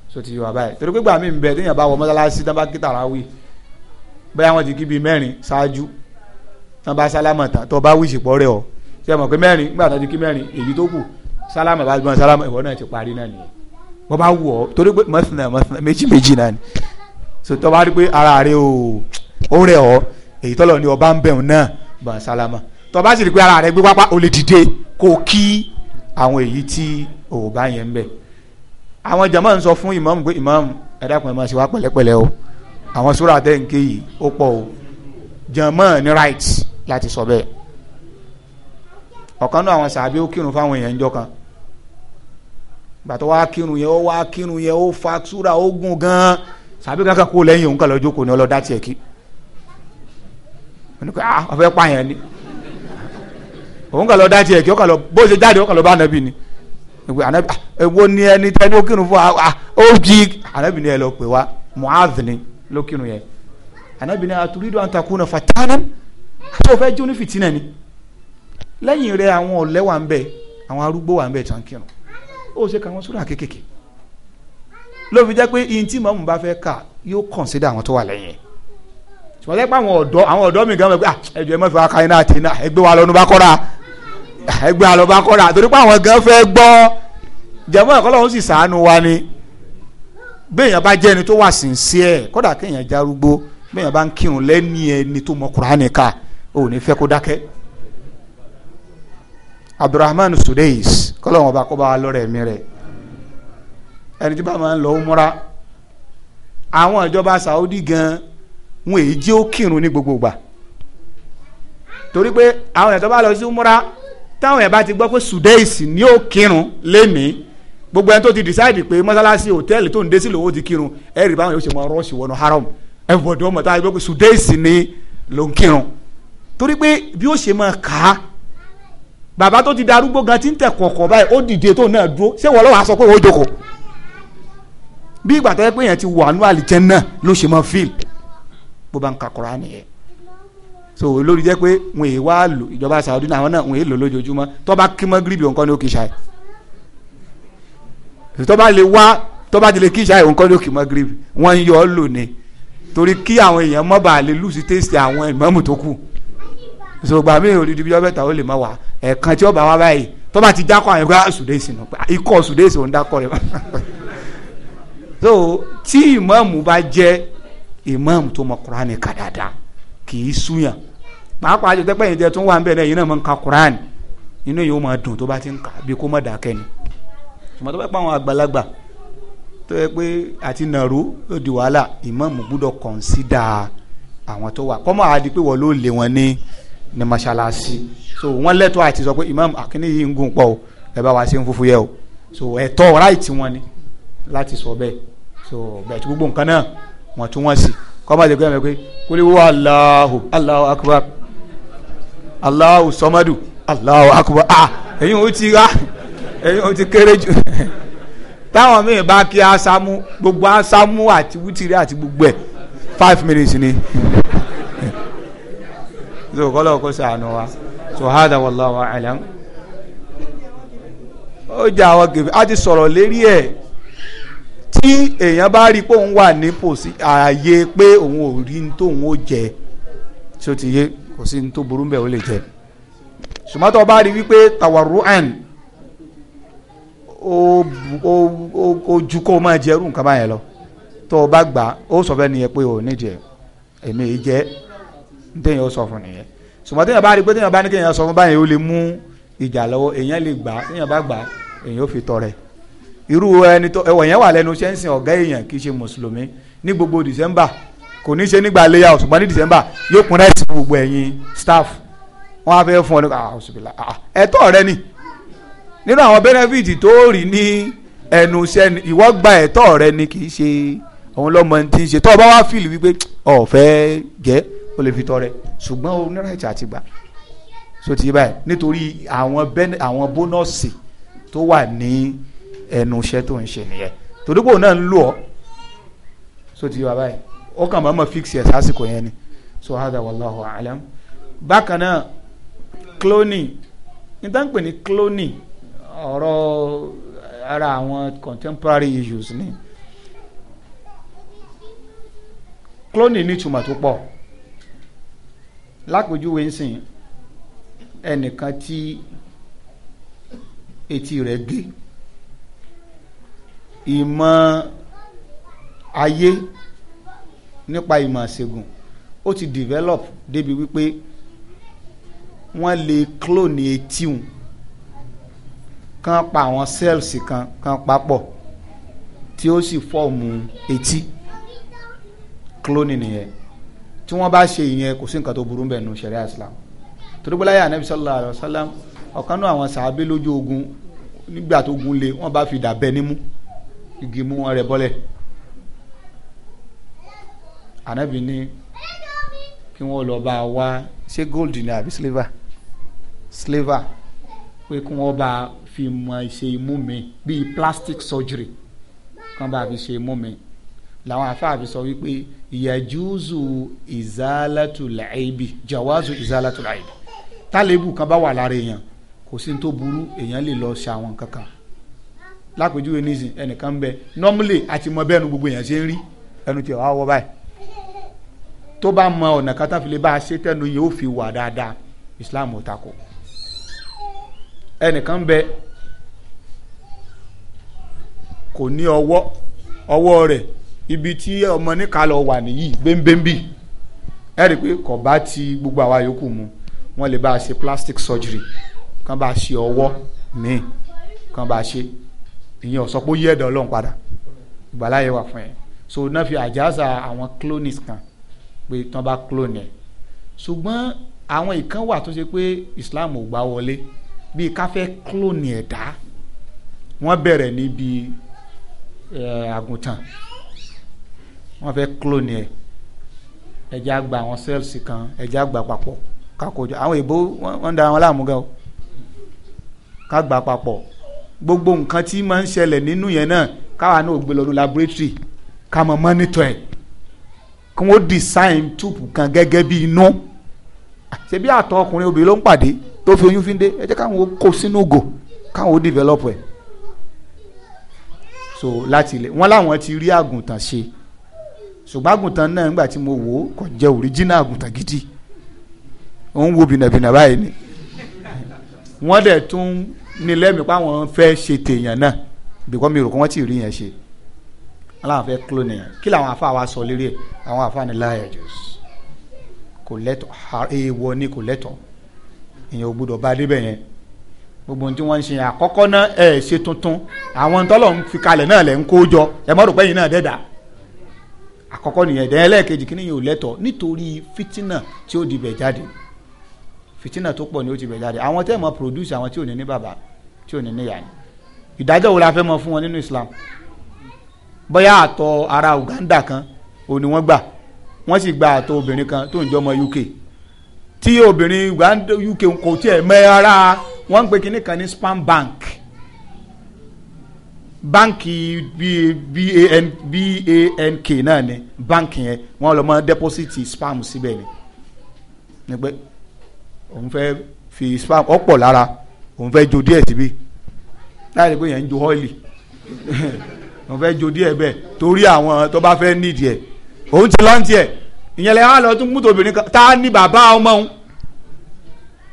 so ti yọ àbáyé torí pé gbà mí bẹ téèyàn bá wọ mọ́sálásí tán bá kí tàràwì bẹ́ẹ̀ àwọn ti kí bíi mẹ́rin ṣáájú tán bá sálámà tán tó bá wíṣìpọ̀ ṣe mọ̀ pé mẹ́rin nígbà tó ti kí mẹ́rin èyí tó kù sálámà bá gbọ́n sálámà ìwọ náà ti parí náà nìyẹn wọ́n bá wù ọ́ torí pé mọ́sánà mọ́sánà méjì méjì náà ni so tó bá rí pé ara rẹ o ó rẹ̀ ọ́ èyí tọ́lọ̀ ni ọba ń bẹ̀rù náà gbọ́n sálámà tó bá sì rí pé ara rẹ gbé pápá o lè dìde kó o kí àwọn èyí tí o bá yẹn ń bẹ̀ àwọn jàmá ń sọ fún ìmáàmù pé ìmáàmù ẹ dákun máa ṣe wá pẹ̀lẹ́pẹ̀lẹ́ o àwọn sóra ó pọ̀ o jàmá ní right láti sọ bẹ́ẹ̀ ọ̀kan náà àwọn sàbí ó kírun fáwọn èèyàn jọ kan bàtọ́ wá kírun yẹn ó wá kírun yẹn ó fa súra ó gùn gan sàbí kankan kó lẹ́yìn òun kàlọ́ jókòó ní ọlọ́dá tiẹ̀ kí oníkó ah ọ̀fẹ́ pààyàn ni òun kàlọ́ dá tiẹ̀ kí ó ah, kàlọ́ bó ṣe jáde ó kàlọ́ bá ànábì ni ìwé ànábì ah, èwo ni ẹni tẹ́ni ó kírun fún wa ah, ó jí ànábì ni ẹ lọ pè wá mu'adh ni ló kírun yẹn ànábì ni àtúrídò àǹtakùn náà fatanan àti òfẹ́ jóni fìtínà ni. lẹ́yìn rẹ̀ àwọn ọ̀lẹ́ wà ń bẹ àwọn arúgbó wà ń bẹ tí wọ́n kírun ó ṣe ka wọn súrà kékèké ló fi jẹ́ pé iye tí mọ̀mú bá fẹ́ kà yóò consider àwọn tó wà lẹ́yìn ṣùgbọ́n lẹ́pẹ́ àwọn ọ̀dọ́ àwọn ọ̀dọ́ mi gan mọ̀ pé ẹ̀jọ̀ ah, ẹ mọ̀ fi wá náà náà ẹgbẹ́ wa lọ́nu bá kọ́ra ẹgbẹ́ wa lọ́nu bá kọ́ra torí pé àwọn gan fẹ́ gbọ́ jẹ̀mọ́ ẹ̀kọ́ sì wa ni bá jẹ́ ẹni tó wà kódà kéèyàn járúgbó bá ń kírun lẹ́ni abdulrahman sudais kọ́lọ́wọ́n ọba kọ́ba lọ́rọ̀ ẹ̀mí rẹ̀ ẹni tí bá máa ń lọ múra àwọn ìjọba saudi gan wọn èyí jẹ́ ó kírun ní gbogbo ìgbà torí pé àwọn ìjọba lọ sí múra táwọn ẹ̀bá ti gbọ́ pé sudais ni ó kírun lẹ́nìí gbogbo ẹni tó ti decide pé mọ́sálásí hòtẹ́ẹ̀lì tó ń dé sí lòun ti kírun ẹ̀rì báwọn yóò ṣe máa rọ́ọ̀ṣì wọnú haram everybody tá a gbọ́ pé sudais ni ló ń kírun torí pé bí ó ṣe máa kàá bàbá tó ti darúgbó gan ti ń tẹ̀ kọ̀ọ̀kọ̀ báyìí ó dìde tó náà dúró ṣé wọ́n lọ́wọ́ aṣọ pé ó jókòó bí ìgbà tó yẹ pé yẹn ti wà ní àlìjẹ náà ló ṣe máa fíìl bó bá ń ka Kùránì nìyẹn so olórí jẹ́ pé wọn èè wá lò ìjọba Saudi náà àwọn náà wọn èè lò lójoojúmọ́ tó bá kí mọ́gìrìbì òǹkọ́ ni ó kì í ṣáì tó bá lè wá tó bá ti lè kí ìṣáì òǹkọ́ ni ó kì í sọgbà mi ò dídí bí ọbẹ̀ ta ó lè má wà ẹ̀ẹ̀kan tí ó bá wá báyìí tó bá ti dákọ̀ àyẹ̀kọ́ àṣùdẹ́sì nù ikọ̀ ṣùdẹ́sì ò ń dákọ̀ rẹ̀ <laughs> so tí ìmáàmù bá jẹ́ ìmáàmù tó mọ kuraani kà dáadáa kì í súyàn pàápàá jọ tẹ́pẹ́ yẹn tẹ́ tún wà ń bẹ̀ náà yìí náà máa ń ka kuraani inú yìí ó máa dùn tó bá ti ń kà bí kó má dákẹ́ ni ṣùgbọ́n àwọn tó wà kọ́mọ́ àdìpé ló lé wọn ní ní mọ́ṣáláṣí so wọ́n lẹ́tọ́ àti sọ pé imam akínní yìí ń gùn pọ̀ o ẹ bá wa ṣe ń fúfú yẹ o so ẹ̀tọ́ right wọn ni láti sọ bẹ́ẹ̀ so bẹ́ẹ̀ tí gbogbo nǹkan náà wọ́n tún wọ́n sì kọ́má ṣe gbẹ́mẹ̀ pé kúlẹ̀ wọ́n Allahu Allahu akbar Allahu samadu Allahu akbar ah ẹ̀yin ò ti ra ẹ̀yin ò ti kéré jù <laughs> táwọn míì bá kí asámú gbogbo asámú àti wútìrí àti gbogbo ẹ̀ five minutes ni. so ko kó so hada wallahu a'lam ó jẹ́ wa gèfè a ti sọrọ lérí ẹ̀ tí èèyàn bá rí pé òun wà ní pòsí ààyè pé òun ò rí ní tóun ti yé kò sí ní tó burú le ó lè jẹ sùmọ́tò bá rí wípé tawaru'an ó o ju kó máa jẹ irú nǹkan báyẹn lọ o bá gbà ó sọ fẹ́ nìyẹn pé ò téèyàn ó sọ fún nìyẹn ṣùgbọ́n téèyàn bá rí pé téèyàn bá ní kéèyàn sọ fún báyìí ó lè mú ìjà lọ́wọ́ èèyàn lè gbà téèyàn bá gbà èèyàn ó fi tọrẹ irú ẹni tó ẹwọ yẹn wà lẹ́nu iṣẹ́ ń sin ọ̀gá èèyàn kì í ṣe mùsùlùmí ní gbogbo december kò ní ṣe nígbà léyà ṣùgbọ́n ní december yóò kún rẹ́ẹ̀tì gbogbo ẹ̀yin staff wọ́n á fẹ́ fún ọ ní ah, ah, ah, ẹ̀tọ́ rẹ ni nínú àwọn benefit tó rí ní ẹnu iṣẹ́ ni ìwọ gba ẹ̀tọ́ rẹ ni kì í ṣe òun lọ́mọ tí ń ṣe tọ́ ọ bá wá fìlì wípé ọ̀fẹ́ jẹ́ o lè fi tọrẹ ṣùgbọ́n o ní right àti gbà so ti yé báyìí nítorí àwọn bẹ́ẹ̀ àwọn bónọ́ọ̀sì tó wà ní ẹnu iṣẹ́ tó ń ṣe nìyẹn torí pé òun náà ń lò ọ́ so ti yé wa báyìí ó kàn máa ma fix yẹ sásìkò yẹn ni so hada wallahu alam bákan náà cloning níta ń pè ní cloning ọ̀rọ̀ ara àwọn contemporary issues ni cloning ní ìtumọ̀ tó pọ̀ lápèjúwe ńsìn ẹnìkan tí etí rẹ̀ gé ìmọ̀ ayé nípa ìmọ̀ ṣègùn ó ti develop débi wípé wọ́n lè clone etí wọn kan pa àwọn cells kan kan papọ̀ tí ó sì fọ́ọ̀mù etí clone nìyẹn tí wọ́n bá ṣe ìyẹn kò sí nǹkan tó burú bẹ́ẹ̀ nu sẹ̀ríà islam torípọ́láyà anabi sallallahu alayhi wa sallam ọ̀kan náà àwọn sàábé lójú ogun nígbà tó gun lé wọ́n bá fi dà bẹ́ nímú igi mú wọn rẹ̀ bọ́lẹ̀ anabi ní kí wọ́n lọ bá wá ṣé gold ni àbí silver silver pé kí wọ́n bá fi mọ ṣe imú mi bíi plastic surgery kí wọ́n bá fi ṣe imú mi làwọn afáàfin sọ wípé ìyàjúzù ìzálàtúláìbì jàwázù ìzálàtúláìbì tálẹ́bù kan bá wà lára èèyàn kò sí ní tó burú èèyàn lè lọ ṣe àwọn kankan lápèjúwe nísìn ẹnìkan ń bẹ normally àti mọ bẹ́ẹ̀ nu gbogbo èèyàn ṣe ń rí ẹnu tiẹ̀ wá wọ báyìí tó bá mọ ọ̀nà kan táfi lè bá a ṣe tẹnu yìí ó fi wà dáadáa Islam ò takò ẹnìkan ń bẹ kò ní ọwọ́ ọwọ́ rẹ̀ ibi tí ọmọ níka lọ wà nìyí bẹ́ńbẹ́ńbì ẹ rí i pé kò bá ti gbogbo àwa yòókù mu wọ́n lè bá a ṣe plastic surgery kàn bá a ṣe ọwọ́ míì kàn bá a ṣe ìyẹn ọ̀sọ́ pé ó yí ẹ̀dọ̀ ọlọ́run padà ìgbàláyé wà fún yẹn so náà fi àjàsà àwọn clonies kan pé tí bá clone ẹ̀ ṣùgbọ́n àwọn ìkan wà tó ṣe pé Islam ò gbà wọlé bíi ká fẹ́ clone ẹ̀dá wọ́n bẹ̀rẹ̀ níbi àgùntàn. Eh, wọ́n fẹ́ clone ẹ̀ ẹ̀jẹ̀ àgbà àwọn cells kan ẹ̀jẹ̀ àgbà papọ̀ kakojọ àwọn èèbó wọ́n da wọn láàmú gan o ká gbà papọ̀ gbogbo nǹkan tí máa ń ṣẹlẹ̀ nínú yẹn náà káwa náà gbé lọ́dún laboratory ká mọ mọ́nítọ̀ ẹ̀ kí wọ́n design tube kan gẹ́gẹ́ bí inú ṣebí àtọ̀ ọkùnrin obìnrin ló ń pàdé tó fi oyún fi ń dé ẹ jẹ́ káwọn kó sínú ògò káwọn ó develop ẹ̀ so láti ilẹ̀ wọ́n láwọn ti rí àgùntàn ṣe ṣùgbọ́n àgùntàn náà nígbà tí mo wò ó kò jẹ́ òríjínà àgùntàn gidi òun wo bìnàbìnà báyìí ni wọ́n dẹ̀ tún ní lẹ́mìí pé àwọn fẹ́ ṣe tèèyàn náà bìkọ́ mi rò kó wọ́n ti rí yẹn ṣe aláwọn fẹ́ kúló nìyẹn kí làwọn afa wa sọ lérí ẹ̀ àwọn afa ni láyà jù kò lẹ́tọ̀ èèwọ̀ ni kò lẹ́tọ̀ èèyàn ò gbọdọ̀ bá a débẹ̀ yẹn gbogbo ohun tí wọ́n ń ṣe àkọ́kọ́ náà ẹ̀ ṣe tuntun àwọn tọ́lọ̀ ń fi kalẹ̀ náà lẹ̀ ń kó jọ ẹ̀ mọ́ rò pé náà dẹ́ àkọ́kọ́ nìyẹn dẹ́n ẹlẹ́ẹ̀kejì kí nìyẹn ò lẹ́tọ̀ nítorí fìtínà tí ó dibẹ̀ jáde fìtínà tó pọ̀ ni ó dibẹ̀ jáde àwọn tẹ́ ẹ̀ mọ produce àwọn tí ò ní ní bàbá tí ò ní ní yàrá ìdájọ́ wo la fẹ́ mọ fún wọn nínú Islam bóyá àtọ̀ ara Uganda kan ò ní wọ́n gbà wọ́n sì gba àtọ̀ obìnrin kan tó ń jọ ọmọ UK tí obìnrin Uganda UK kò tiẹ̀ mẹ́ ara wọ́n ń pe kinní kan ní spam bank Banki bank náà ni báǹkì yẹn wọ́n lọ mọ dẹ́pọ́sìtì spam síbẹ̀ ni ni pé òun fẹ́ fi spam ọ̀pọ̀ lára òun fẹ́ jo díẹ̀ síbi láti pé yẹn ń jo ọ́ìlì <laughs> òun fẹ́ jo díẹ̀ bẹ́ẹ̀ torí àwọn tó bá fẹ́ nídìí ẹ̀ òun ti lọ́ntì ẹ̀ ìyẹn lẹ́yìn àlọ́ tún mútu obìnrin kan tá a ní bàbá ọmọ òun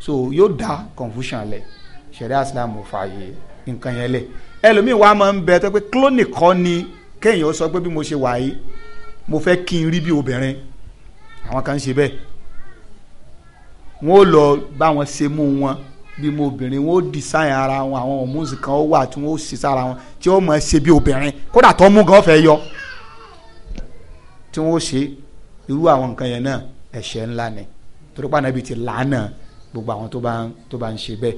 so yóò dá confusion lẹ̀ ṣẹ̀ríà Islam fààyè nǹkan yẹn lẹ̀ ẹlòmíì wa máa ń bẹ tó pé klónì kọ́ ni kéèyàn sọ pé bí mo ṣe wà yìí mo fẹ́ kí n rí bí obìnrin àwọn kan ń ṣe bẹ́ẹ̀ wọn ò lọ bá wọn ṣe mú wọn bí mo obìnrin wọn ó design ara wọn àwọn hormones kan ó wà tí wọn ó ṣe sára wọn tí wọn máa ṣe bí obìnrin kódà tó mú gan fẹ́ yọ tí wọn ó ṣe irú àwọn nǹkan yẹn náà ẹ̀ṣẹ̀ ńlá ni torí pàánà ibi ti làánà gbogbo àwọn tó bá ń ṣe bẹ́ẹ̀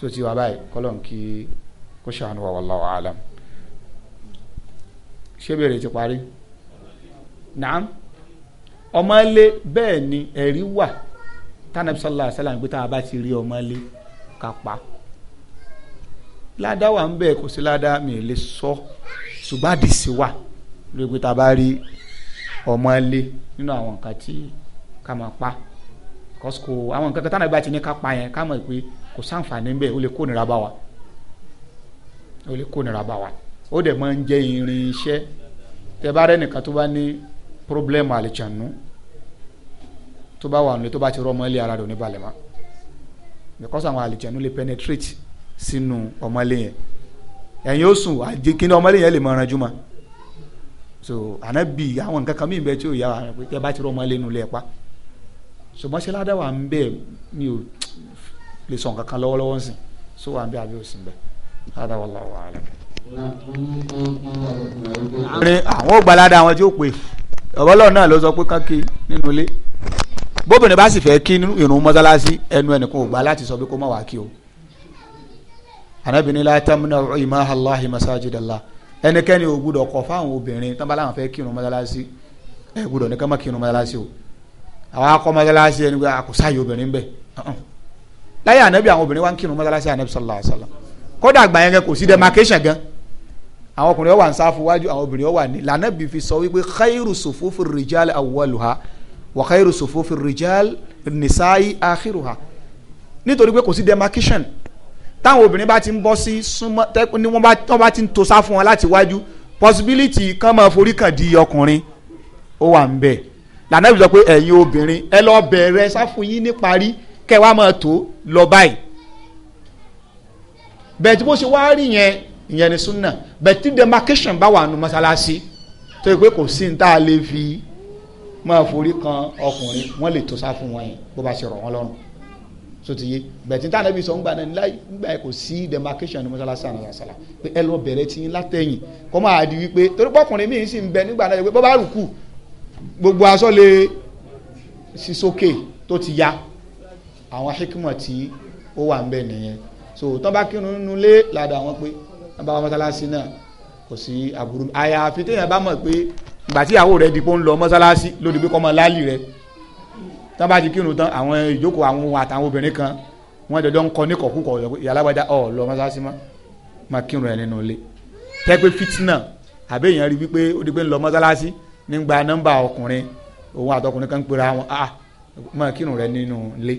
sótì wà báyìí kọ́lọ̀ ń kí kó ṣàánú wa wallahu alam ṣé bèrè ti parí naam ọmọ ilé bẹ́ẹ̀ ni ẹ̀rí wà tánàbí sallallahu alaihi wasallam pé tá a bá ti rí ọmọ ilé ká pa ládàá wà ń bẹ̀ kò sí ládàá mi lè sọ ṣùgbọ́n àdìsí wà lórí pé tá bá rí ọmọ ilé nínú àwọn nǹkan tí ká máa pa kọ́sìkò àwọn nǹkan kan tánàbí bá ti ní ká yẹn ká mọ̀ pé kò sáǹfààní ń bẹ̀ ó lè kó nira bá wa ó lè kó nira bá wa ó dẹ̀ máa ń jẹ́ irin iṣẹ́ tẹ bá rẹ nìkan tó bá ní pírọ́blẹ́mù àlìjànú tó bá wà nílé tó bá ti rọ́ ọmọ ara rẹ̀ oníbalẹ̀ mọ́ because àwọn àlìjànú lè penetrate sínú ọmọlé yẹn ẹ̀yin ó sùn kíni ọmọlé yẹn lè mọ ọ̀ràn jùmọ̀ so ànábì àwọn nǹkan kan mí bẹ tí ò yá wa pé tẹ bá ti rọ́ ọmọlé nulẹ̀ pa ṣùgbọ́n ṣe ládàá wà ń bẹ̀ mi ò lè sọ nǹkan kan lọ́wọ́lọ́wọ́ ń sìn so wà ń bẹ̀ àbí ò sìn bẹ́ẹ̀. هذا والله أعلم àwọn ò gbalada àwọn tí ó pè ọbọlọ náà ló sọ pé kán kí nínú ilé bóbìnrin bá sì fẹ́ kí irun mọ́sálásí ẹnu ẹnìkan ò gbà láti sọ pé kó má wàá kí o anabini la tamna ima masajidala ẹnikẹ́ni ò gbúdọ̀ kọ̀ fáwọn obìnrin tán bá láwọn fẹ́ kírun mọ́sálásí ẹ gbúdọ̀ ní ká má kírun mọ́sálásí o àwọn akọ mọ́sálásí ẹni pé àkùsáyé obìnrin bẹ́ẹ̀ láyé ànábì àwọn obìnrin wá ń kírun mọ́sálásí ànábì sallallahu alaihi kódà àgbà yẹn kò sí demarcation gan àwọn ọkùnrin wà ń sáfù wájú àwọn obìnrin wà ní lànà bí fi sọ wípé khairu sufufi rijal awwaluha wa khairu sufufi rijal nisai akhiruha nítorí pé kò sí demarcation táwọn obìnrin bá ti ń bọ́ sí súnmọ́ tẹ́kùn ni wọ́n bá ti ń to sáfù wọn láti wájú possibility kan máa forí kàn di ọkùnrin ó wà ń bẹ̀ lànà bí sọ pé ẹ̀yin obìnrin ẹ lọ bẹ̀rẹ̀ sáfù yín ní parí kẹ́ máa tó lọ báyìí bẹ́ẹ̀ tí bó ṣe wá rí yẹn ìyẹn ni sunna bẹ́ẹ̀ demarcation bá wà nù mọ́sálásí tó yẹ pé kò sí ní tá a lè fi máa forí kan ọkùnrin wọ́n lè tó sá fún wọn yẹn bó bá ṣe rọ̀ wọ́n lọ́rùn so ti ye bẹ̀tí tí anabi sọ ńgbà náà ńgbà yẹn kò sí demarcation ní mọ́sálásí ànàlásálà pé ẹ lọ bẹ̀rẹ̀ tí yín látẹ̀yìn kọ́ máa di wípé torí pọ́kùnrin míì sì ń bẹ nígbà náà pé bọ́ bá gbogbo aṣọ lè sí sókè tó ti ya àwọn hikmọ̀ tí ó wà ń bẹ nìyẹn so tán bá kírun nínú ilé ládàá àwọn pé wọn bá wọn mọ́sálásí náà kò sí aburú àyàfi téèyàn bá mọ̀ pé ìgbà tí ìyàwó rẹ̀ di pé ó ń lọ mọ́sálásí lóde pé kọ́mọ láàlì rẹ̀ tán bá ti kírun tán àwọn ìjókòó àwọn ohun àtàwọn obìnrin kan wọ́n jọjọ́ ń kọ ní kọ̀kúkọ̀ ìyàlágbájá ọ̀ lọ mọ́sálásí mọ́ máa kírun ẹ̀ nínú ilé tẹ́ pé fitna àbẹ́yẹn rí wípé ó di pé ń lọ mọ́sálásí nígbà nọ́mbà ọkùnrin òun àtọkùnrin kan ń pera wọn ah máa kírun rẹ̀ nínú ilé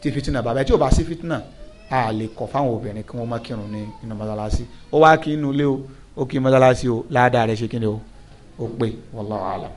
tí fitna bàbá tí ò bá sí fitna a lè kọ̀ fáwọn obìnrin kí wọ́n má kírun ní inú mọ́sálásí ó wá kí inú ilé o ó kí mọ́sálásí o ládàá rẹ̀ ṣe kí ni o ó pé wallahu alam.